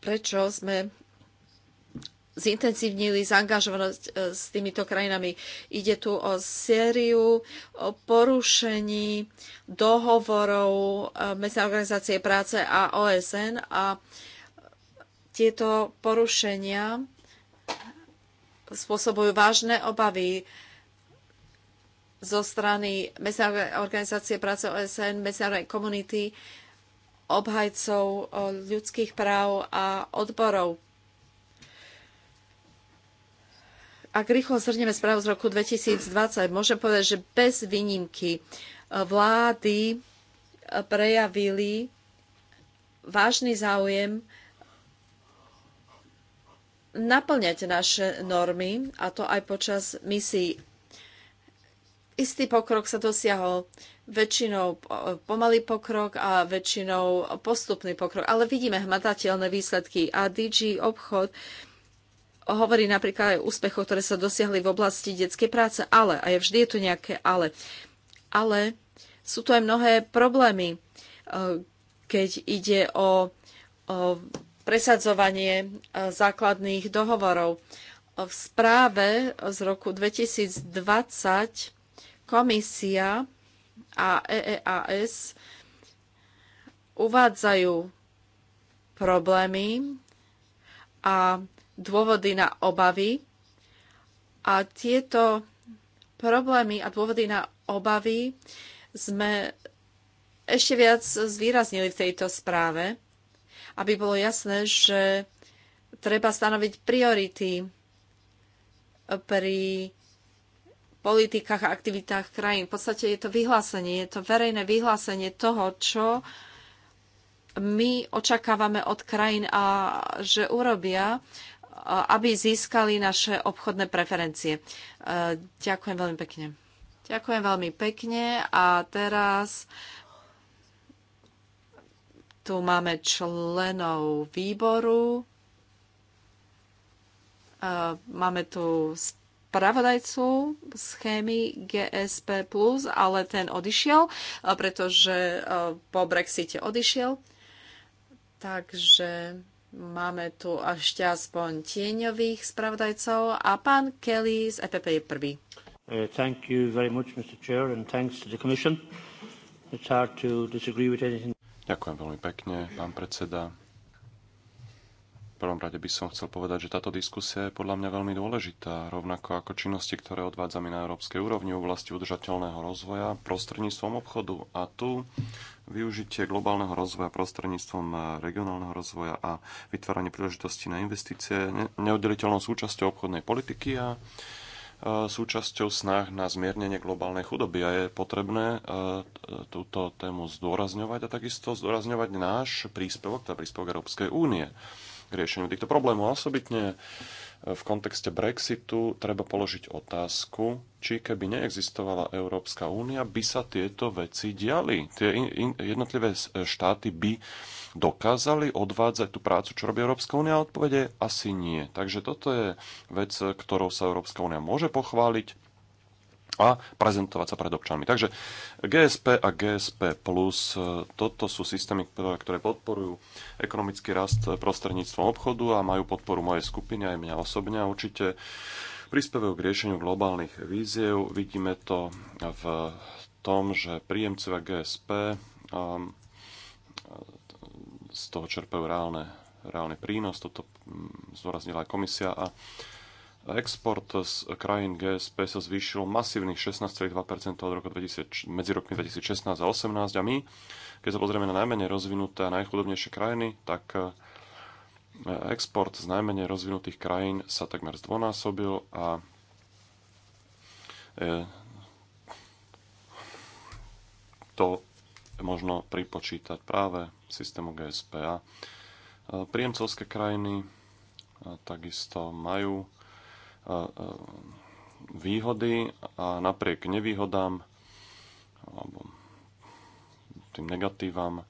prečo sme zintenzívnili zaangažovanosť e, s týmito krajinami. Ide tu o sériu o porušení dohovorov e, Medzinárodnej organizácie práce a OSN a tieto porušenia spôsobujú vážne obavy zo strany Medzinárodnej organizácie práce OSN, Medzinárodnej komunity, obhajcov ľudských práv a odborov. Ak rýchlo zhrnieme správu z roku 2020, môžem povedať, že bez výnimky vlády prejavili vážny záujem naplňať naše normy, a to aj počas misií. Istý pokrok sa dosiahol väčšinou pomalý pokrok a väčšinou postupný pokrok, ale vidíme hmatateľné výsledky a DG obchod hovorí napríklad aj o úspechoch, ktoré sa dosiahli v oblasti detskej práce, ale, a je vždy je tu nejaké ale, ale sú tu aj mnohé problémy, eh, keď ide o, o presadzovanie e, základných dohovorov. V správe z roku 2020 komisia a EEAS uvádzajú problémy a dôvody na obavy. A tieto problémy a dôvody na obavy sme ešte viac zvýraznili v tejto správe aby bolo jasné, že treba stanoviť priority pri politikách a aktivitách krajín. V podstate je to vyhlásenie, je to verejné vyhlásenie toho, čo my očakávame od krajín a že urobia, aby získali naše obchodné preferencie. Ďakujem veľmi pekne. Ďakujem veľmi pekne a teraz tu máme členov výboru, e, máme tu spravodajcu schémy GSP+, ale ten odišiel, e, pretože e, po Brexite odišiel. Takže máme tu ešte aspoň tieňových spravodajcov a pán Kelly z EPP je prvý. Uh, thank you very much, Mr. Chair, and thanks to the Commission. It's hard to disagree with anything. Ďakujem veľmi pekne, pán predseda. V prvom rade by som chcel povedať, že táto diskusia je podľa mňa veľmi dôležitá, rovnako ako činnosti, ktoré odvádzame na európskej úrovni v oblasti udržateľného rozvoja prostredníctvom obchodu. A tu využitie globálneho rozvoja prostredníctvom regionálneho rozvoja a vytváranie príležitostí na investície neoddeliteľnou súčasťou obchodnej politiky a súčasťou snah na zmiernenie globálnej chudoby a je potrebné e, túto tému zdôrazňovať a takisto zdôrazňovať náš príspevok, tá príspevok Európskej únie k riešeniu týchto problémov. Osobitne v kontexte Brexitu treba položiť otázku, či keby neexistovala Európska únia, by sa tieto veci diali. Tie jednotlivé e, štáty by dokázali odvádzať tú prácu, čo robí Európska únia? A odpovede asi nie. Takže toto je vec, e, ktorou sa Európska únia môže pochváliť a prezentovať sa pred občanmi. Takže GSP a GSP+, plus, e, toto sú systémy, ktoré podporujú ekonomický rast prostredníctvom obchodu a majú podporu mojej skupiny aj mňa osobne a určite prispevajú k riešeniu globálnych víziev. Vidíme to v tom, že príjemcovia GSP um, ehm, z toho čerpajú reálne, reálny prínos. Toto mm, zdôraznila aj komisia a Export z krajín GSP sa zvýšil masívnych 16,2% od roku 2000, medzi rokmi 2016 a 2018 a my, keď sa pozrieme na najmenej rozvinuté a najchudobnejšie krajiny, tak e, export z najmenej rozvinutých krajín sa takmer zdvonásobil a e, to možno pripočítať práve systému GSP. E, príjemcovské krajiny takisto majú výhody a napriek nevýhodám alebo tým negatívam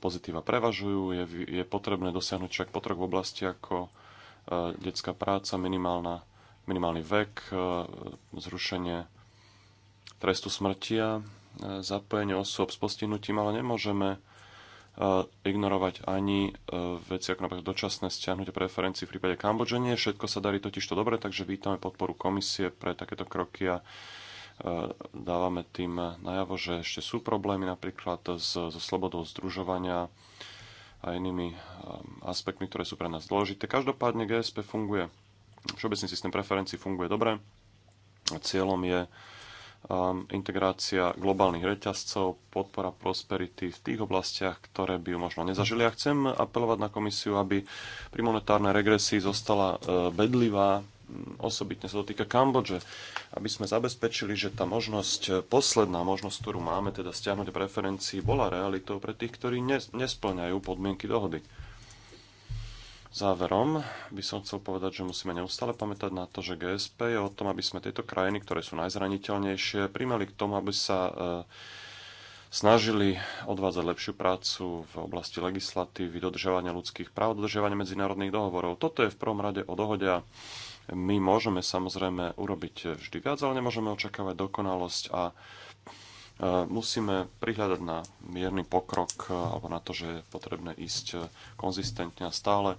pozitíva prevažujú. Je, je potrebné dosiahnuť však potrok v oblasti ako detská práca, minimálna, minimálny vek, zrušenie trestu smrti a zapojenie osôb s postihnutím, ale nemôžeme ignorovať ani e, veci ako napríklad dočasné stiahnutie preferencií v prípade Kambodže. Nie všetko sa darí totiž to dobre, takže vítame podporu komisie pre takéto kroky a e, dávame tým najavo, že ešte sú problémy napríklad so, so slobodou združovania a inými e, aspektmi, ktoré sú pre nás dôležité. Každopádne GSP funguje, všeobecný systém preferencií funguje dobre. Cieľom je Ehm, integrácia globálnych reťazcov, podpora prosperity v tých oblastiach, ktoré by ju možno nezažili. Ja chcem apelovať na komisiu, aby pri monetárnej regresii zostala e, bedlivá, osobitne sa to týka Kambodže, aby sme zabezpečili, že tá možnosť, e, posledná možnosť, ktorú máme, teda stiahnuť preferencii, bola realitou pre tých, ktorí nesplňajú podmienky dohody. Záverom by som chcel povedať, že musíme neustále pamätať na to, že GSP je o tom, aby sme tieto krajiny, ktoré sú najzraniteľnejšie, primeli k tomu, aby sa e, snažili odvádzať lepšiu prácu v oblasti legislatívy, dodržiavania ľudských práv, dodržiavania medzinárodných dohovorov. Toto je v prvom rade o dohode a my môžeme samozrejme urobiť vždy viac, ale nemôžeme očakávať dokonalosť a musíme prihľadať na mierny pokrok e, alebo na to, že je potrebné ísť e, konzistentne a stále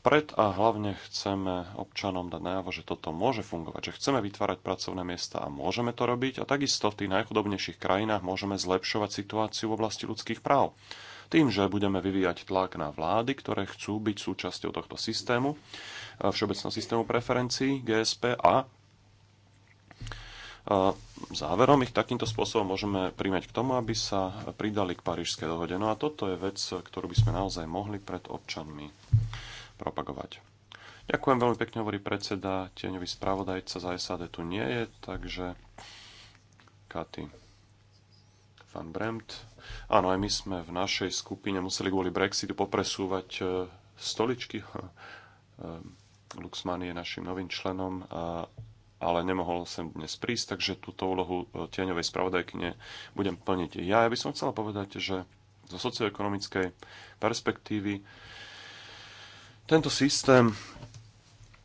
vpred a hlavne chceme občanom dať najavo, že toto môže fungovať, že chceme vytvárať pracovné miesta a môžeme to robiť a takisto v tých najchudobnejších krajinách môžeme zlepšovať situáciu v oblasti ľudských práv. Tým, že budeme vyvíjať tlak na vlády, ktoré chcú byť súčasťou tohto systému, e, všeobecného systému preferencií GSP a záverom ich takýmto spôsobom môžeme príjmať k tomu, aby sa pridali k Parížskej dohode. No a toto je vec, ktorú by sme naozaj mohli pred občanmi propagovať. Ďakujem veľmi pekne, hovorí predseda. Tieňový spravodajca za SAD tu nie je, takže Katy van Bremt. Áno, aj my sme v našej skupine museli kvôli Brexitu popresúvať e, stoličky. E, Luxman je našim novým členom a ale nemohol sem dnes prísť, takže túto úlohu e, tieňovej spravodajkyne budem plniť ja. Ja by som chcela povedať, že zo socioekonomickej perspektívy tento systém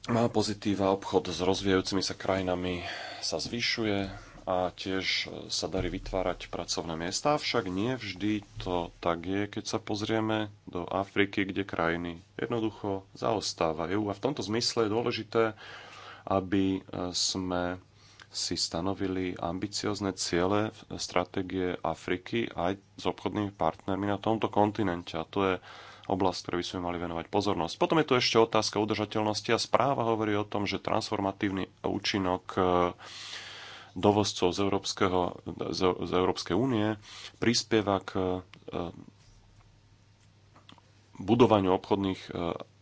má pozitíva, obchod s rozvíjajúcimi sa krajinami sa zvyšuje a tiež sa darí vytvárať pracovné miesta, avšak nie vždy to tak je, keď sa pozrieme do Afriky, kde krajiny jednoducho zaostávajú. A v tomto zmysle je dôležité aby e, sme si stanovili ambiciozne ciele stratégie Afriky aj s obchodnými partnermi na tomto kontinente. A to je oblasť, ktorej by sme mali venovať pozornosť. Potom je tu ešte otázka udržateľnosti a správa hovorí o tom, že transformatívny účinok e, dovozcov z, Európskeho, z Európskej únie prispieva k e, budovaniu obchodných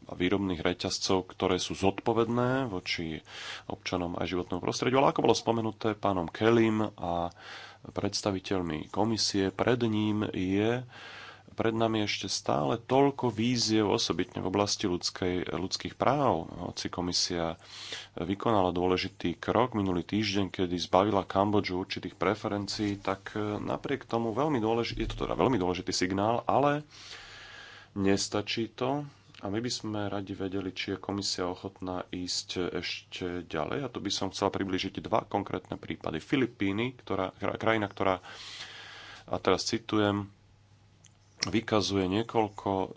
a výrobných reťazcov, ktoré sú zodpovedné voči občanom a životnom prostrediu. Ale ako bolo spomenuté pánom Kelim a predstaviteľmi komisie, pred ním je pred nami ešte stále toľko víziev, osobitne v oblasti ľudskej, ľudských práv. Hoci komisia vykonala dôležitý krok minulý týždeň, kedy zbavila Kambodžu určitých preferencií, tak e, napriek tomu veľmi dôležitý, je to teda veľmi dôležitý signál, ale nestačí to. A my by sme radi vedeli, či je komisia ochotná ísť ešte ďalej. A tu by som chcela približiť dva konkrétne prípady. Filipíny, ktorá, krajina, ktorá, a teraz citujem, vykazuje niekoľko e,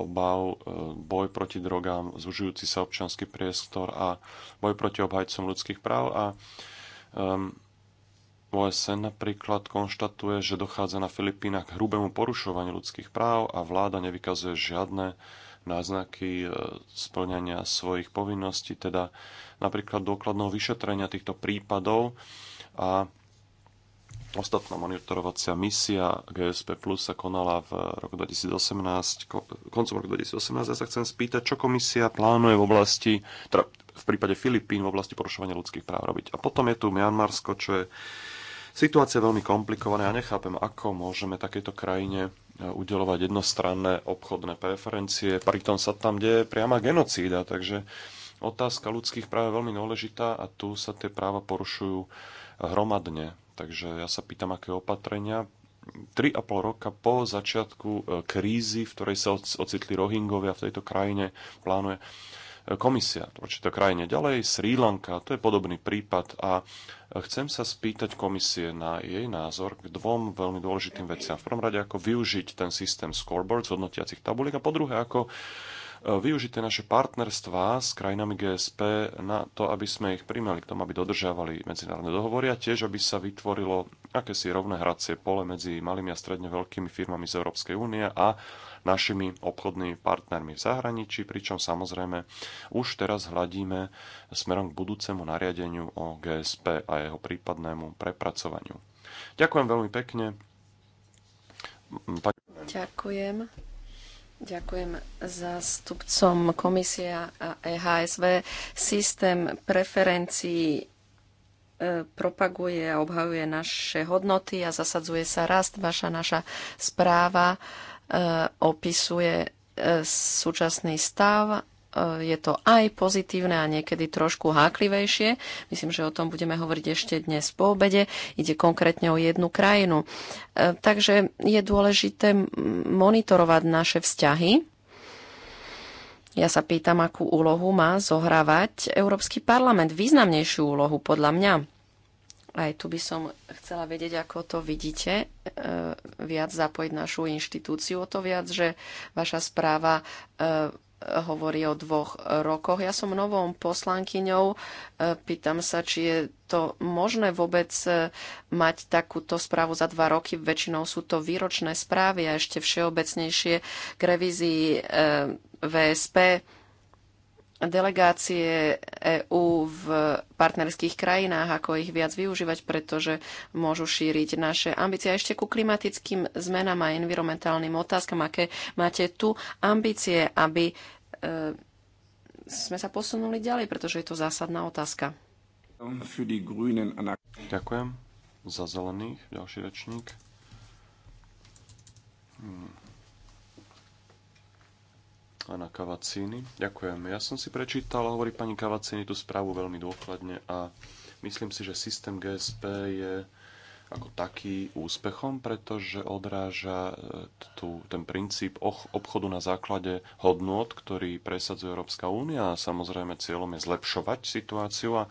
obav, e, boj proti drogám, zužujúci sa občanský priestor a boj proti obhajcom ľudských práv. A um, OSN napríklad konštatuje, že dochádza na Filipínach k hrubému porušovaniu ľudských práv a vláda nevykazuje žiadne uh, náznaky e, splňania svojich povinností, teda napríklad dôkladného vyšetrenia týchto prípadov a Ostatná monitorovacia misia GSP Plus sa konala v roku 2018, koncom roku 2018. Ja sa chcem spýtať, čo komisia plánuje v oblasti, teda v prípade Filipín v oblasti porušovania ľudských práv robiť. A potom je tu Mianmarsko, čo je situácia veľmi komplikovaná. Ja nechápem, ako môžeme takejto krajine udelovať jednostranné obchodné preferencie. Pritom sa tam deje priama genocída, takže otázka ľudských práv je veľmi dôležitá a tu sa tie práva porušujú hromadne. Takže ja sa pýtam, aké opatrenia 3,5 roka po začiatku e, krízy, v ktorej sa ocitli Rohingovia v tejto krajine, plánuje komisia určité krajine. Ďalej Sri Lanka, to je podobný prípad a chcem sa spýtať komisie na jej názor k dvom veľmi dôležitým veciam. V prvom rade, ako využiť ten systém scoreboard z hodnotiacich tabulík a po druhé, ako e, využiť tie naše partnerstvá s krajinami GSP na to, aby sme ich primeli k tomu, aby dodržiavali medzinárodné dohovory a tiež, aby sa vytvorilo akési rovné hracie pole medzi malými a stredne veľkými firmami z Európskej únie a našimi obchodnými partnermi v zahraničí, pričom samozrejme už teraz hľadíme smerom k budúcemu nariadeniu o GSP a jeho prípadnému prepracovaniu. Ďakujem veľmi pekne. Pani... Ďakujem. Ďakujem zástupcom komisia a EHSV. Systém preferencií e, propaguje a obhajuje naše hodnoty a zasadzuje sa rast. Vaša naša správa Eh, opisuje eh, súčasný stav. Eh, je to aj pozitívne a niekedy trošku háklivejšie. Myslím, že o tom budeme hovoriť ešte dnes po obede. Ide konkrétne o jednu krajinu. Takže je dôležité monitorovať naše vzťahy. Ja sa pýtam, akú úlohu má zohrávať Európsky parlament. Významnejšiu úlohu podľa mňa aj tu by som chcela vedieť, ako to vidíte, e, viac zapojiť našu inštitúciu, o to viac, že vaša správa e, hovorí o dvoch rokoch. Ja som novou poslankyňou, e, pýtam sa, či je to možné vôbec mať takúto správu za dva roky. Väčšinou sú to výročné správy a ešte všeobecnejšie k revízii VSP delegácie EÚ v partnerských krajinách, ako ich viac využívať, pretože môžu šíriť naše ambície. A ešte ku klimatickým zmenám a environmentálnym otázkam, aké máte tu ambície, aby e, sme sa posunuli ďalej, pretože je to zásadná otázka. Ďakujem. Za zelených ďalší rečník. Hmm pána Kavacíny. Ďakujem. Ja som si prečítala, hovorí pani Kavacíny, tú správu veľmi dôkladne a myslím si, že systém GSP je ako taký úspechom, pretože odráža e, tú, ten princíp obchodu na základe hodnôt, ktorý presadzuje Európska únia a samozrejme cieľom je zlepšovať situáciu a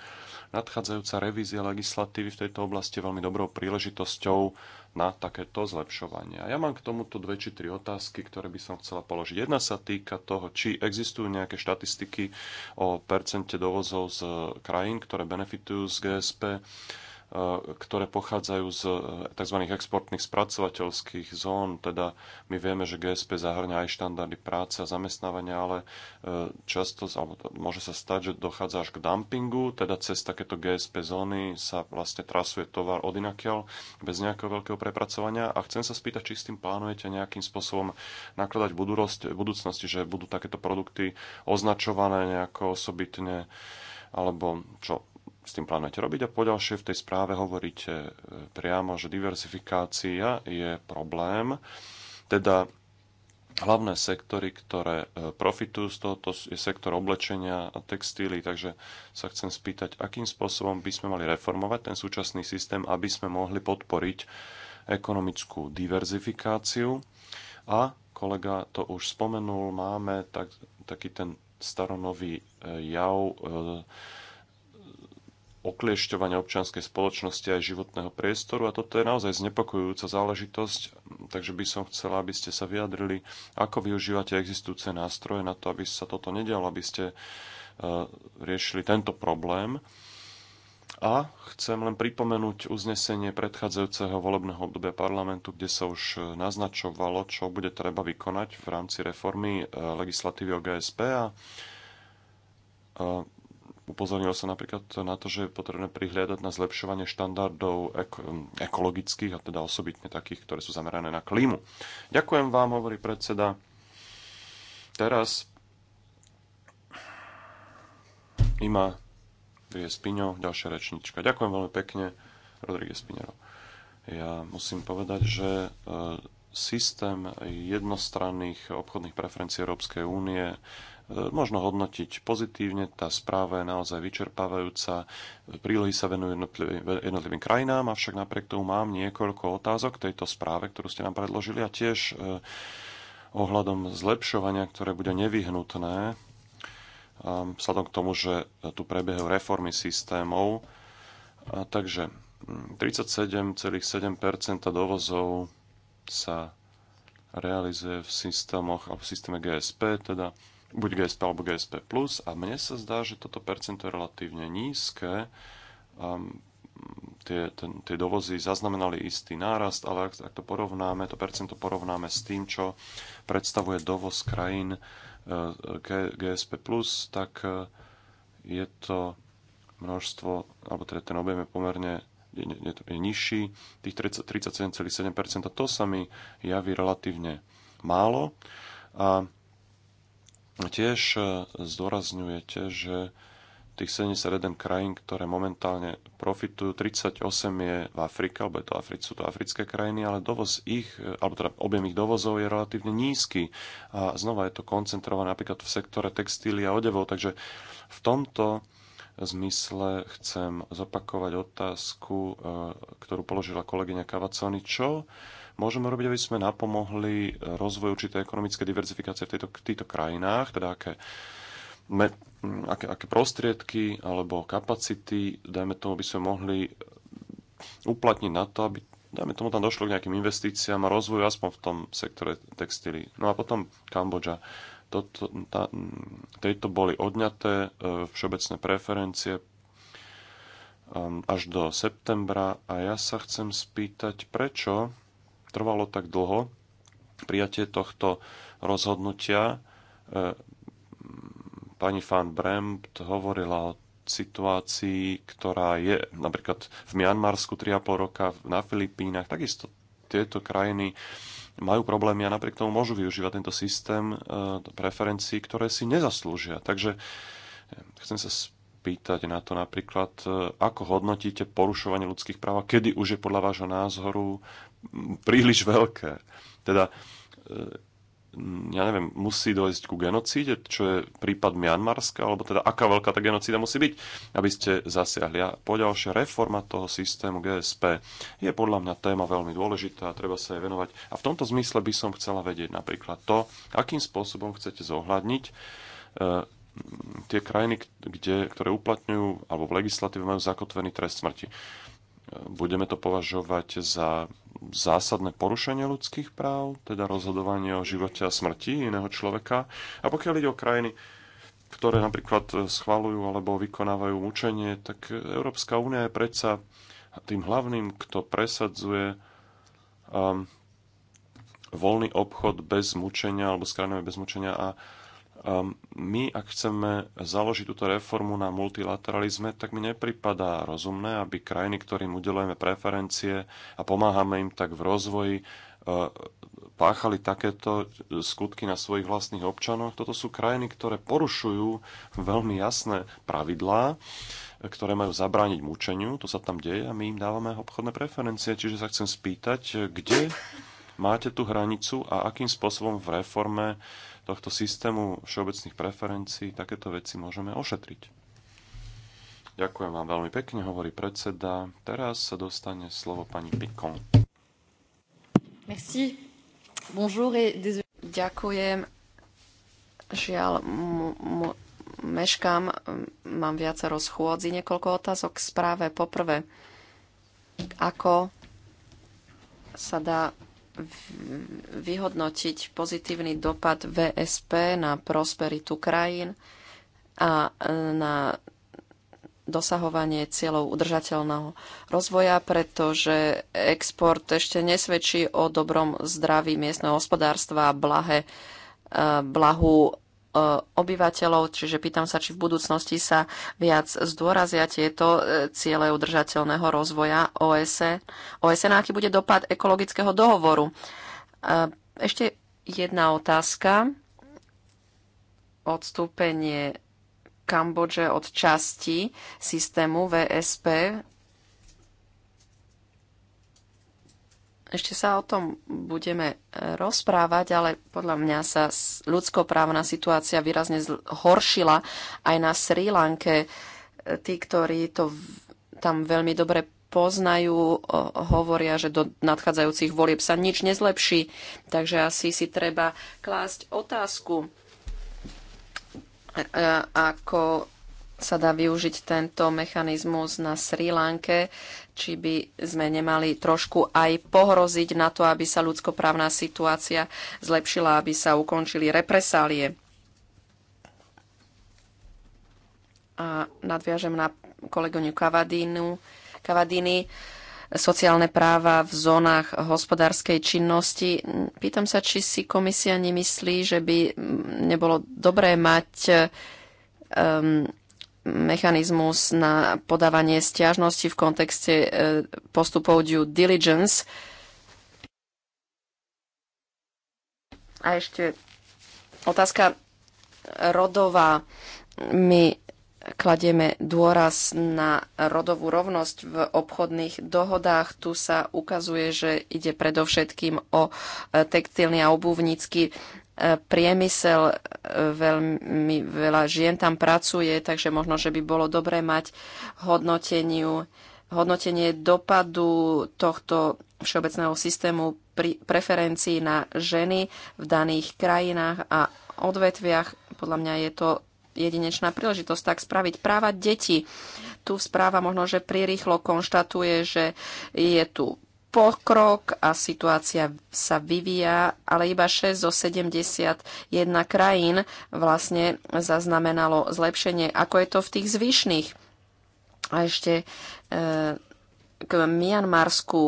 nadchádzajúca revízia legislatívy v tejto oblasti je veľmi dobrou príležitosťou na takéto zlepšovanie. A ja mám k tomuto dve či tri otázky, ktoré by som chcela položiť. Jedna sa týka toho, či existujú nejaké štatistiky o percente dovozov z krajín, ktoré benefitujú z GSP E, ktoré pochádzajú z e, tzv. exportných spracovateľských zón. Teda my vieme, že GSP zahrňa aj štandardy práce a zamestnávania, ale e, často alebo môže sa stať, že dochádza až k dumpingu, teda cez takéto GSP zóny sa vlastne trasuje tovar od inakiaľ bez nejakého veľkého prepracovania. A chcem sa spýtať, či s tým plánujete nejakým spôsobom nakladať v budúcnosti, že budú takéto produkty označované nejako osobitne alebo čo, s tým plánujete robiť. A poďalšie v tej správe hovoríte e, priamo, že diversifikácia je problém. Teda hlavné sektory, ktoré e, profitujú z tohoto, je sektor oblečenia a textíly, takže sa chcem spýtať, akým spôsobom by sme mali reformovať ten súčasný systém, aby sme mohli podporiť ekonomickú diverzifikáciu. A kolega to už spomenul, máme tak, taký ten staronový e, jav okliešťovania občianskej spoločnosti aj životného priestoru a toto je naozaj znepokojujúca záležitosť, takže by som chcela, aby ste sa vyjadrili, ako využívate existujúce nástroje na to, aby sa toto nedialo, aby ste e, riešili tento problém. A chcem len pripomenúť uznesenie predchádzajúceho volebného obdobia parlamentu, kde sa už naznačovalo, čo bude treba vykonať v rámci reformy e, legislatívy o GSP a e, Upozornil sa napríklad na to, že je potrebné prihliadať na zlepšovanie štandardov ekologických, a teda osobitne takých, ktoré sú zamerané na klímu. Ďakujem vám, hovorí predseda. Teraz Ima je Spiňo, ďalšia rečnička. Ďakujem veľmi pekne, Rodríguez Spinero. Ja musím povedať, že e, systém jednostranných obchodných preferencií Európskej únie E, možno hodnotiť pozitívne. Tá správa je naozaj vyčerpávajúca. Prílohy sa venujú jednotlivým, jednotlivým krajinám, avšak napriek tomu mám niekoľko otázok k tejto správe, ktorú ste nám predložili a tiež e, ohľadom zlepšovania, ktoré bude nevyhnutné e, vzhľadom k tomu, že tu prebiehajú reformy systémov. A takže 37,7 dovozov sa realizuje v systémoch a v systéme GSP, teda buď GSP alebo GSP+. A mne sa zdá, že toto percento je relatívne nízke. Um, tie, ten, tie dovozy zaznamenali istý nárast, ale ak, ak to porovnáme, to percento porovnáme s tým, čo predstavuje dovoz krajín uh, eh, GSP+, tak uh, je to množstvo, alebo teda ten objem je pomerne je, je, je nižší, tých 37,7%, to sa mi javí relatívne málo. A Tiež e, zdôrazňujete, že tých 71 krajín, ktoré momentálne profitujú, 38 je v Afrike, alebo je to Afri, sú to africké krajiny, ale dovoz ich, e, alebo teda objem ich dovozov je relatívne nízky. A znova je to koncentrované napríklad v sektore textíly a odevov, takže v tomto zmysle chcem zopakovať otázku, e, ktorú položila kolegyňa Kavacony. Čo môžeme robiť, aby sme napomohli eh, rozvoju určitej ekonomické diverzifikácie v tejto, týchto krajinách, teda aké, me, hm, aké, aké prostriedky alebo kapacity, dajme tomu, by sme mohli eh, uplatniť na to, aby dajme tomu tam došlo k nejakým investíciám a rozvoju aspoň v tom sektore textily. No a potom Kambodža. Toto, tá, hm, tejto boli odňaté eh, všeobecné preferencie hm, až do septembra a ja sa chcem spýtať, prečo trvalo tak dlho prijatie tohto rozhodnutia. E, pani van Brempt hovorila o situácii, ktorá je napríklad v Mianmarsku 3,5 roka, na Filipínach, takisto tieto krajiny majú problémy a napriek tomu môžu využívať tento systém e, preferencií, ktoré si nezaslúžia. Takže e, chcem sa spýtať na to napríklad, ako hodnotíte porušovanie ľudských práv kedy už je podľa vášho názoru príliš veľké. Teda, e, ja neviem, musí dojsť ku genocíde, čo je prípad Mianmarska, alebo teda aká veľká tá genocída musí byť, aby ste zasiahli. A poďalšia reforma toho systému GSP je podľa mňa téma veľmi dôležitá a treba sa jej venovať. A v tomto zmysle by som chcela vedieť napríklad to, akým spôsobom chcete zohľadniť e, tie krajiny, kde, ktoré uplatňujú alebo v legislatíve majú zakotvený trest smrti budeme to považovať za zásadné porušenie ľudských práv, teda rozhodovanie o živote a smrti iného človeka. A pokiaľ ide o krajiny, ktoré napríklad schvalujú alebo vykonávajú mučenie, tak Európska únia je predsa tým hlavným, kto presadzuje um, voľný obchod bez mučenia alebo s bez mučenia a Ehm, my, ak chceme založiť túto reformu na multilateralizme, tak mi nepripadá rozumné, aby krajiny, ktorým udelujeme preferencie a pomáhame im tak v rozvoji, ehm, páchali takéto skutky na svojich vlastných občanoch. Toto sú krajiny, ktoré porušujú veľmi jasné pravidlá, ktoré majú zabrániť mučeniu. To sa tam deje a my im dávame obchodné preferencie. Čiže sa chcem spýtať, kde máte tú hranicu a akým spôsobom v reforme tohto systému všeobecných preferencií takéto veci môžeme ošetriť. Ďakujem vám veľmi pekne, hovorí predseda. Teraz sa dostane slovo pani Pikon. Merci. Bonjour et désolé. Ďakujem. Žiaľ, meškám, mám viacero schôdzi, niekoľko otázok k správe. Poprvé, ako sa dá vyhodnotiť pozitívny dopad VSP na prosperitu krajín a e, na dosahovanie cieľov udržateľného rozvoja, pretože export ešte nesvedčí o dobrom zdraví miestneho hospodárstva a blahe, e, blahu E, obyvateľov, čiže pýtam sa, či v budúcnosti sa viac zdôrazia tieto e, ciele udržateľného rozvoja OSN, e. OSN aký bude dopad ekologického dohovoru. Ešte jedna otázka. Odstúpenie Kambodže od časti systému VSP Ešte sa o tom budeme rozprávať, ale podľa mňa sa ľudskoprávna situácia výrazne zhoršila aj na Sri Lanke. E, tí, ktorí to tam veľmi dobre poznajú, hovoria, že do nadchádzajúcich volieb sa nič nezlepší. Takže asi si treba klásť otázku, e, e, ako sa dá využiť tento mechanizmus na Sri Lanke či by sme nemali trošku aj pohroziť na to, aby sa ľudskoprávna situácia zlepšila, aby sa ukončili represálie. A nadviažem na kolegyňu Kavadínu. Kavadíny sociálne práva v zónach hospodárskej činnosti. Pýtam sa, či si komisia nemyslí, že by nebolo dobré mať um, mechanizmus na podávanie stiažnosti v kontexte e, postupov due diligence. A ešte otázka rodová. My kladieme dôraz na rodovú rovnosť v obchodných dohodách. Tu sa ukazuje, že ide predovšetkým o e, textilný a obuvnícky priemysel, e, veľmi veľa žien tam pracuje, takže možno, že by bolo dobré mať hodnoteniu, hodnotenie dopadu tohto všeobecného systému pri preferencií na ženy v daných krajinách a odvetviach. Podľa mňa je to jedinečná príležitosť tak spraviť. Práva detí. Tu správa možno, že prirýchlo konštatuje, že je tu pokrok a situácia sa vyvíja, ale iba 6 zo 71 krajín vlastne zaznamenalo zlepšenie. Ako je to v tých zvyšných? A ešte eh, k Mianmarsku,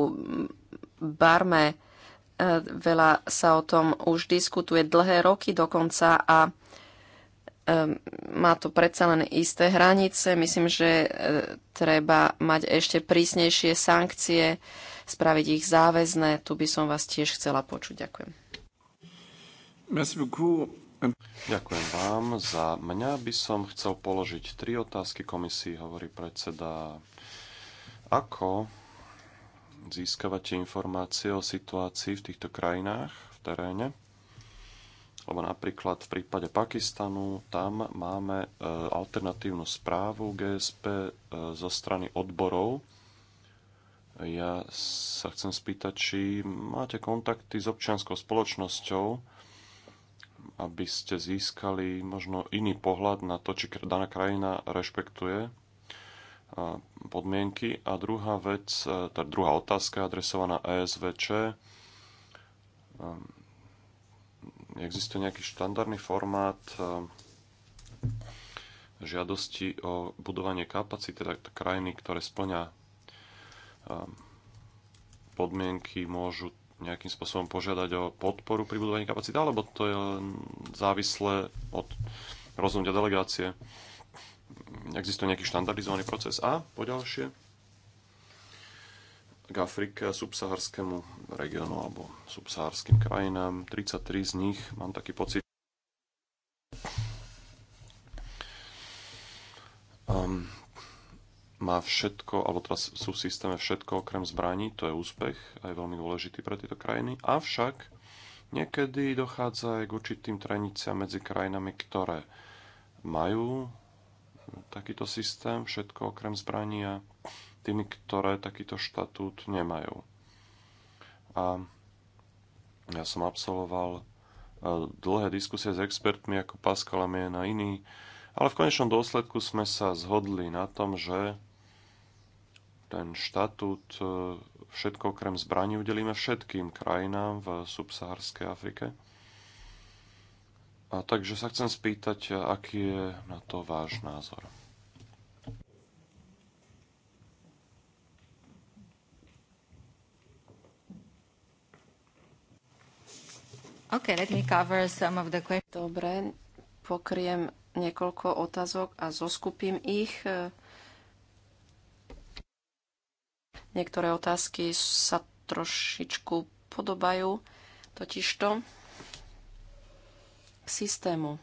Barme, eh, veľa sa o tom už diskutuje dlhé roky dokonca a eh, má to predsa len isté hranice. Myslím, že treba mať ešte prísnejšie sankcie spraviť ich záväzné. Tu by som vás tiež chcela počuť. Ďakujem. Ďakujem vám. Za mňa by som chcel položiť tri otázky komisii, hovorí predseda. Ako získavate informácie o situácii v týchto krajinách v teréne? Lebo napríklad v prípade Pakistanu tam máme e, alternatívnu správu GSP e, zo strany odborov ja sa chcem spýtať, či máte kontakty s občianskou spoločnosťou, aby ste získali možno iný pohľad na to, či daná krajina rešpektuje podmienky. A druhá vec, tá teda druhá otázka adresovaná ESVČ. Existuje nejaký štandardný formát žiadosti o budovanie kapacity teda krajiny, ktoré splňa Ehm, podmienky môžu nejakým spôsobom požiadať o podporu pri budovaní kapacity, alebo to je závislé od rozhodnutia delegácie. Existuje nejaký štandardizovaný proces. A poďalšie, k Afrike a subsaharskému regiónu alebo subsaharským krajinám. 33 z nich, mám taký pocit, má všetko, alebo teraz sú v systéme všetko okrem zbraní, to je úspech a je veľmi dôležitý pre tieto krajiny. Avšak niekedy dochádza aj k určitým treniciam medzi krajinami, ktoré majú takýto systém, všetko okrem zbraní a tými, ktoré takýto štatút nemajú. A ja som absolvoval e, dlhé diskusie s expertmi ako Pascal Amien a iní, ale v konečnom dôsledku sme sa zhodli na tom, že ten štatút e, všetko okrem zbraní udelíme všetkým krajinám v subsaharskej Afrike. A takže sa chcem spýtať, aký je na to váš názor. Okay, let me cover some of the questions. Dobre, pokriem niekoľko otázok a zoskupím ich. Niektoré otázky sa trošičku podobajú totižto k systému.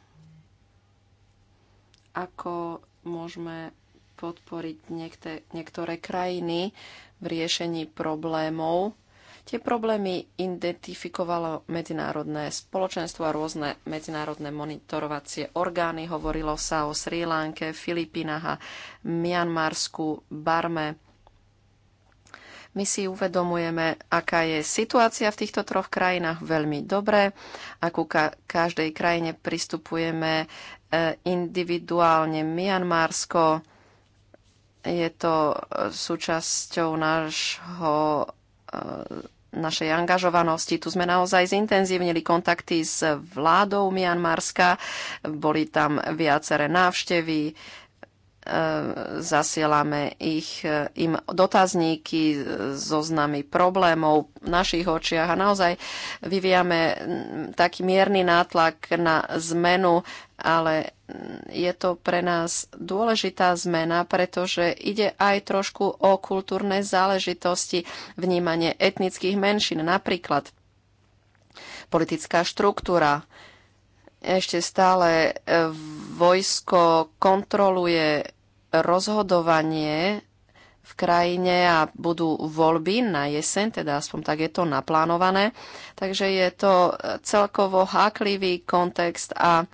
Ako môžeme podporiť niekte, niektoré krajiny v riešení problémov. Tie problémy identifikovalo medzinárodné spoločenstvo a rôzne medzinárodné monitorovacie orgány. Hovorilo sa o Sri Lanke, Filipínach a Mianmarsku, Barme my si uvedomujeme, aká je situácia v týchto troch krajinách veľmi dobre, ako ka- každej krajine pristupujeme e, individuálne. Mianmarsko je to e, súčasťou nášho e, našej angažovanosti. Tu sme naozaj zintenzívnili kontakty s vládou Mianmarska, boli tam viaceré návštevy, zasielame ich, e, im dotazníky, e, zoznamy problémov v našich očiach a naozaj vyvíjame taký mierny nátlak na zmenu, ale je to pre nás dôležitá zmena, pretože ide aj trošku o kultúrne záležitosti, vnímanie etnických menšín, napríklad politická štruktúra, ešte stále e, vojsko kontroluje rozhodovanie v krajine a budú voľby na jeseň, teda aspoň tak je to naplánované. Takže je to celkovo háklivý kontext a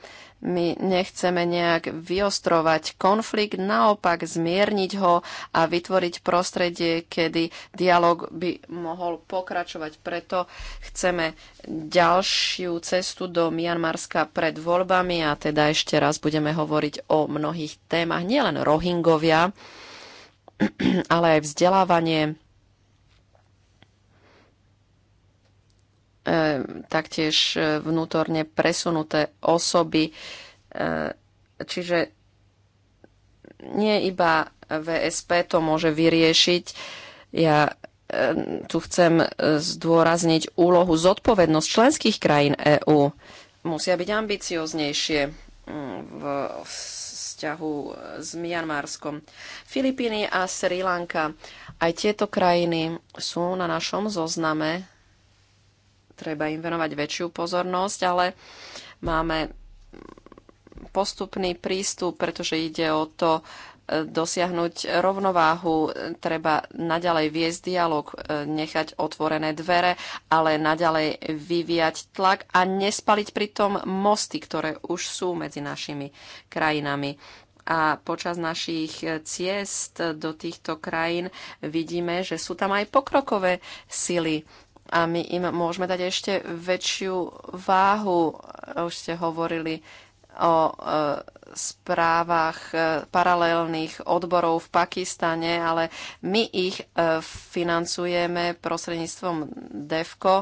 my nechceme nejak vyostrovať konflikt, naopak zmierniť ho a vytvoriť prostredie, kedy dialog by mohol pokračovať. Preto chceme ďalšiu cestu do Mianmarska pred voľbami a teda ešte raz budeme hovoriť o mnohých témach, nielen Rohingovia, ale aj vzdelávanie, taktiež e, vnútorne presunuté osoby. E, čiže nie iba VSP to môže vyriešiť. Ja tu chcem e, zdôrazniť úlohu zodpovednosť členských krajín EÚ. Musia byť ambicioznejšie v vzťahu s Mianmarskom. Filipíny a Sri Lanka. Aj tieto krajiny sú na našom zozname treba im venovať väčšiu pozornosť, ale máme postupný prístup, pretože ide o to e, dosiahnuť rovnováhu. Treba naďalej viesť dialog, e, nechať otvorené dvere, ale naďalej vyvíjať tlak a nespaliť pritom mosty, ktoré už sú medzi našimi krajinami. A počas našich ciest do týchto krajín vidíme, že sú tam aj pokrokové sily a my im môžeme dať ešte väčšiu váhu. Už ste hovorili o e, správach e, paralelných odborov v Pakistane, ale my ich e, financujeme prostredníctvom DEFCO.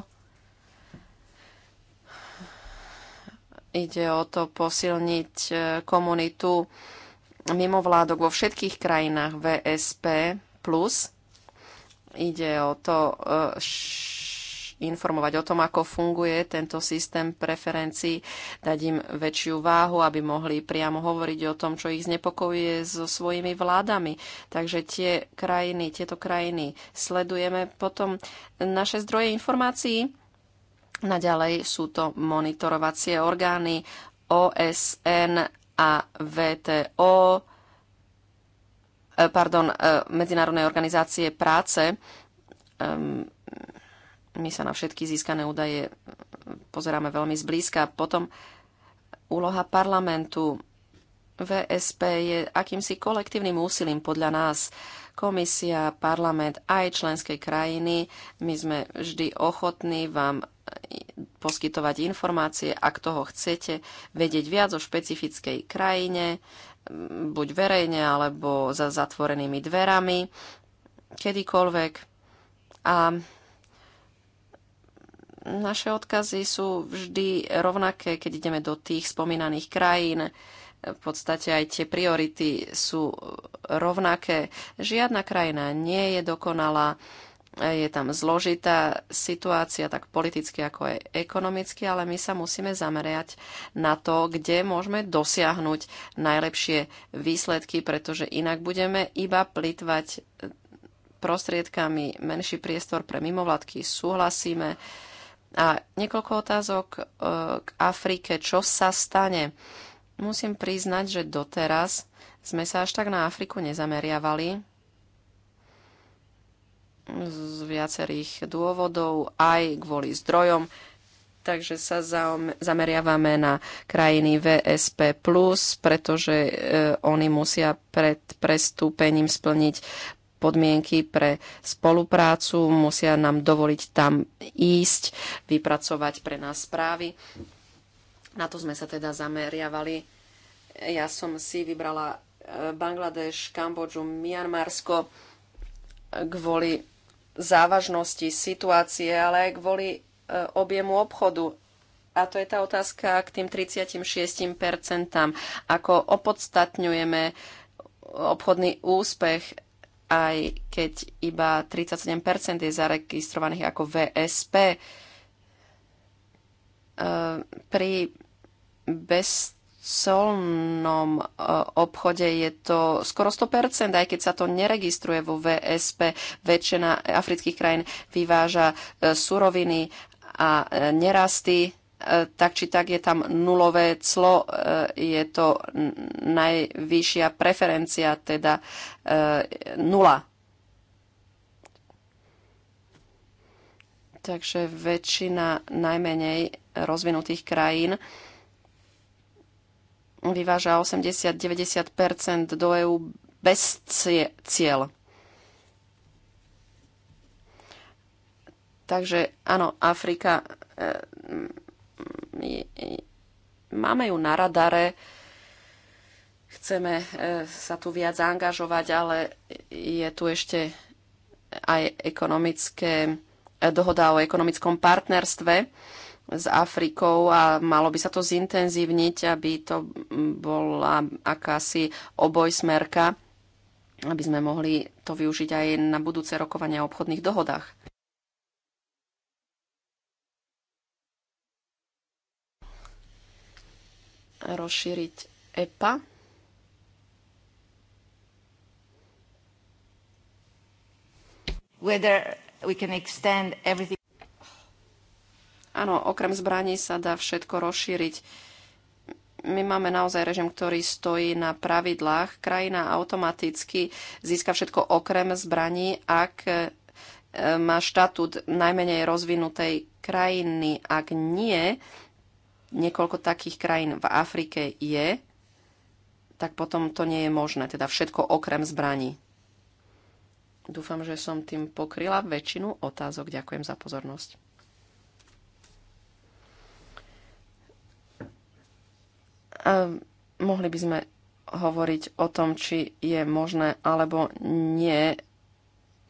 Ide o to posilniť e, komunitu mimovládok vo všetkých krajinách VSP+. Ide o to e, informovať o tom, ako funguje tento systém preferencií, dať im väčšiu váhu, aby mohli priamo hovoriť o tom, čo ich znepokojuje so svojimi vládami. Takže tie krajiny, tieto krajiny sledujeme. Potom naše zdroje informácií, naďalej sú to monitorovacie orgány OSN a VTO, eh, pardon, eh, Medzinárodnej organizácie práce, ehm, my sa na všetky získané údaje pozeráme veľmi zblízka. Potom úloha parlamentu VSP je akýmsi kolektívnym úsilím podľa nás. Komisia, parlament, aj členskej krajiny. My sme vždy ochotní vám poskytovať informácie, ak toho chcete vedieť viac o špecifickej krajine, buď verejne alebo za zatvorenými dverami, kedykoľvek. A naše odkazy sú vždy rovnaké, keď ideme do tých spomínaných krajín. V podstate aj tie priority sú rovnaké. Žiadna krajina nie je dokonalá. Je tam zložitá situácia, tak politicky ako aj ekonomicky, ale my sa musíme zamerať na to, kde môžeme dosiahnuť najlepšie výsledky, pretože inak budeme iba plitvať prostriedkami menší priestor pre mimovládky. Súhlasíme, a niekoľko otázok e, k Afrike. Čo sa stane? Musím priznať, že doteraz sme sa až tak na Afriku nezameriavali. Z viacerých dôvodov, aj kvôli zdrojom. Takže sa zameriavame na krajiny VSP+, pretože e, oni musia pred prestúpením splniť podmienky pre spoluprácu, musia nám dovoliť tam ísť, vypracovať pre nás správy. Na to sme sa teda zameriavali. Ja som si vybrala e, Bangladeš, Kambodžu, Mianmarsko e, kvôli závažnosti situácie, ale aj kvôli e, objemu obchodu. A to je tá otázka k tým 36%, ako opodstatňujeme obchodný úspech aj keď iba 37% je zaregistrovaných ako VSP. E, pri bezcolnom e, obchode je to skoro 100%, aj keď sa to neregistruje vo VSP. Väčšina afrických krajín vyváža e, suroviny a nerasty E, tak či tak je tam nulové clo, e, je to najvyššia preferencia, teda e, nula. Takže väčšina najmenej rozvinutých krajín vyváža 80-90 do EÚ bez cieľ. Takže áno, Afrika máme ju na radare, chceme e, sa tu viac zaangažovať, ale je tu ešte aj ekonomické, e, dohoda o ekonomickom partnerstve s Afrikou a malo by sa to zintenzívniť, aby to bola akási obojsmerka, aby sme mohli to využiť aj na budúce rokovania o obchodných dohodách. rozšíriť EPA. Whether we can extend everything. Áno, okrem zbraní sa dá všetko rozšíriť. My máme naozaj režim, ktorý stojí na pravidlách. Krajina automaticky získa všetko okrem zbraní, ak e, má štatút najmenej rozvinutej krajiny. Ak nie, niekoľko takých krajín v Afrike je, tak potom to nie je možné, teda všetko okrem zbraní. Dúfam, že som tým pokryla väčšinu otázok. Ďakujem za pozornosť. A mohli by sme hovoriť o tom, či je možné alebo nie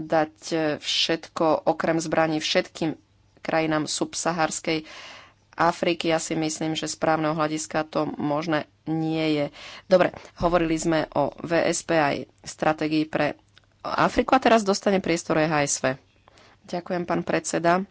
dať všetko okrem zbraní všetkým krajinám subsaharskej Afriky. Ja si myslím, že správneho hľadiska to možné nie je. Dobre, hovorili sme o VSP aj stratégii pre Afriku a teraz dostane priestor e HSV. Ďakujem, pán predseda.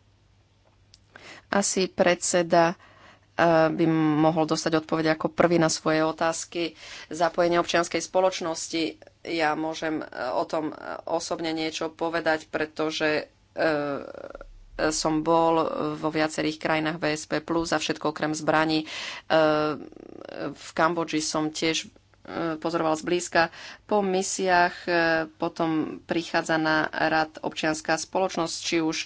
Asi predseda eh, by mohol dostať odpoveď ako prvý na svoje otázky. Zapojenie občianskej spoločnosti. Ja môžem eh, o tom eh, osobne niečo povedať, pretože som bol vo viacerých krajinách VSP+, za všetko okrem zbraní. E, v Kambodži som tiež e, pozoroval zblízka. Po misiách e, potom prichádza na rad občianská spoločnosť, či už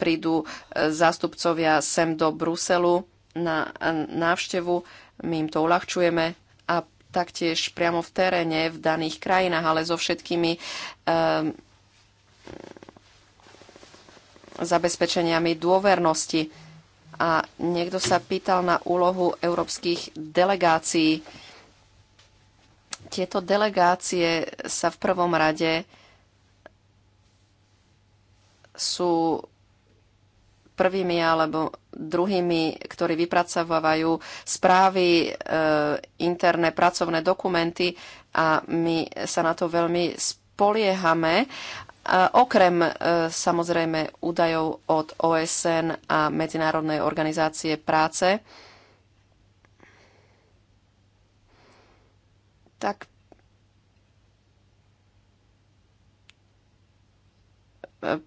prídu zástupcovia sem do Bruselu na návštevu, my im to uľahčujeme a taktiež priamo v teréne v daných krajinách, ale so všetkými um, zabezpečeniami dôvernosti. A niekto sa pýtal na úlohu európskych delegácií. Tieto delegácie sa v prvom rade sú prvými alebo druhými, ktorí vypracovávajú správy, e, interné pracovné dokumenty a my sa na to veľmi spoliehame okrem e, samozrejme údajov od OSN a Medzinárodnej organizácie práce. Tak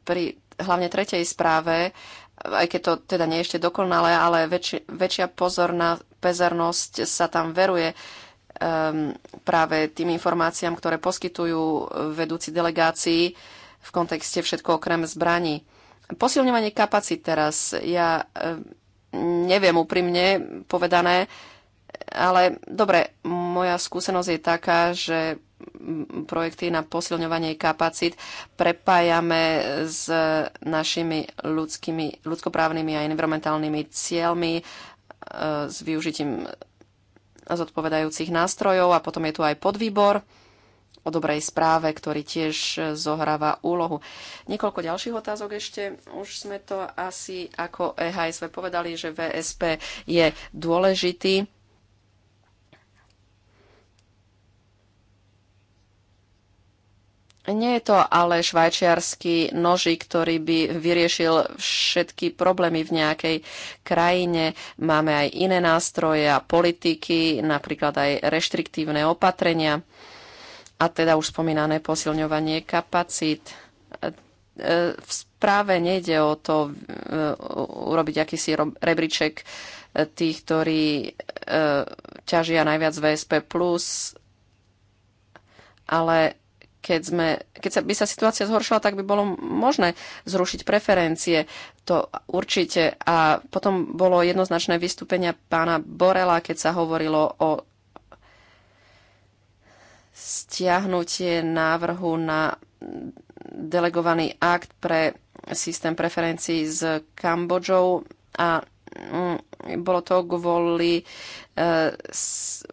pri hlavne tretej správe, aj keď to teda nie je ešte dokonalé, ale väč, väčšia pozorná pezernosť sa tam veruje um, práve tým informáciám, ktoré poskytujú vedúci delegácií v kontexte všetko okrem zbraní. Posilňovanie kapacít teraz. Ja e, neviem úprimne povedané, ale dobre, moja skúsenosť je taká, že projekty na posilňovanie kapacít prepájame s našimi ľudskými, ľudskoprávnymi a environmentálnymi cieľmi, e, s využitím zodpovedajúcich nástrojov a potom je tu aj podvýbor o dobrej správe, ktorý tiež e, zohráva úlohu. Niekoľko ďalších otázok ešte. Už sme to asi ako EHSV povedali, že VSP je dôležitý. Nie je to ale švajčiarsky noži, ktorý by vyriešil všetky problémy v nejakej krajine. Máme aj iné nástroje a politiky, napríklad aj reštriktívne opatrenia a teda už spomínané posilňovanie kapacít. E, v správe nejde o to e, urobiť akýsi rebríček e, tých, ktorí ťažia najviac VSP+, ale keď, sme, keď sa, by sa situácia zhoršila, tak by bolo možné zrušiť preferencie. To určite. A potom bolo jednoznačné vystúpenia pána Borela, keď sa hovorilo o stiahnutie návrhu na delegovaný akt pre systém preferencií s Kambodžou a mm, bolo to kvôli e,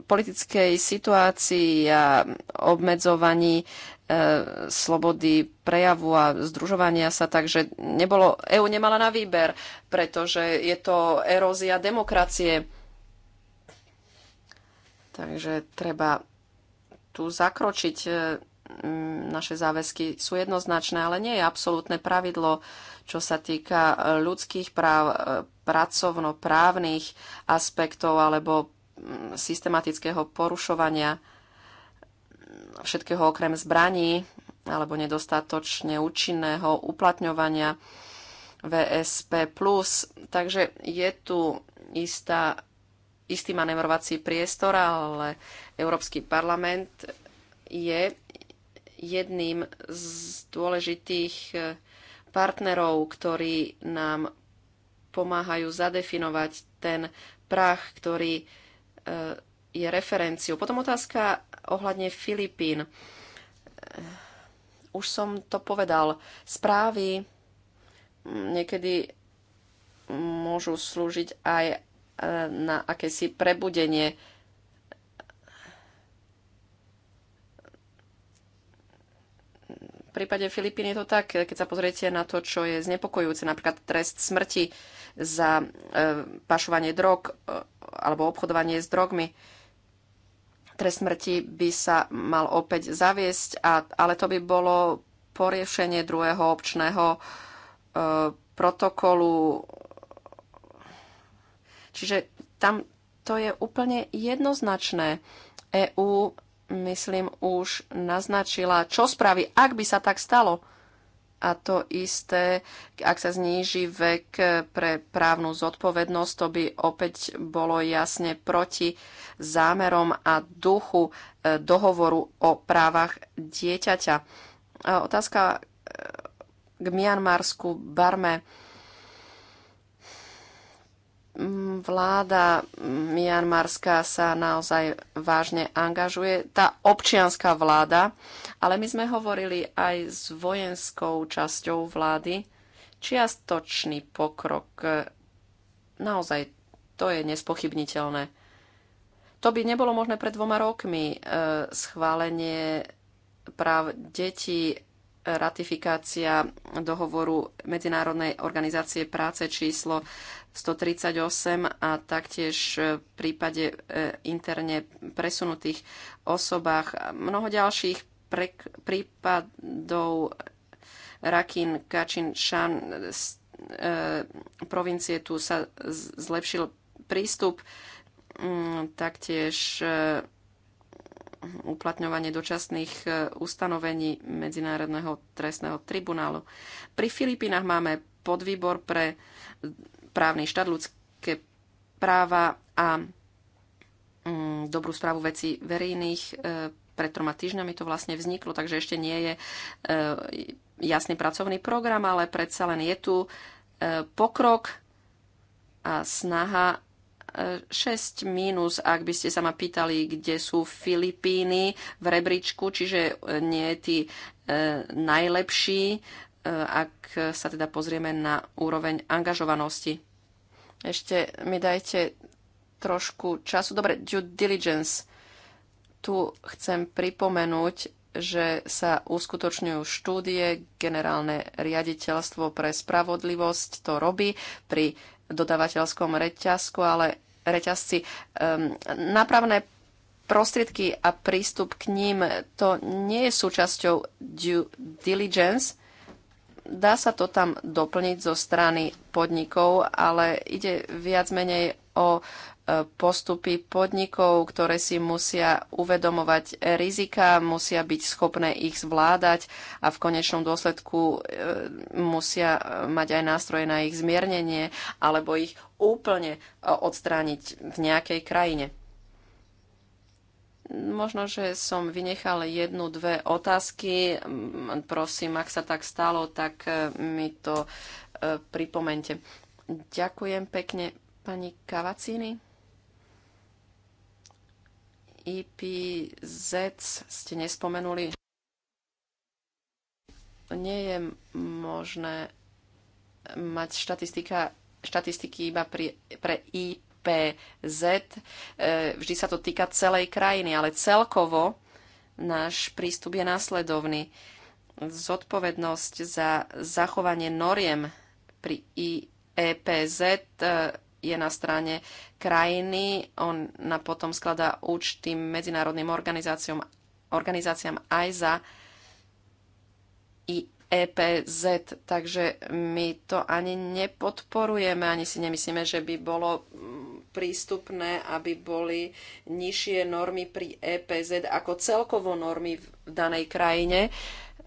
politickej situácii a obmedzovaní e, slobody prejavu a združovania sa, takže nebolo, EU nemala na výber, pretože je to erózia demokracie. Takže treba tu zakročiť. E, naše záväzky sú jednoznačné, ale nie je absolútne pravidlo, čo sa týka e, ľudských práv, e, pracovnoprávnych aspektov alebo systematického porušovania všetkého okrem zbraní alebo nedostatočne účinného uplatňovania VSP+. Takže je tu istá istý manevrovací priestor, ale Európsky parlament je jedným z dôležitých eh, partnerov, ktorí nám pomáhajú zadefinovať ten prach, ktorý eh, je referenciou. Potom otázka ohľadne Filipín. Eh, už som to povedal. Správy mm, niekedy mm, môžu slúžiť aj Eh, na akési prebudenie. V prípade Filipín je to tak, keď sa pozriete na to, čo je znepokojujúce, napríklad trest smrti za eh, pašovanie drog eh, alebo obchodovanie s drogmi. Trest smrti by sa mal opäť zaviesť, a, ale to by bolo poriešenie druhého občného protokolu Čiže tam to je úplne jednoznačné. EÚ, myslím, už naznačila, čo spraví, ak by sa tak stalo. A to isté, ak sa zníži vek pre právnu zodpovednosť, to by opäť bolo jasne proti zámerom a duchu e, dohovoru o právach dieťaťa. E, otázka e, k Mianmarsku, Barme Mm, vláda Mianmarská sa naozaj vážne angažuje, tá občianská vláda, ale my sme hovorili aj s vojenskou časťou vlády. Čiastočný pokrok, e, naozaj to je nespochybniteľné. To by nebolo možné pred dvoma rokmi. E, schválenie práv detí ratifikácia dohovoru Medzinárodnej organizácie práce číslo 138 a taktiež v prípade e, interne presunutých osobách. Mnoho ďalších prípadov Rakin, Kačin, Šan, e, provincie tu sa zlepšil prístup, mm, taktiež e, uplatňovanie dočasných ustanovení Medzinárodného trestného tribunálu. Pri Filipínach máme podvýbor pre právny štát, ľudské práva a mm, dobrú správu veci verejných. E, pred troma týždňami to vlastne vzniklo, takže ešte nie je e, jasný pracovný program, ale predsa len je tu e, pokrok a snaha 6 mínus, ak by ste sa ma pýtali, kde sú Filipíny v rebríčku, čiže nie tí najlepší Eh, ak sa teda pozrieme na úroveň angažovanosti. Ešte mi dajte trošku času. Dobre, due diligence. Tu chcem pripomenúť, že sa uskutočňujú štúdie, generálne riaditeľstvo pre spravodlivosť to robí pri dodavateľskom reťazku, ale reťazci um, napravné prostriedky a prístup k ním to nie je súčasťou due diligence, dá sa to tam doplniť zo strany podnikov, ale ide viac menej o e, postupy podnikov, ktoré si musia uvedomovať rizika, musia byť schopné ich zvládať a v konečnom dôsledku e, musia e, mať aj nástroje na ich zmiernenie alebo ich úplne odstrániť v nejakej krajine. Možno, že som vynechal jednu, dve otázky. Prosím, ak sa tak stalo, tak e, mi to e, pripomente. Ďakujem pekne pani Kavacíny. IPZ ste nespomenuli. Nie je možné mať štatistika, štatistiky iba pri, pre IP PZ. E, vždy sa to týka celej krajiny, ale celkovo náš prístup je následovný. Zodpovednosť za zachovanie noriem pri IEPZ e, je na strane krajiny. Ona potom skladá účty medzinárodným organizáciám, organizáciám aj za IEPZ. Takže my to ani nepodporujeme, ani si nemyslíme, že by bolo prístupné, aby boli nižšie normy pri EPZ ako celkovo normy v danej krajine.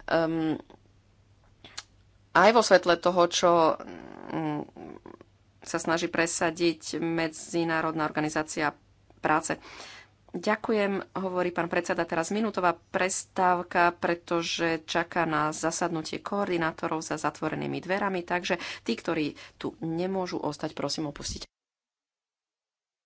Um, aj vo svetle toho, čo um, sa snaží presadiť Medzinárodná organizácia práce. Ďakujem, hovorí pán predseda. Teraz minútová prestávka, pretože čaká na zasadnutie koordinátorov za zatvorenými dverami, takže tí, ktorí tu nemôžu ostať, prosím opustiť.